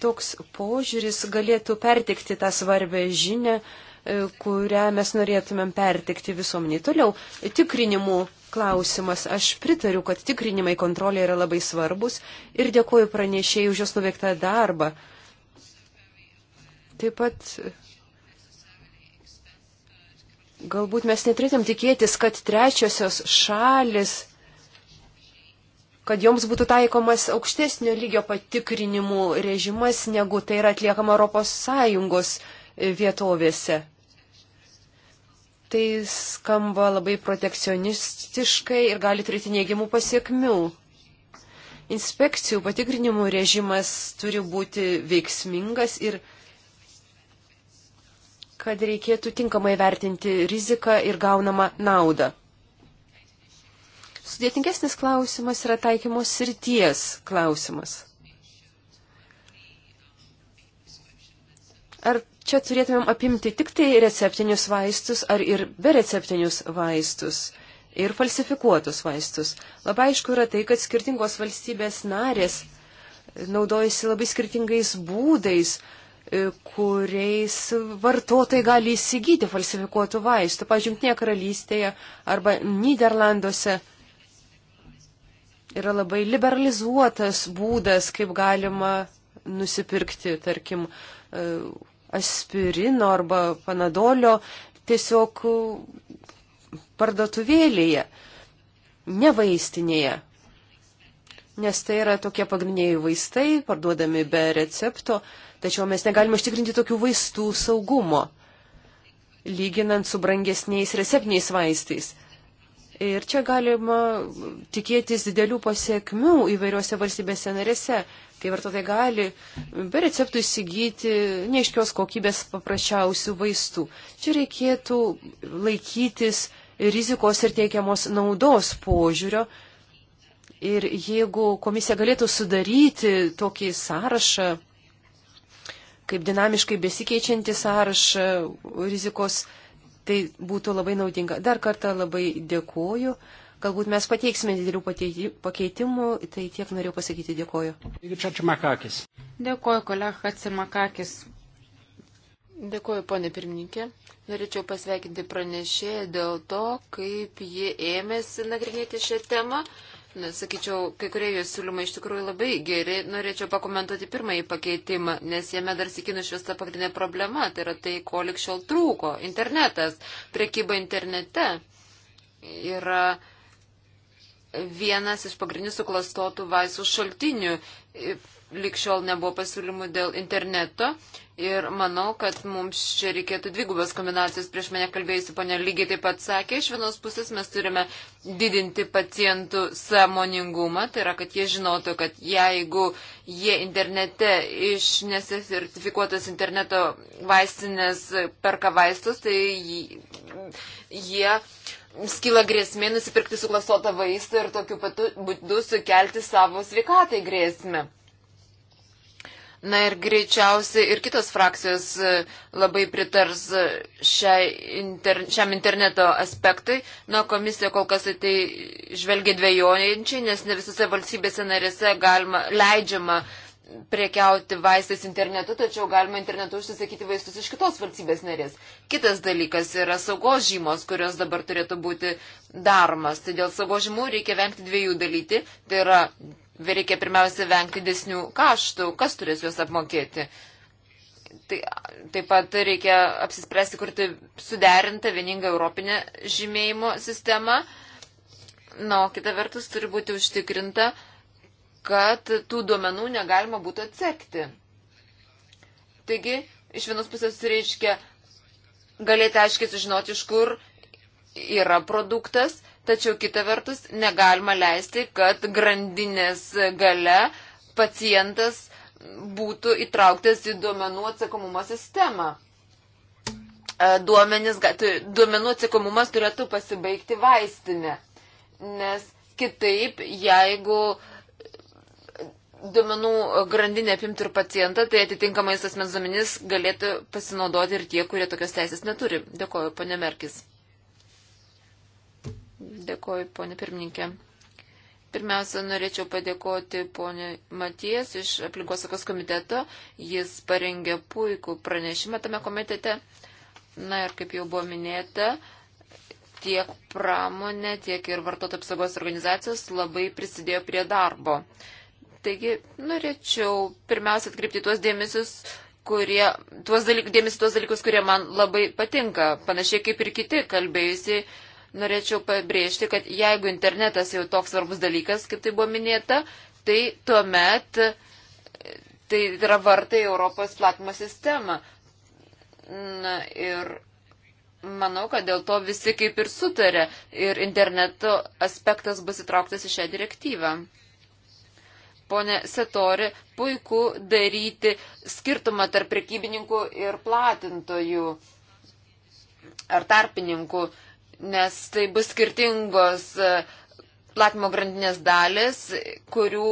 Toks požiūris galėtų pertikti tą svarbę žinę, e, kurią mes norėtumėm pertikti visuomeniai. Toliau, tikrinimų klausimas. Aš pritariu, kad tikrinimai kontrolė yra labai svarbus ir dėkoju pranešėjai už jos nuveiktą darbą. Taip pat Galbūt mes neturėtum tikėtis, kad trečiosios šalis, kad joms būtų taikomas aukštesnio lygio patikrinimų režimas, negu tai yra atliekama ES vietovėse. Tai skamba labai protekcionistiškai ir gali turėti neigiamų pasiekmių. Inspekcijų patikrinimų režimas turi būti veiksmingas ir veiksmingas kad reikėtų tinkamai vertinti riziką ir gaunamą naudą. Sudėtingesnis klausimas yra taikymos srities klausimas. Ar čia turėtumėm apimti tik tai receptinius vaistus ar ir bereceptinius vaistus ir falsifikuotus vaistus? Labai aišku yra tai, kad skirtingos valstybės narės naudojasi labai skirtingais būdais, E, kuriais vartotojai gali įsigyti falsifikuotų vaistų. Pavyzdžiui, Junktinėje karalystėje arba Niderlanduose yra labai liberalizuotas būdas, kaip galima nusipirkti, tarkim, e, aspirino arba panadolio tiesiog parduotuvėlėje, ne vaistinėje. Nes tai yra tokie pagrindiniai vaistai, parduodami be recepto. Uh, tačiau mes negalime užtikrinti tokių vaistų saugumo, lyginant su brangesniais receptiniais vaistais. Ir čia galima tikėtis didelių pasiekmių įvairiuose valstybėse narėse, kai vartotojai gali be receptų įsigyti neiškios kokybės paprasčiausių vaistų. Čia reikėtų laikytis rizikos ir teikiamos naudos požiūrio. Ir jeigu komisija galėtų sudaryti tokį sąrašą kaip dinamiškai besikeičianti sąrašą rizikos, tai būtų labai naudinga. Dar kartą labai dėkuoju. Galbūt mes pateiksime didelių pakeitimų, tai tiek norėjau pasakyti dėkoju. Dėkoju, kolega Hatsimakakis. Dėkoju, ponė pirmininkė. Norėčiau pasveikinti pranešėją dėl to, kaip ji ėmėsi nagrinėti šią temą. Nes, sakyčiau, kai kurie jos siūlymai iš tikrųjų labai geri. Norėčiau pakomentuoti pirmąjį pakeitimą, nes jame dar sikinų šviesta pagrindinė problema, tai yra tai, ko likščiol trūko - internetas. Prekyba internete yra vienas iš pagrindinių suklastotų vaistų šaltinių likščiol nebuvo pasiūlymų dėl interneto ir manau, kad mums čia reikėtų dvigubos kombinacijos. Prieš mane kalbėjusi ponė lygiai taip pat sakė, iš vienos pusės mes turime didinti pacientų samoningumą, tai yra, kad jie žinotų, kad jeigu jie internete iš nesertifikuotos interneto vaistinės perka vaistus, tai jie skyla grėsmė nusipirkti suklastotą vaistą ir tokiu būdu sukelti savo sveikatai grėsmę. Na ir greičiausiai ir kitos frakcijos e, labai pritars e, inter, šiam interneto aspektui. Na, komisija kol kas tai žvelgia dviejojančiai, nes ne visose valstybėse narėse galima, leidžiama priekiauti vaistais internetu, tačiau galima internetu užsisakyti vaistus iš kitos valstybės narės. Kitas dalykas yra saugos žymos, kurios dabar turėtų būti daromas. Tai dėl saugos žymų reikia vengti dviejų dalyti. Tai yra reikia pirmiausia vengti desnių kaštų, kas turės juos apmokėti. Tai, taip pat reikia apsispręsti, kur tai suderinta vieninga europinė žymėjimo sistema. Na, o kita vertus turi būti užtikrinta, kad tų duomenų negalima būtų atsekti. Taigi, iš vienos pusės reiškia galėti aiškiai sužinoti, iš kur yra produktas, tačiau kita vertus negalima leisti, kad grandinės gale pacientas būtų įtrauktas į duomenų atsakomumo sistemą. E, Duomenis, duomenų atsakomumas turėtų pasibaigti vaistinę, nes kitaip, jeigu duomenų grandinė apimtų ir pacientą, tai atitinkamais asmens duomenys galėtų pasinaudoti ir tie, kurie tokios teisės neturi. Dėkoju, ponė Merkis. Dėkoju, ponė pirmininkė. Pirmiausia, norėčiau padėkoti ponė Matijas iš aplinkosakos komiteto. Jis parengė puikų pranešimą tame komitete. Na ir kaip jau buvo minėta, tiek pramonė, tiek ir vartotojų apsaugos organizacijos labai prisidėjo prie darbo. Taigi, norėčiau pirmiausia atkreipti tuos dėmesius, kurie, tuos dalyk, dėmesį tuos dalykus, kurie man labai patinka, panašiai kaip ir kiti kalbėjusi norėčiau pabrėžti, kad jeigu internetas jau toks svarbus dalykas, kaip tai buvo minėta, tai tuomet tai yra vartai Europos platimo sistema. Na ir manau, kad dėl to visi kaip ir sutarė ir interneto aspektas bus įtrauktas į šią direktyvą. Pone Setori, puiku daryti skirtumą tarp prekybininkų ir platintojų ar tarpininkų nes tai bus skirtingos platimo e, grandinės dalis, kurių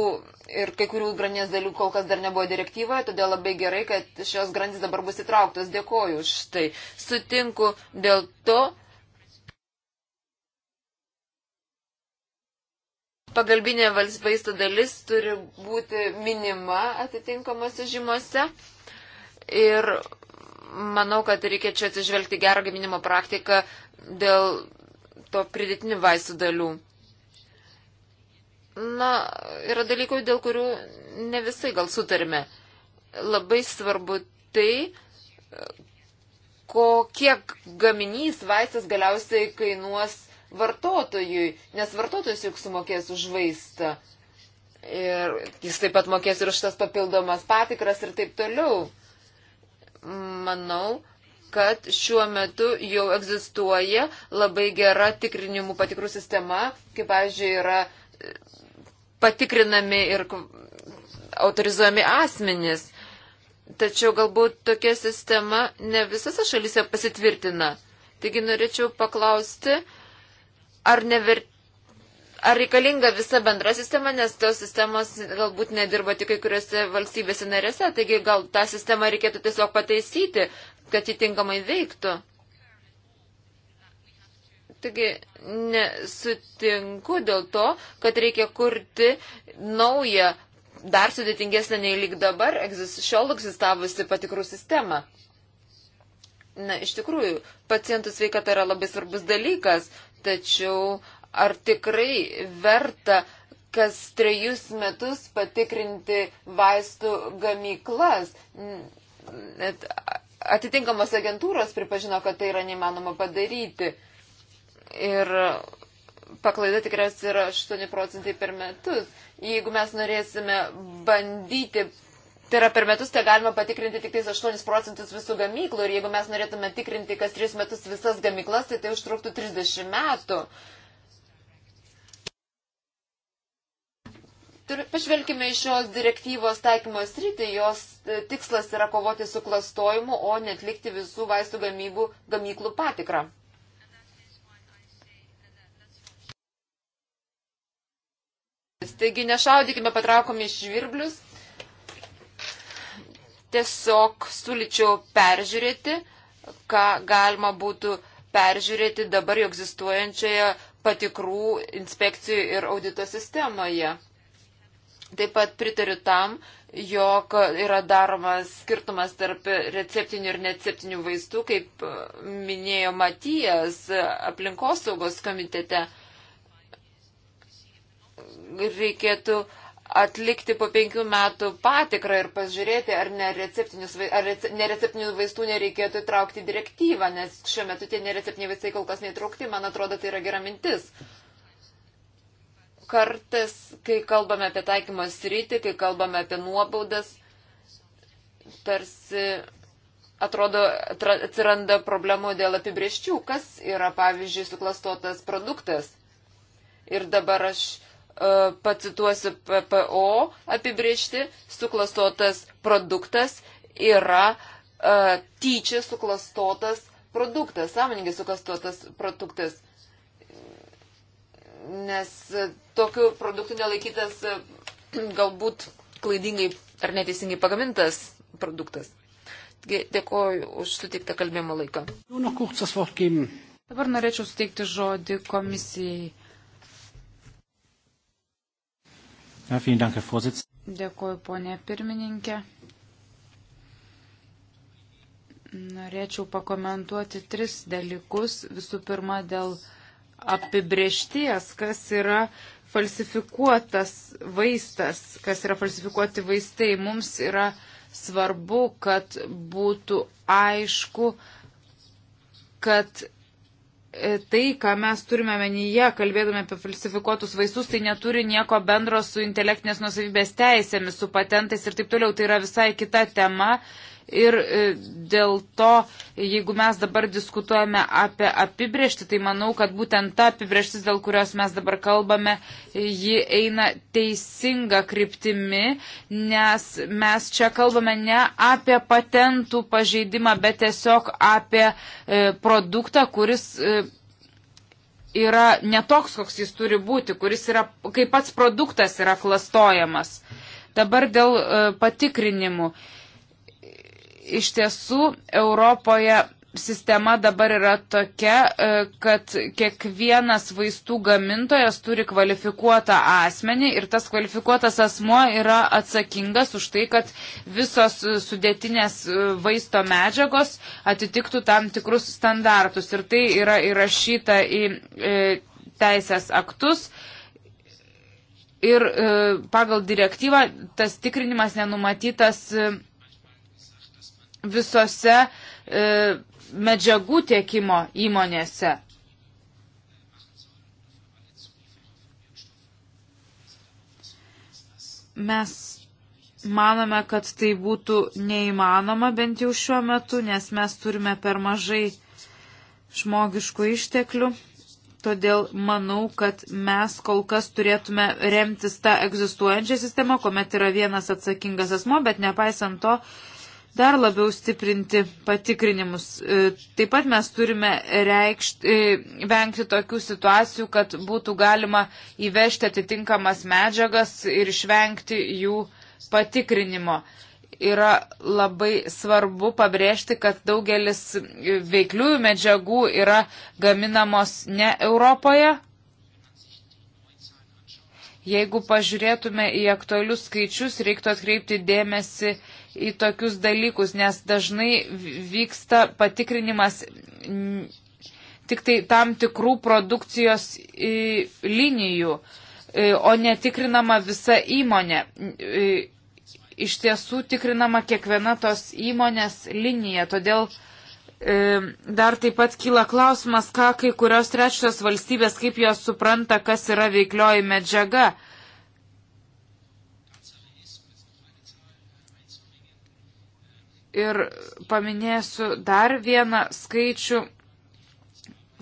ir kai kurių grandinės dalių kol kas dar nebuvo direktyvoje, todėl labai gerai, kad šios grandys dabar bus įtrauktos. Dėkoju už tai. Sutinku dėl to. Pagalbinė vaisto dalis turi būti minima atitinkamose žymuose. Ir manau, kad reikia čia atsižvelgti gerą gaminimo praktiką dėl to pridėtinių vaistų dalių. Na, yra dalykų, dėl kurių ne visai gal sutarime. Labai svarbu tai, ko, kiek gaminys vaistas galiausiai kainuos vartotojui, nes vartotojas juk sumokės už vaistą. Ir jis taip pat mokės ir už tas papildomas patikras ir taip toliau manau, kad šiuo metu jau egzistuoja labai gera tikrinimų patikrų sistema, kaip, pavyzdžiui, yra e, patikrinami ir autorizuojami asmenys. Tačiau galbūt tokia sistema ne visose šalyse pasitvirtina. Taigi norėčiau paklausti, ar nevertėtų ar reikalinga visa bendra sistema, nes tos sistemos galbūt nedirba tik kai kuriuose valstybėse narėse, taigi gal tą sistemą reikėtų tiesiog pataisyti, kad jį tinkamai veiktų. Taigi nesutinku dėl to, kad reikia kurti naują, dar sudėtingesnę nei lyg dabar šiol egzistavusi patikrų sistemą. Na, iš tikrųjų, pacientų sveikata yra labai svarbus dalykas, tačiau uh, ar tikrai verta kas trejus metus patikrinti vaistų gamyklas. Net atitinkamos agentūros pripažino, kad tai yra neįmanoma padaryti. Ir paklaida tikriausiai yra 8 procentai per metus. Jeigu mes norėsime bandyti Tai yra per metus tai galima patikrinti tik 8 procentus visų gamyklų ir jeigu mes norėtume tikrinti kas 3 metus visas gamyklas, tai tai užtruktų 30 metų. Pažvelkime iš šios direktyvos taikymo sritį, jos e, tikslas yra kovoti su klastojimu, o netlikti visų vaistų gamybų, gamyklų patikrą. Taigi nešaudykime patraukomi švirblius. Tiesiog suličiau peržiūrėti, ką galima būtų peržiūrėti dabar jau egzistuojančioje patikrų inspekcijų ir audito sistemoje. Taip pat pritariu tam, jog yra daromas skirtumas tarp receptinių ir neceptinių vaistų, kaip minėjo Matijas aplinkosaugos komitete. Reikėtų atlikti po penkių metų patikrą ir pažiūrėti, ar, ar nereceptinių vaistų nereikėtų įtraukti direktyvą, nes šiuo metu tie nereceptiniai vaistai kol kas neįtraukti, man atrodo, tai yra gera mintis. Uh, kartas, kai kalbame apie taikymo sritį, kai kalbame apie nuobaudas, tarsi atrodo atsiranda problemų dėl apibrieščių, kas yra, pavyzdžiui, suklastotas produktas. Ir dabar aš uh, pacituosiu PPO apibriešti, suklastotas produktas yra uh, tyčia suklastotas produktas, sąmoningai suklastotas produktas. Nes tokiu produktu nelaikytas e, galbūt klaidingai ar neteisingai pagamintas produktas. Dėkoju už suteiktą kalbėjimo laiką. Dabar norėčiau suteikti žodį komisijai. Dėkoju, ponė pirmininkė. Norėčiau pakomentuoti tris dalykus. Visų pirma, dėl apibriešties, kas yra falsifikuotas vaistas, kas yra falsifikuoti vaistai. Mums yra svarbu, kad būtų aišku, kad e, tai, ką mes turime menyje, kalbėdami apie falsifikuotus vaistus, tai neturi nieko bendro su intelektinės nusavybės teisėmis, su patentais ir taip toliau. Tai yra visai kita tema Ir e, dėl to, jeigu mes dabar diskutuojame apie apibrėžtį, tai manau, kad būtent ta apibrėžtis, dėl kurios mes dabar kalbame, ji eina teisinga kryptimi, nes mes čia kalbame ne apie patentų pažeidimą, bet tiesiog apie e, produktą, kuris. E, Yra netoks, koks jis turi būti, kuris yra, kaip pats produktas yra klastojamas. Dabar dėl e, patikrinimų. E, iš tiesų Europoje sistema dabar yra tokia, e, kad kiekvienas vaistų gamintojas turi kvalifikuotą asmenį ir tas kvalifikuotas asmo yra atsakingas už tai, kad visos sudėtinės e, vaisto medžiagos atitiktų tam tikrus standartus. Ir tai yra įrašyta į e, teisės aktus. Ir pagal direktyvą tas tikrinimas nenumatytas visose e, medžiagų tiekimo įmonėse. Mes manome, kad tai būtų neįmanoma bent jau šiuo metu, nes mes turime per mažai žmogiškų išteklių. Todėl manau, kad mes kol kas turėtume remtis tą egzistuojančią sistemą, kuomet yra vienas atsakingas asmo, bet nepaisant to, uh, dar labiau stiprinti patikrinimus. E, taip pat mes turime reikšti, e, vengti tokių situacijų, kad būtų galima įvežti atitinkamas medžiagas ir išvengti jų patikrinimo. Yra labai svarbu pabrėžti, kad daugelis veikliųjų medžiagų yra gaminamos ne Europoje, Jeigu pažiūrėtume į aktualius skaičius, reiktų atkreipti dėmesį į tokius dalykus, nes dažnai vyksta patikrinimas tik tai tam tikrų produkcijos linijų, o netikrinama visa įmonė. Iš tiesų tikrinama kiekviena tos įmonės linija, todėl E, dar taip pat kyla klausimas, ką kai kurios trečios valstybės, kaip jos supranta, kas yra veiklioji medžiaga. Ir paminėsiu dar vieną skaičių.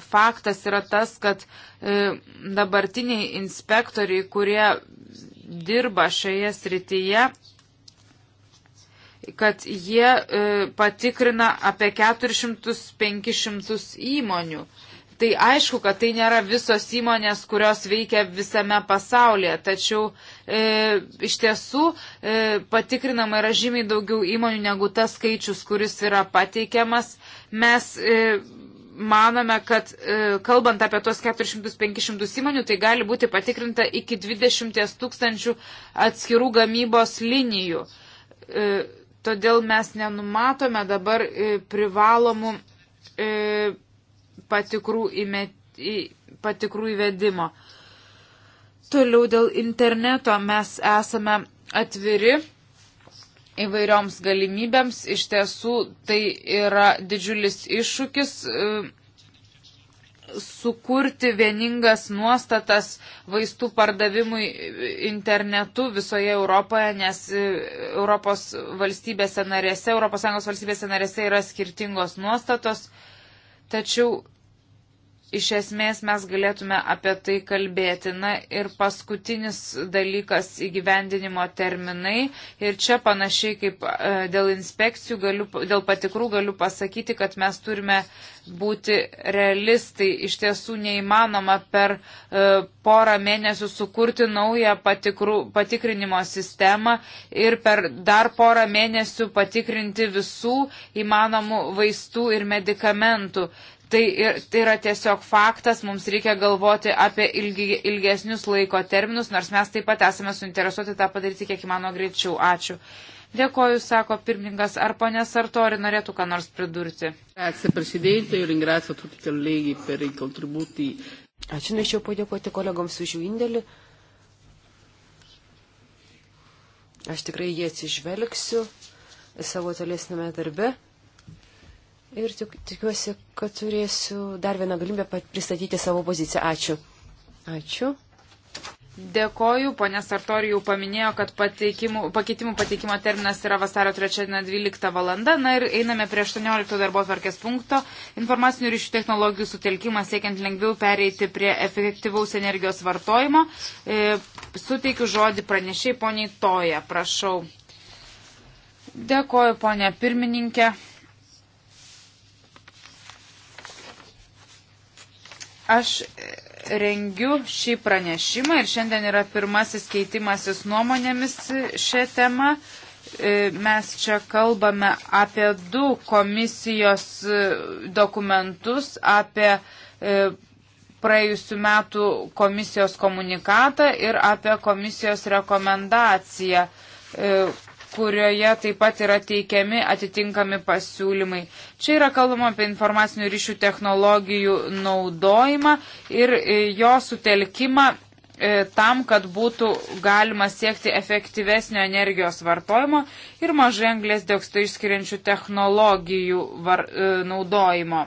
Faktas yra tas, kad e, dabartiniai inspektoriai, kurie dirba šioje srityje, kad jie e, patikrina apie 400-500 įmonių. Tai aišku, kad tai nėra visos įmonės, kurios veikia visame pasaulyje, tačiau e, iš tiesų e, patikrinama yra žymiai daugiau įmonių negu tas skaičius, kuris yra pateikiamas. Mes e, manome, kad e, kalbant apie tuos 400-500 įmonių, tai gali būti patikrinta iki 20 tūkstančių atskirų gamybos linijų. E, Todėl mes nenumatome dabar e, privalomų e, patikrų, įmet, patikrų įvedimo. Toliau dėl interneto mes esame atviri įvairioms galimybėms. Iš tiesų tai yra didžiulis iššūkis. E, sukurti vieningas nuostatas vaistų pardavimui internetu visoje Europoje, nes e, Europos valstybėse narėse, ES valstybėse narėse yra skirtingos nuostatos. Tačiau iš esmės mes galėtume apie tai kalbėti. Na ir paskutinis dalykas įgyvendinimo terminai. Ir čia panašiai kaip e, dėl inspekcijų, galiu, dėl patikrų galiu pasakyti, kad mes turime būti realistai. Iš tiesų neįmanoma per e, porą mėnesių sukurti naują patikrų, patikrinimo sistemą ir per dar porą mėnesių patikrinti visų įmanomų vaistų ir medikamentų. Tai, ir, tai yra tiesiog faktas, mums reikia galvoti apie ilgi, ilgesnius laiko terminus, nors mes taip pat esame suinteresuoti tą padaryti kiek įmanoma greičiau. Ačiū. Dėkoju, sako pirmininkas. Ar ponė Sartori norėtų ką nors pridurti? Ačiū, norėčiau padėkoti kolegoms už jų indėlį. Aš tikrai jį atsižvelgsiu savo tolesnėme darbe ir tik, tikiuosi, kad turėsiu dar vieną galimybę pristatyti savo poziciją. Ačiū. Ačiū. Dėkoju, ponė Sartori jau paminėjo, kad pakeitimų pateikimo terminas yra vasario 3.12 val. Na ir einame prie 18 darbo tvarkės punkto. Informacinių ryšių technologijų sutelkimas siekiant lengviau pereiti prie efektyvaus energijos vartojimo. E, suteikiu žodį pranešiai poniai Toja, prašau. Dėkoju, ponė pirmininkė. Aš e, rengiu šį pranešimą ir šiandien yra pirmasis keitimasis nuomonėmis e, šią temą. E, mes čia kalbame apie du komisijos dokumentus, apie praėjusių metų komisijos komunikatą ir apie komisijos rekomendaciją, kurioje taip pat yra teikiami atitinkami pasiūlymai. Čia yra kalbama apie informacinių ryšių technologijų naudojimą ir e, jo sutelkimą e, tam, kad būtų galima siekti efektyvesnio energijos vartojimo ir mažai anglės dioksido išskiriančių technologijų var, e, naudojimo.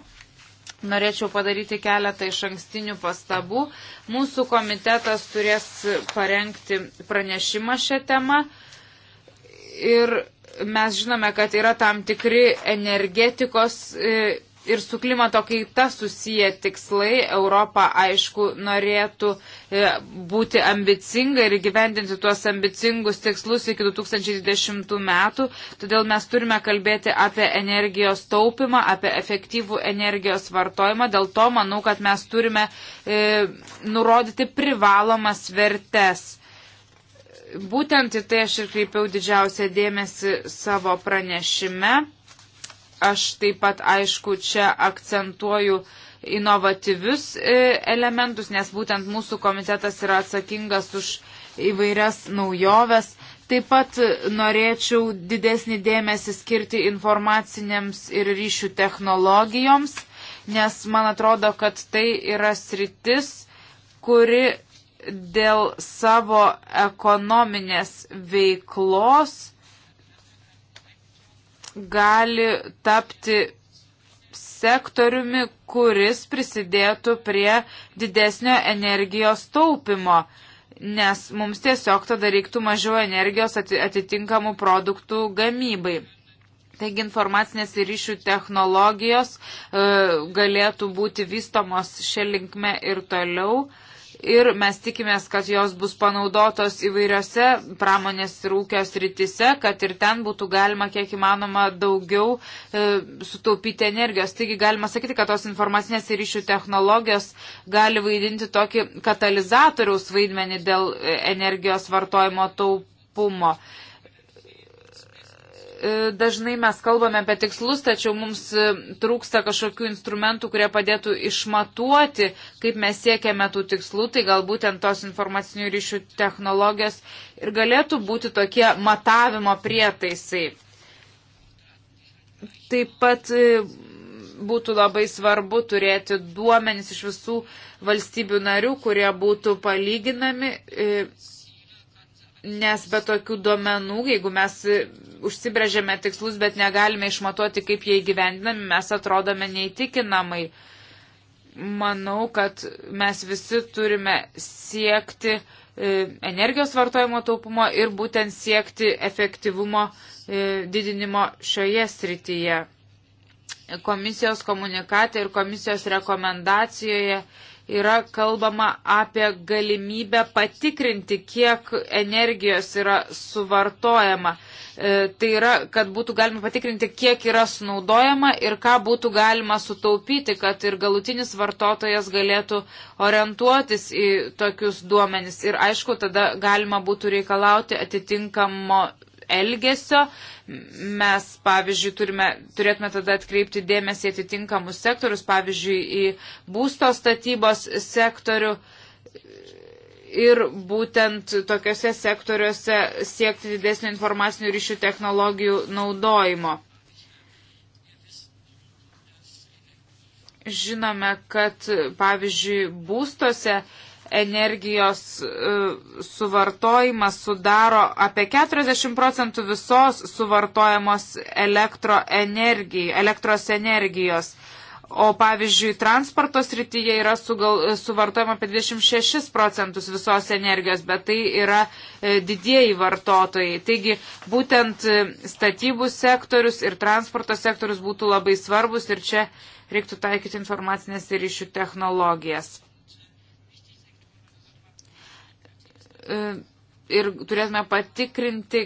Norėčiau padaryti keletą iš ankstinių pastabų. Mūsų komitetas turės parengti pranešimą šią temą ir mes žinome, kad yra tam tikri energetikos e, ir su klimato kaita susiję tikslai. Europa, aišku, norėtų e, būti ambicinga ir gyvendinti tuos ambicingus tikslus iki 2020 metų. Todėl mes turime kalbėti apie energijos taupimą, apie efektyvų energijos vartojimą. Dėl to manau, kad mes turime e, nurodyti privalomas vertes Būtent į tai aš ir kreipiau didžiausią dėmesį savo pranešime. Aš taip pat, aišku, čia akcentuoju inovatyvius e, elementus, nes būtent mūsų komitetas yra atsakingas už įvairias naujoves. Taip pat norėčiau didesnį dėmesį skirti informacinėms ir ryšių technologijoms, nes man atrodo, kad tai yra sritis, kuri dėl savo ekonominės veiklos gali tapti sektoriumi, kuris prisidėtų prie didesnio energijos taupimo, nes mums tiesiog tada reiktų mažiau energijos atitinkamų produktų gamybai. Taigi informacinės ir ryšių technologijos e, galėtų būti vystomos šią linkmę ir toliau. E, ir mes tikimės, kad jos bus panaudotos įvairiose pramonės ir ūkio sritise, kad ir ten būtų galima kiek įmanoma daugiau e, sutaupyti energijos. Taigi galima sakyti, kad tos informacinės ir ryšių technologijos gali vaidinti tokį katalizatoriaus vaidmenį dėl e, energijos vartojimo taupumo. E, dažnai mes kalbame apie tikslus, tačiau mums e, trūksta kažkokių instrumentų, kurie padėtų išmatuoti, kaip mes siekiame tų tikslų, tai galbūt ten tos informacinių ryšių technologijos ir galėtų būti tokie matavimo prietaisai. Taip pat e, būtų labai svarbu turėti duomenis iš visų valstybių narių, kurie būtų palyginami. E, Nes be tokių duomenų, jeigu mes užsibrėžėme tikslus, bet negalime išmatuoti, kaip jie įgyvendinami, mes atrodome neįtikinamai. Manau, kad mes visi turime siekti e, energijos vartojimo taupumo ir būtent siekti efektyvumo e, didinimo šioje srityje. Komisijos komunikate ir komisijos rekomendacijoje yra kalbama apie galimybę patikrinti, kiek energijos yra suvartojama. E, tai yra, kad būtų galima patikrinti, kiek yra sunaudojama ir ką būtų galima sutaupyti, kad ir galutinis vartotojas galėtų orientuotis į tokius duomenis. Ir aišku, tada galima būtų reikalauti atitinkamo elgesio. Mes, pavyzdžiui, turime, turėtume tada atkreipti dėmesį atitinkamus sektorius, pavyzdžiui, į būsto statybos sektorių ir būtent tokiuose sektoriuose siekti didesnio informacinių ryšių technologijų naudojimo. Žinome, kad, pavyzdžiui, būstose energijos e, suvartojimas sudaro apie 40 procentų visos suvartojamos elektros energijos. O pavyzdžiui, transporto srityje yra sugal, suvartojama apie 26 procentus visos energijos, bet tai yra e, didieji vartotojai. Taigi būtent e, statybų sektorius ir transporto sektorius būtų labai svarbus ir čia reiktų taikyti informacinės ryšių technologijas. E, ir turėtume patikrinti,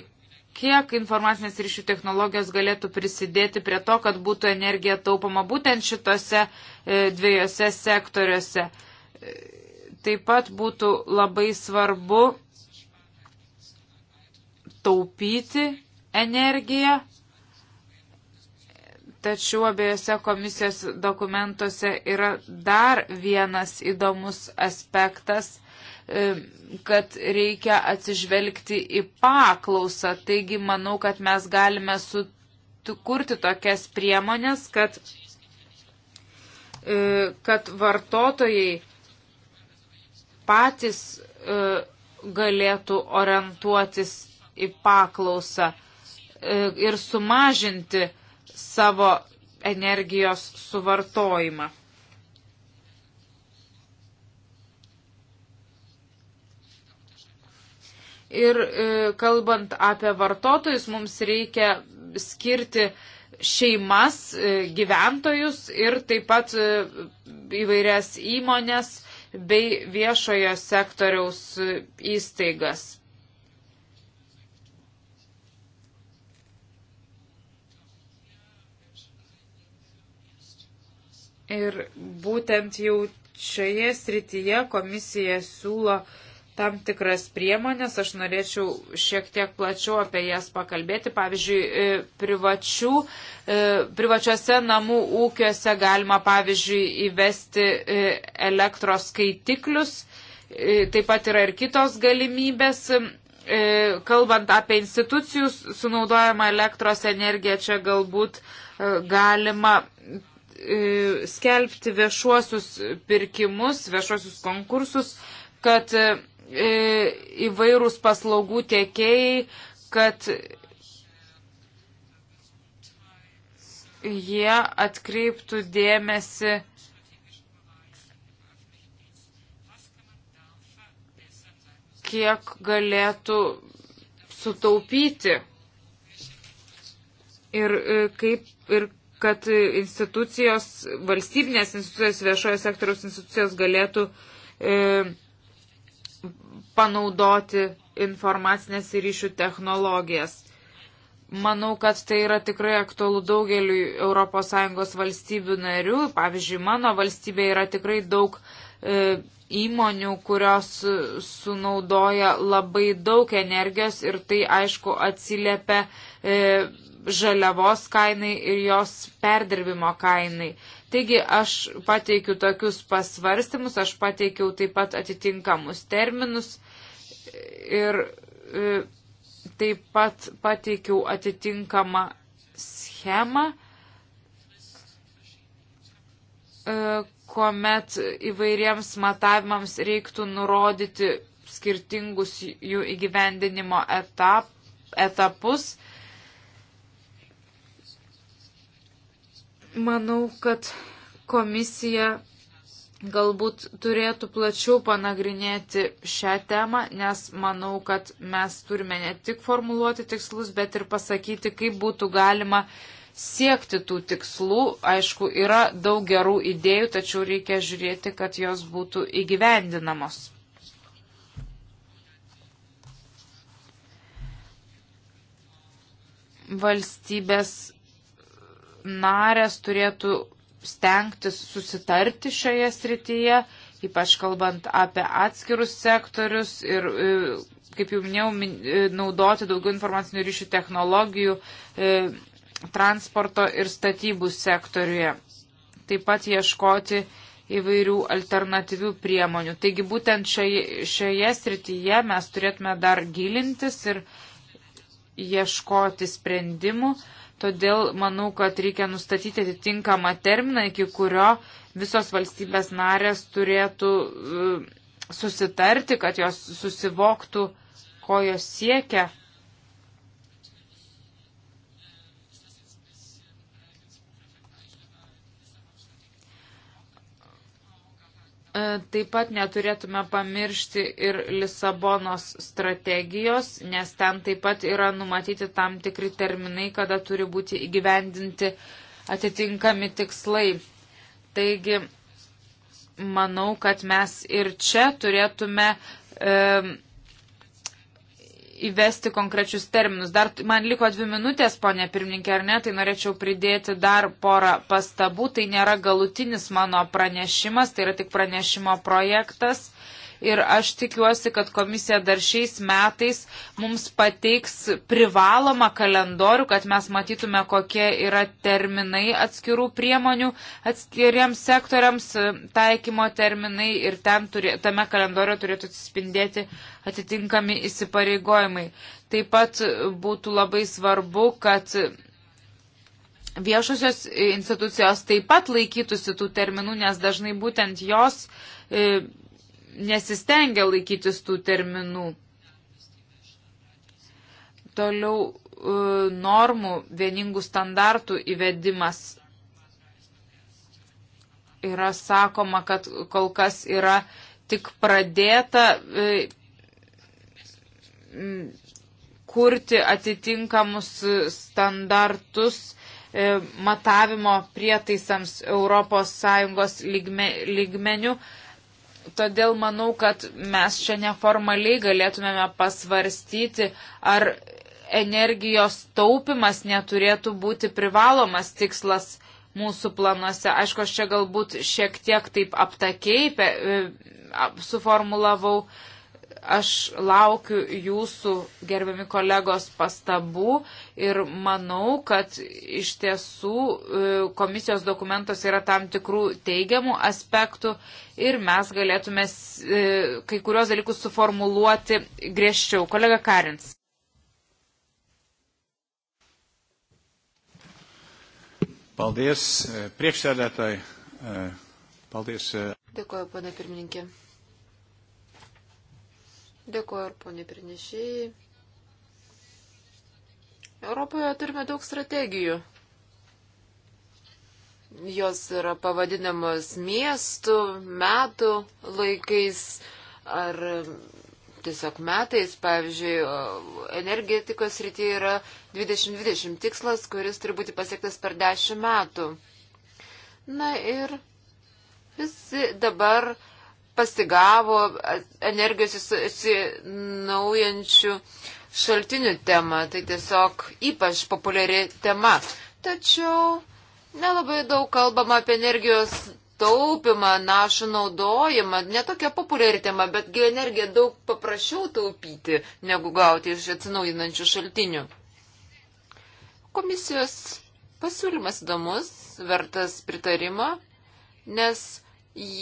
kiek informacinės ryšių technologijos galėtų prisidėti prie to, kad būtų energija taupama būtent šitose e, dviejose sektoriuose. E, taip pat būtų labai svarbu taupyti energiją, tačiau abiejose komisijos dokumentuose yra dar vienas įdomus aspektas – E, kad reikia atsižvelgti į paklausą. Taigi manau, kad mes galime sukurti tokias priemonės, kad, e, kad vartotojai patys e, galėtų orientuotis į paklausą ir sumažinti savo energijos suvartojimą. Ir e, kalbant apie vartotojus, mums reikia skirti šeimas, e, gyventojus ir taip pat e, įvairias įmonės bei viešojo sektoriaus įstaigas. Ir būtent jau šioje srityje komisija siūlo uh, tam tikras priemonės, aš norėčiau šiek tiek plačiau apie jas pakalbėti. Pavyzdžiui, e, privačių, e, privačiuose namų ūkiuose galima, pavyzdžiui, įvesti e, elektros skaitiklius. Taip pat yra ir kitos galimybės. Kalbant apie institucijų sunaudojama elektros energija, čia galbūt galima skelbti viešuosius pirkimus, viešuosius konkursus, kad E, įvairūs paslaugų tiekėjai, kad jie atkreiptų dėmesį kiek galėtų sutaupyti ir, e, kaip, ir kad institucijos, valstybinės institucijos, viešojo sektoriaus institucijos galėtų e, panaudoti informacinės ryšių technologijas. Manau, kad tai yra tikrai aktualu daugeliu ES valstybių narių. Pavyzdžiui, mano valstybė yra tikrai daug e, įmonių, kurios e, sunaudoja labai daug energijos ir tai aišku atsiliepia e, žaliavos kainai ir jos perdirbimo kainai. Taigi aš pateikiu tokius pasvarstymus, aš pateikiau taip pat atitinkamus terminus ir e, taip pat pateikiau atitinkamą schemą, e, kuomet įvairiems matavimams reiktų nurodyti skirtingus jų įgyvendinimo etap, etapus. Manau, kad komisija galbūt turėtų plačiau panagrinėti šią temą, nes manau, kad mes turime ne tik formuluoti tikslus, bet ir pasakyti, kaip būtų galima siekti tų tikslų. Aišku, yra daug gerų idėjų, tačiau reikia žiūrėti, kad jos būtų įgyvendinamos. Valstybės narės turėtų stengtis susitarti šioje srityje, ypač kalbant apie atskirus sektorius ir, e, kaip jau minėjau, e, naudoti daugiau informacinių ryšių technologijų e, transporto ir statybų sektoriuje. Taip pat ieškoti įvairių alternatyvių priemonių. Taigi būtent šioje, šioje srityje mes turėtume dar gilintis ir ieškoti sprendimų. Uh, Todėl manau, kad reikia nustatyti atitinkamą terminą, iki kurio visos valstybės narės turėtų e, susitarti, kad jos susivoktų, ko jos siekia. E, taip pat neturėtume pamiršti ir Lisabonos strategijos, nes ten taip pat yra numatyti tam tikri terminai, kada turi būti įgyvendinti atitinkami tikslai. Taigi, manau, kad mes ir čia turėtume e, įvesti konkrečius terminus. Dar man liko dvi minutės, ponė pirmininkė, ar ne, tai norėčiau pridėti dar porą pastabų. Tai nėra galutinis mano pranešimas, tai yra tik pranešimo projektas ir aš tikiuosi, kad komisija dar šiais metais mums pateiks privalomą kalendorių, kad mes matytume, kokie yra terminai atskirų priemonių atskiriems sektoriams taikymo terminai ir turė, tame kalendoriu turėtų atsispindėti atitinkami įsipareigojimai. Taip pat būtų labai svarbu, kad viešosios institucijos taip pat laikytųsi tų terminų, nes dažnai būtent jos e, nesistengia laikytis tų terminų. Toliau e, normų vieningų standartų įvedimas. Yra sakoma, kad kol kas yra tik pradėta e, kurti atitinkamus standartus e, matavimo prietaisams ES lygme, lygmenių. Lygme, Todėl manau, kad mes čia neformaliai galėtumėme pasvarstyti, ar energijos taupimas neturėtų būti privalomas tikslas mūsų planuose. Aišku, aš čia galbūt šiek tiek taip aptakiai pe, e, suformulavau, Aš laukiu jūsų, gerbiami kolegos, pastabų ir manau, kad iš tiesų e, komisijos dokumentos yra tam tikrų teigiamų aspektų ir mes galėtume e, kai kurios dalykus suformuluoti griežčiau. Kolega Karins. Paldies, e, priekšsėdėtai. Paldies. Dėkuoju, pana pirmininkė. Dėkuoju ir ponė pranešėjai. Europoje turime daug strategijų. Jos yra pavadinamos miestų, metų laikais ar tiesiog metais. Pavyzdžiui, energetikos rytyje yra 2020 tikslas, kuris turi būti pasiektas per 10 metų. Na ir visi dabar uh, pasigavo energijos atsinaujančių šaltinių temą. Tai tiesiog ypač populiari tema. Tačiau nelabai daug kalbama apie energijos taupimą, našų naudojimą. Netokia populiari tema, betgi energiją daug paprasčiau taupyti, negu gauti iš atsinaujinančių šaltinių. Komisijos pasiūlymas įdomus, vertas pritarimo, nes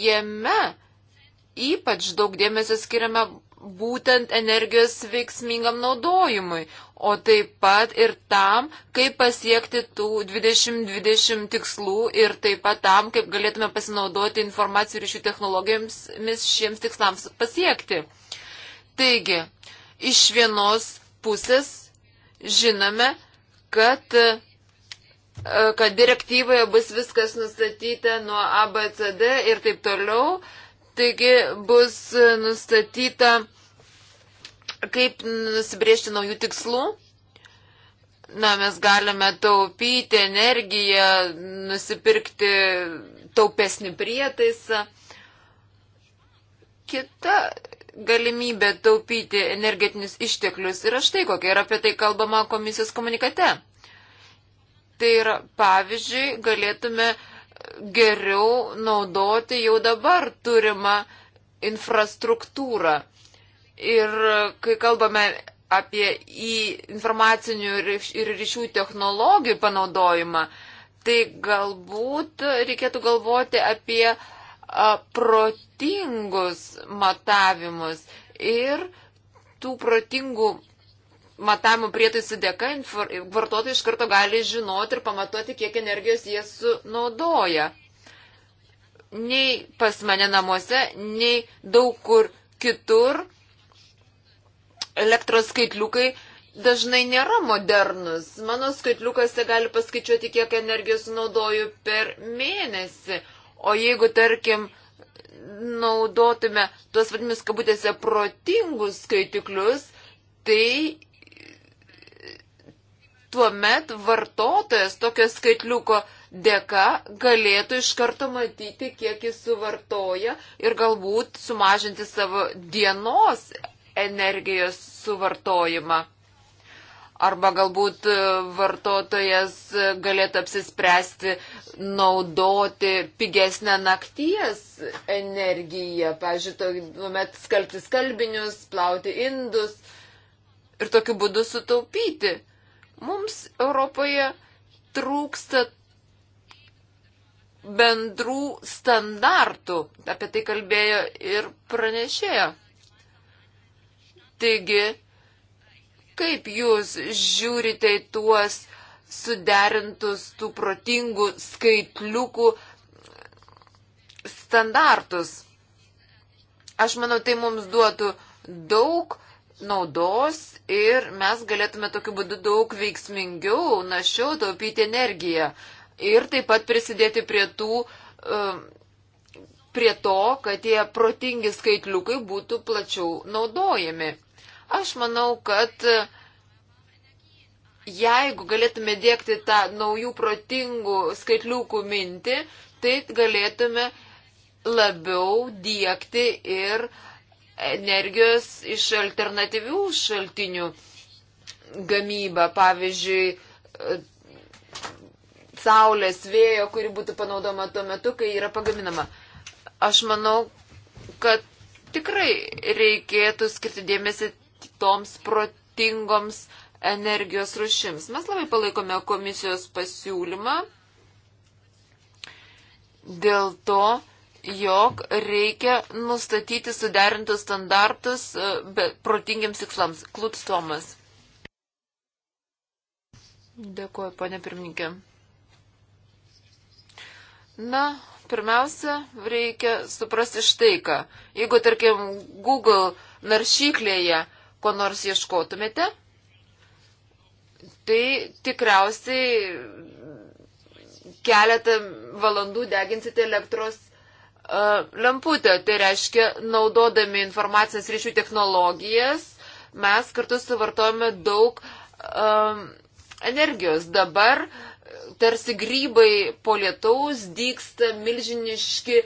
jame ypač daug dėmesio skiriame būtent energijos veiksmingam naudojimui, o taip pat ir tam, kaip pasiekti tų 2020 tikslų ir taip pat tam, kaip galėtume pasinaudoti informacijų ryšių technologijomis šiems tikslams pasiekti. Taigi, iš vienos pusės žinome, kad e, kad direktyvoje bus viskas nustatyta nuo ABCD ir taip toliau, Taigi bus e, nustatyta, kaip nusibriežti naujų tikslų. Na, mes galime taupyti energiją, nusipirkti taupesnį prietaisą. Kita galimybė taupyti energetinius išteklius yra štai kokia ir apie tai kalbama komisijos komunikate. Tai yra, pavyzdžiui, galėtume uh, geriau naudoti jau dabar turimą infrastruktūrą. Ir kai kalbame apie į informacinių ir ryšių technologijų panaudojimą, tai galbūt reikėtų galvoti apie a, protingus matavimus ir tų protingų matavimo prietaisų dėka vartotojai iš karto gali žinoti ir pamatuoti, kiek energijos jie sunaudoja. Nei pas mane namuose, nei daug kur kitur elektros skaitliukai dažnai nėra modernus. Mano skaitliukose gali paskaičiuoti, kiek energijos sunaudoju per mėnesį. O jeigu, tarkim, naudotume tuos vadinimus kabutėse protingus skaitiklius, tai tuomet vartotojas tokio skaitliuko dėka galėtų iš karto matyti, kiek jis suvartoja ir galbūt sumažinti savo dienos energijos suvartojimą. Arba galbūt e, vartotojas galėtų apsispręsti naudoti pigesnę nakties energiją, pavyzdžiui, tuomet skalbti skalbinius, plauti indus ir tokiu būdu sutaupyti. Mums Europoje trūksta bendrų standartų. Apie tai kalbėjo ir pranešėjo. Taigi, kaip jūs žiūrite į tuos suderintus tų protingų skaitliukų standartus? Aš manau, tai mums duotų daug naudos ir mes galėtume tokiu būdu daug veiksmingiau, našiau taupyti energiją ir taip pat prisidėti prie tų. Um, prie to, kad tie protingi skaitliukai būtų plačiau naudojami. Aš manau, kad uh, jeigu galėtume dėkti tą naujų protingų skaitliukų mintį, tai galėtume labiau dėkti ir uh, energijos iš alternatyvių šaltinių gamybą, pavyzdžiui, saulės vėjo, kuri būtų panaudoma tuo metu, kai yra pagaminama. Aš manau, kad tikrai reikėtų skirti dėmesį toms protingoms energijos rušims. Mes labai palaikome komisijos pasiūlymą dėl to, jog reikia nustatyti suderintus standartus e, protingiams tikslams. Klūts Tomas. Dėkuoju, ponė pirmininkė. Na, pirmiausia, reikia suprasti štai ką. Jeigu, tarkim, Google naršyklėje ko nors ieškotumėte, tai tikriausiai keletą valandų deginsite elektros E, lemputė. Tai reiškia, naudodami informacijos ryšių technologijas, mes kartu suvartojame daug um, energijos. Dabar tarsi grybai po lietaus dyksta milžiniški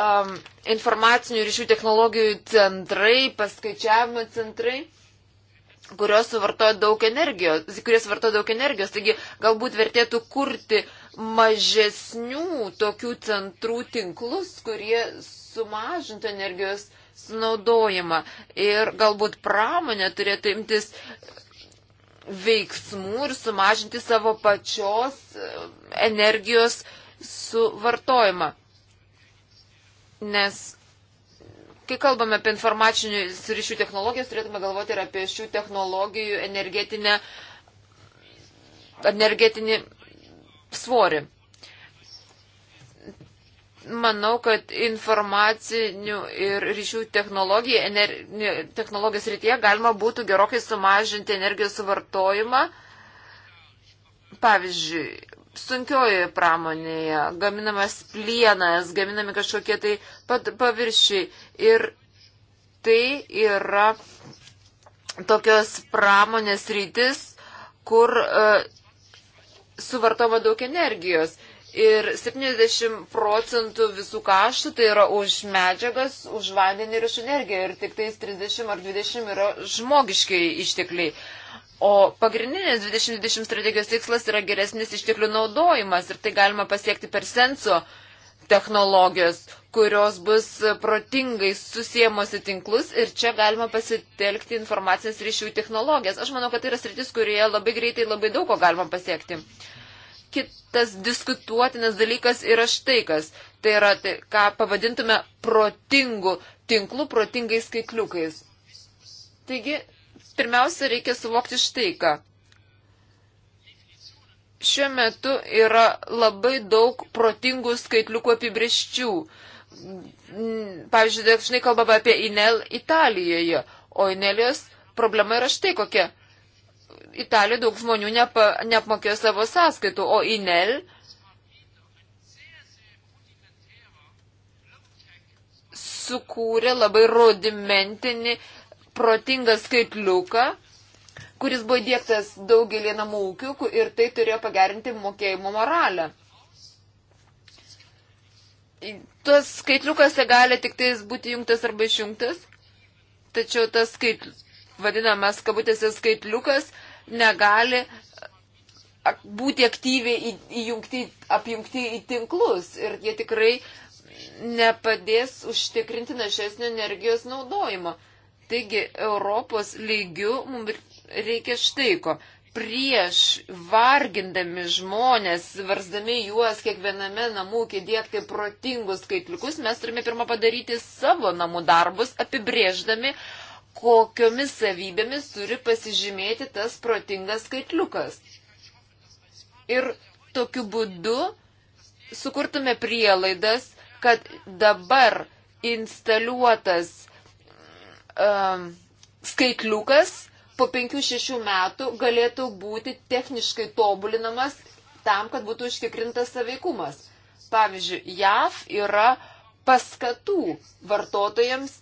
um, informacinių ryšių technologijų centrai, paskaičiavimo centrai kurios suvartoja daug energijos, kurie suvartoja daug energijos. Taigi galbūt vertėtų kurti uh, mažesnių tokių centrų tinklus, kurie sumažintų energijos sunaudojimą. Ir galbūt pramonė turėtų imtis veiksmų ir sumažinti savo pačios e, energijos suvartojimą. Nes kai kalbame apie informacinių ryšių technologijas, turėtume galvoti ir apie šių technologijų energetinę, energetinį svorį. Manau, kad informacinių ir ryšių technologijos rytyje galima būtų gerokai sumažinti energijos suvartojimą. Pavyzdžiui, sunkiojoje pramonėje gaminamas plienas, gaminami kažkokie tai paviršiai. Ir tai yra tokios pramonės rytis, kur uh, suvartoma daug energijos. Ir 70 procentų visų kaštų tai yra už medžiagas, už vandenį ir už energiją. Ir tik tais 30 ar 20 yra žmogiškiai ištekliai. O pagrindinis 2020 strategijos tikslas yra geresnis išteklių naudojimas ir tai galima pasiekti per senso technologijos kurios bus protingai susiemosi tinklus ir čia galima pasitelkti informacinės ryšių technologijas. Aš manau, kad tai yra sritis, kurioje labai greitai labai daug ko galima pasiekti. Kitas diskutuotinas dalykas yra štai kas. Tai yra, tai, ką pavadintume protingų tinklų, protingais skaitliukais. Taigi, pirmiausia, reikia suvokti štai ką šiuo metu yra labai daug protingų skaitliukų apibrieščių. Pavyzdžiui, dažnai kalbame apie Inel Italijoje, o Inelijos problema yra štai kokia. Italijoje daug žmonių nepa, neapmokėjo savo sąskaitų, o Inel sukūrė labai rudimentinį protingą skaitliuką, kuris buvo įdėktas daugelį namų ūkių ir tai turėjo pagerinti mokėjimo moralę tas skaitliukas tai gali tik tais būti jungtas arba išjungtas, tačiau tas skait, vadinamas kabutėse skaitliukas negali būti aktyviai įjungti, apjungti į tinklus ir jie tikrai nepadės užtikrinti našesnio energijos naudojimo. Taigi Europos lygių mums reikia štai ko prieš vargindami žmonės, varsdami juos kiekviename namų kėdėkti protingus skaitliukus, mes turime pirmą padaryti savo namų darbus, apibrėždami, kokiomis savybėmis turi pasižymėti tas protingas skaitliukas. Ir tokiu būdu sukurtume prielaidas, kad dabar instaliuotas um, skaitliukas po 5-6 metų galėtų būti techniškai tobulinamas tam, kad būtų užtikrintas saveikumas. Pavyzdžiui, JAV yra paskatų vartotojams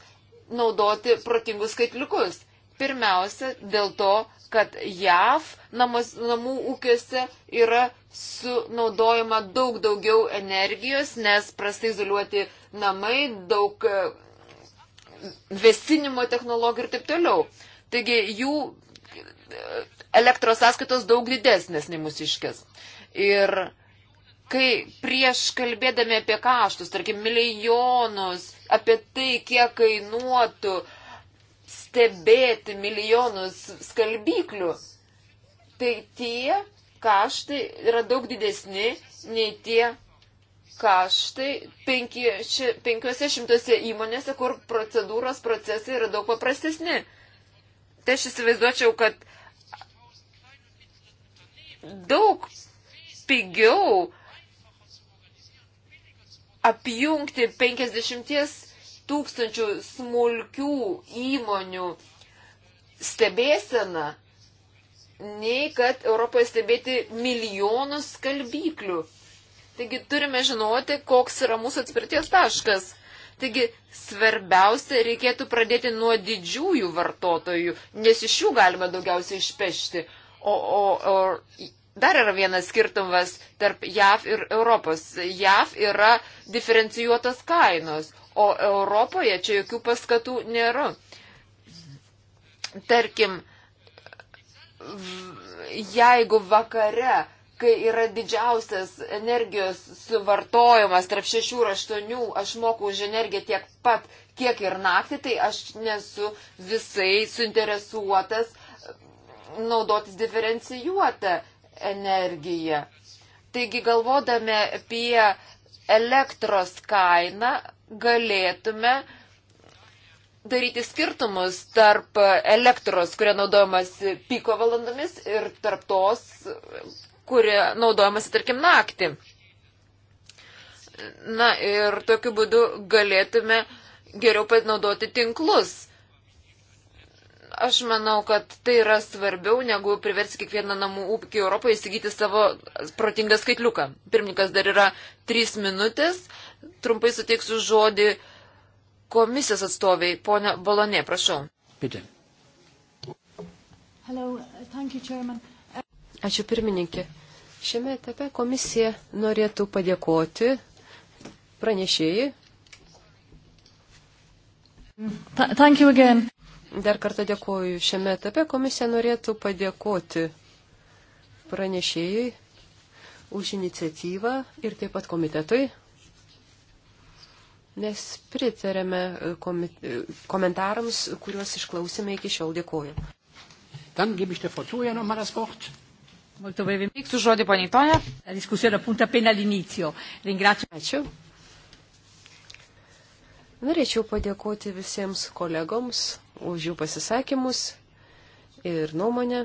naudoti protingus skaitliukus. Pirmiausia, dėl to, kad JAV namas, namų ūkiuose yra sunaudojama daug daugiau energijos, nes prastai izoliuoti namai, daug e, vesinimo technologijų ir taip toliau. Taigi jų e, elektros sąskaitos daug didesnės nei mūsiškės. Ir kai prieš kalbėdami apie kaštus, tarkim, milijonus, apie tai, kiek kainuotų stebėti milijonus skalbyklių, tai tie kaštai yra daug didesni nei tie kaštai penkiuose šimtuose įmonėse, kur procedūros procesai yra daug paprastesni. Tai aš įsivaizduočiau, kad daug pigiau apjungti 50 tūkstančių smulkių įmonių stebėseną, nei kad Europoje stebėti milijonus kalbyklių. Taigi turime žinoti, koks yra mūsų atspirties taškas. Taigi svarbiausia reikėtų pradėti nuo didžiųjų vartotojų, nes iš jų galima daugiausiai išpešti. O, o, o dar yra vienas skirtumas tarp JAV ir Europos. JAV yra diferencijuotos kainos, o Europoje čia jokių paskatų nėra. Tarkim, jeigu vakare kai yra didžiausias energijos suvartojimas tarp 6 ir 8, aš moku už energiją tiek pat, kiek ir naktį, tai aš nesu visai suinteresuotas naudotis diferencijuotą energiją. Taigi galvodami apie elektros kainą galėtume daryti skirtumus tarp elektros, kuria naudojamas piko valandomis ir tarp tos, kuri naudojamasi, tarkim, naktį. Na ir tokiu būdu galėtume geriau panaudoti tinklus. Aš manau, kad tai yra svarbiau, negu priversti kiekvieną namų ūkį Europoje įsigyti savo protingą skaitliuką. Pirmininkas dar yra trys minutės. Trumpai suteiksiu žodį komisijos atstoviai. Pone Balonė, prašau. Pidė. Hello, thank you, Chairman. Uh, Ačiū pirmininkė. Šiame etape komisija norėtų padėkoti pranešėjai. Thank you again. Dar kartą dėkoju. Šiame etape komisija norėtų padėkoti pranešėjai už iniciatyvą ir taip pat komitetui, nes pritarėme e, komit e, komentarams, kuriuos išklausėme iki šiol. Dėkoju. Dann gebe ich der Frau Thuria nochmal das Wort. Molto brevemente. Su žodį, poniai Toja. La discussione appunto appena all'inizio. Ringrazio. Ačiū. Norėčiau padėkoti visiems kolegoms už jų pasisakymus ir nuomonę,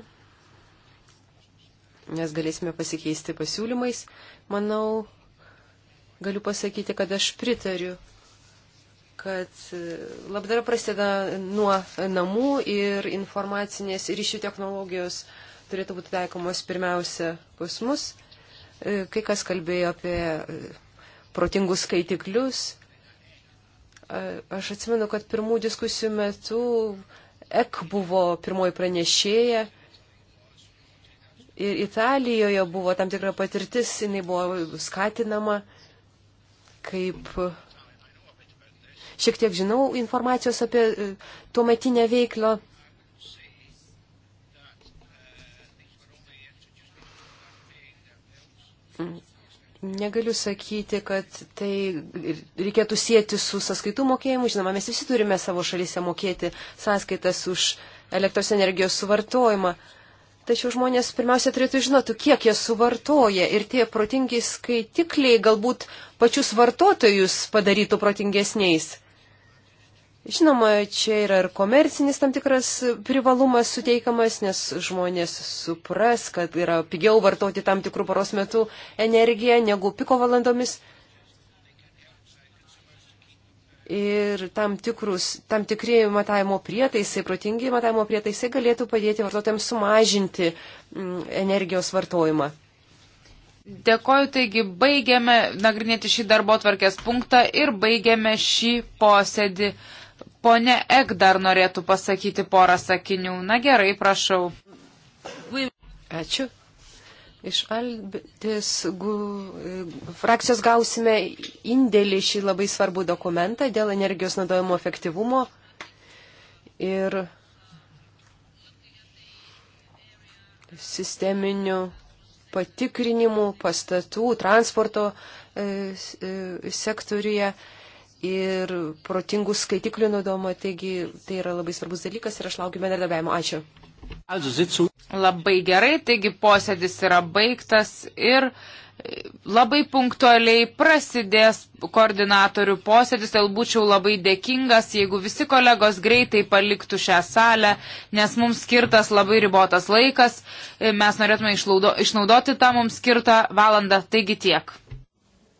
nes galėsime pasikeisti pasiūlymais. Manau, galiu pasakyti, kad aš pritariu kad e, labdara prasideda nuo namų ir informacinės ryšių technologijos uh, turėtų būti taikomos pirmiausia pas mus. E, kai kas kalbėjo apie e, protingus skaitiklius. E, aš atsimenu, kad pirmų diskusijų metu EK buvo pirmoji pranešėja. Ir Italijoje buvo tam tikra patirtis, jinai buvo skatinama, kaip šiek tiek žinau informacijos apie tuometinę veiklą Negaliu sakyti, kad tai reikėtų sėti su sąskaitų mokėjimu. Žinoma, mes visi turime savo šalyse mokėti sąskaitas už elektros energijos suvartojimą. Tačiau žmonės pirmiausia turėtų žinoti, kiek jie suvartoja ir tie protingi skaitikliai galbūt pačius vartotojus padarytų protingesniais. Žinoma, čia yra ir komercinis tam tikras privalumas suteikamas, nes žmonės supras, kad yra pigiau vartoti tam tikrų paros metų energiją negu piko valandomis. Ir tam, tikrus, tam tikri matavimo prietaisai, protingi matavimo prietaisai galėtų padėti vartotojams sumažinti mm, energijos vartojimą. Dėkoju, taigi baigiame nagrinėti šį darbo tvarkės punktą ir baigiame šį posėdį. Pone Ek dar norėtų pasakyti porą sakinių. Na gerai, prašau. Ačiū. Iš Aldės frakcijos gausime indėlį šį labai svarbų dokumentą dėl energijos naudojimo efektyvumo. Ir sisteminių patikrinimų pastatų, transporto e, e, sektoriuje. E, ir protingų skaitiklių naudojimo, taigi tai yra labai svarbus dalykas ir aš laukiu bendradarbiavimo. Ačiū. Labai gerai, taigi posėdis yra baigtas ir labai punktualiai prasidės koordinatorių posėdis, tai būčiau labai dėkingas, jeigu visi kolegos greitai paliktų šią salę, nes mums skirtas labai ribotas laikas, mes norėtume išnaudo, išnaudoti tą mums skirtą valandą, taigi tiek.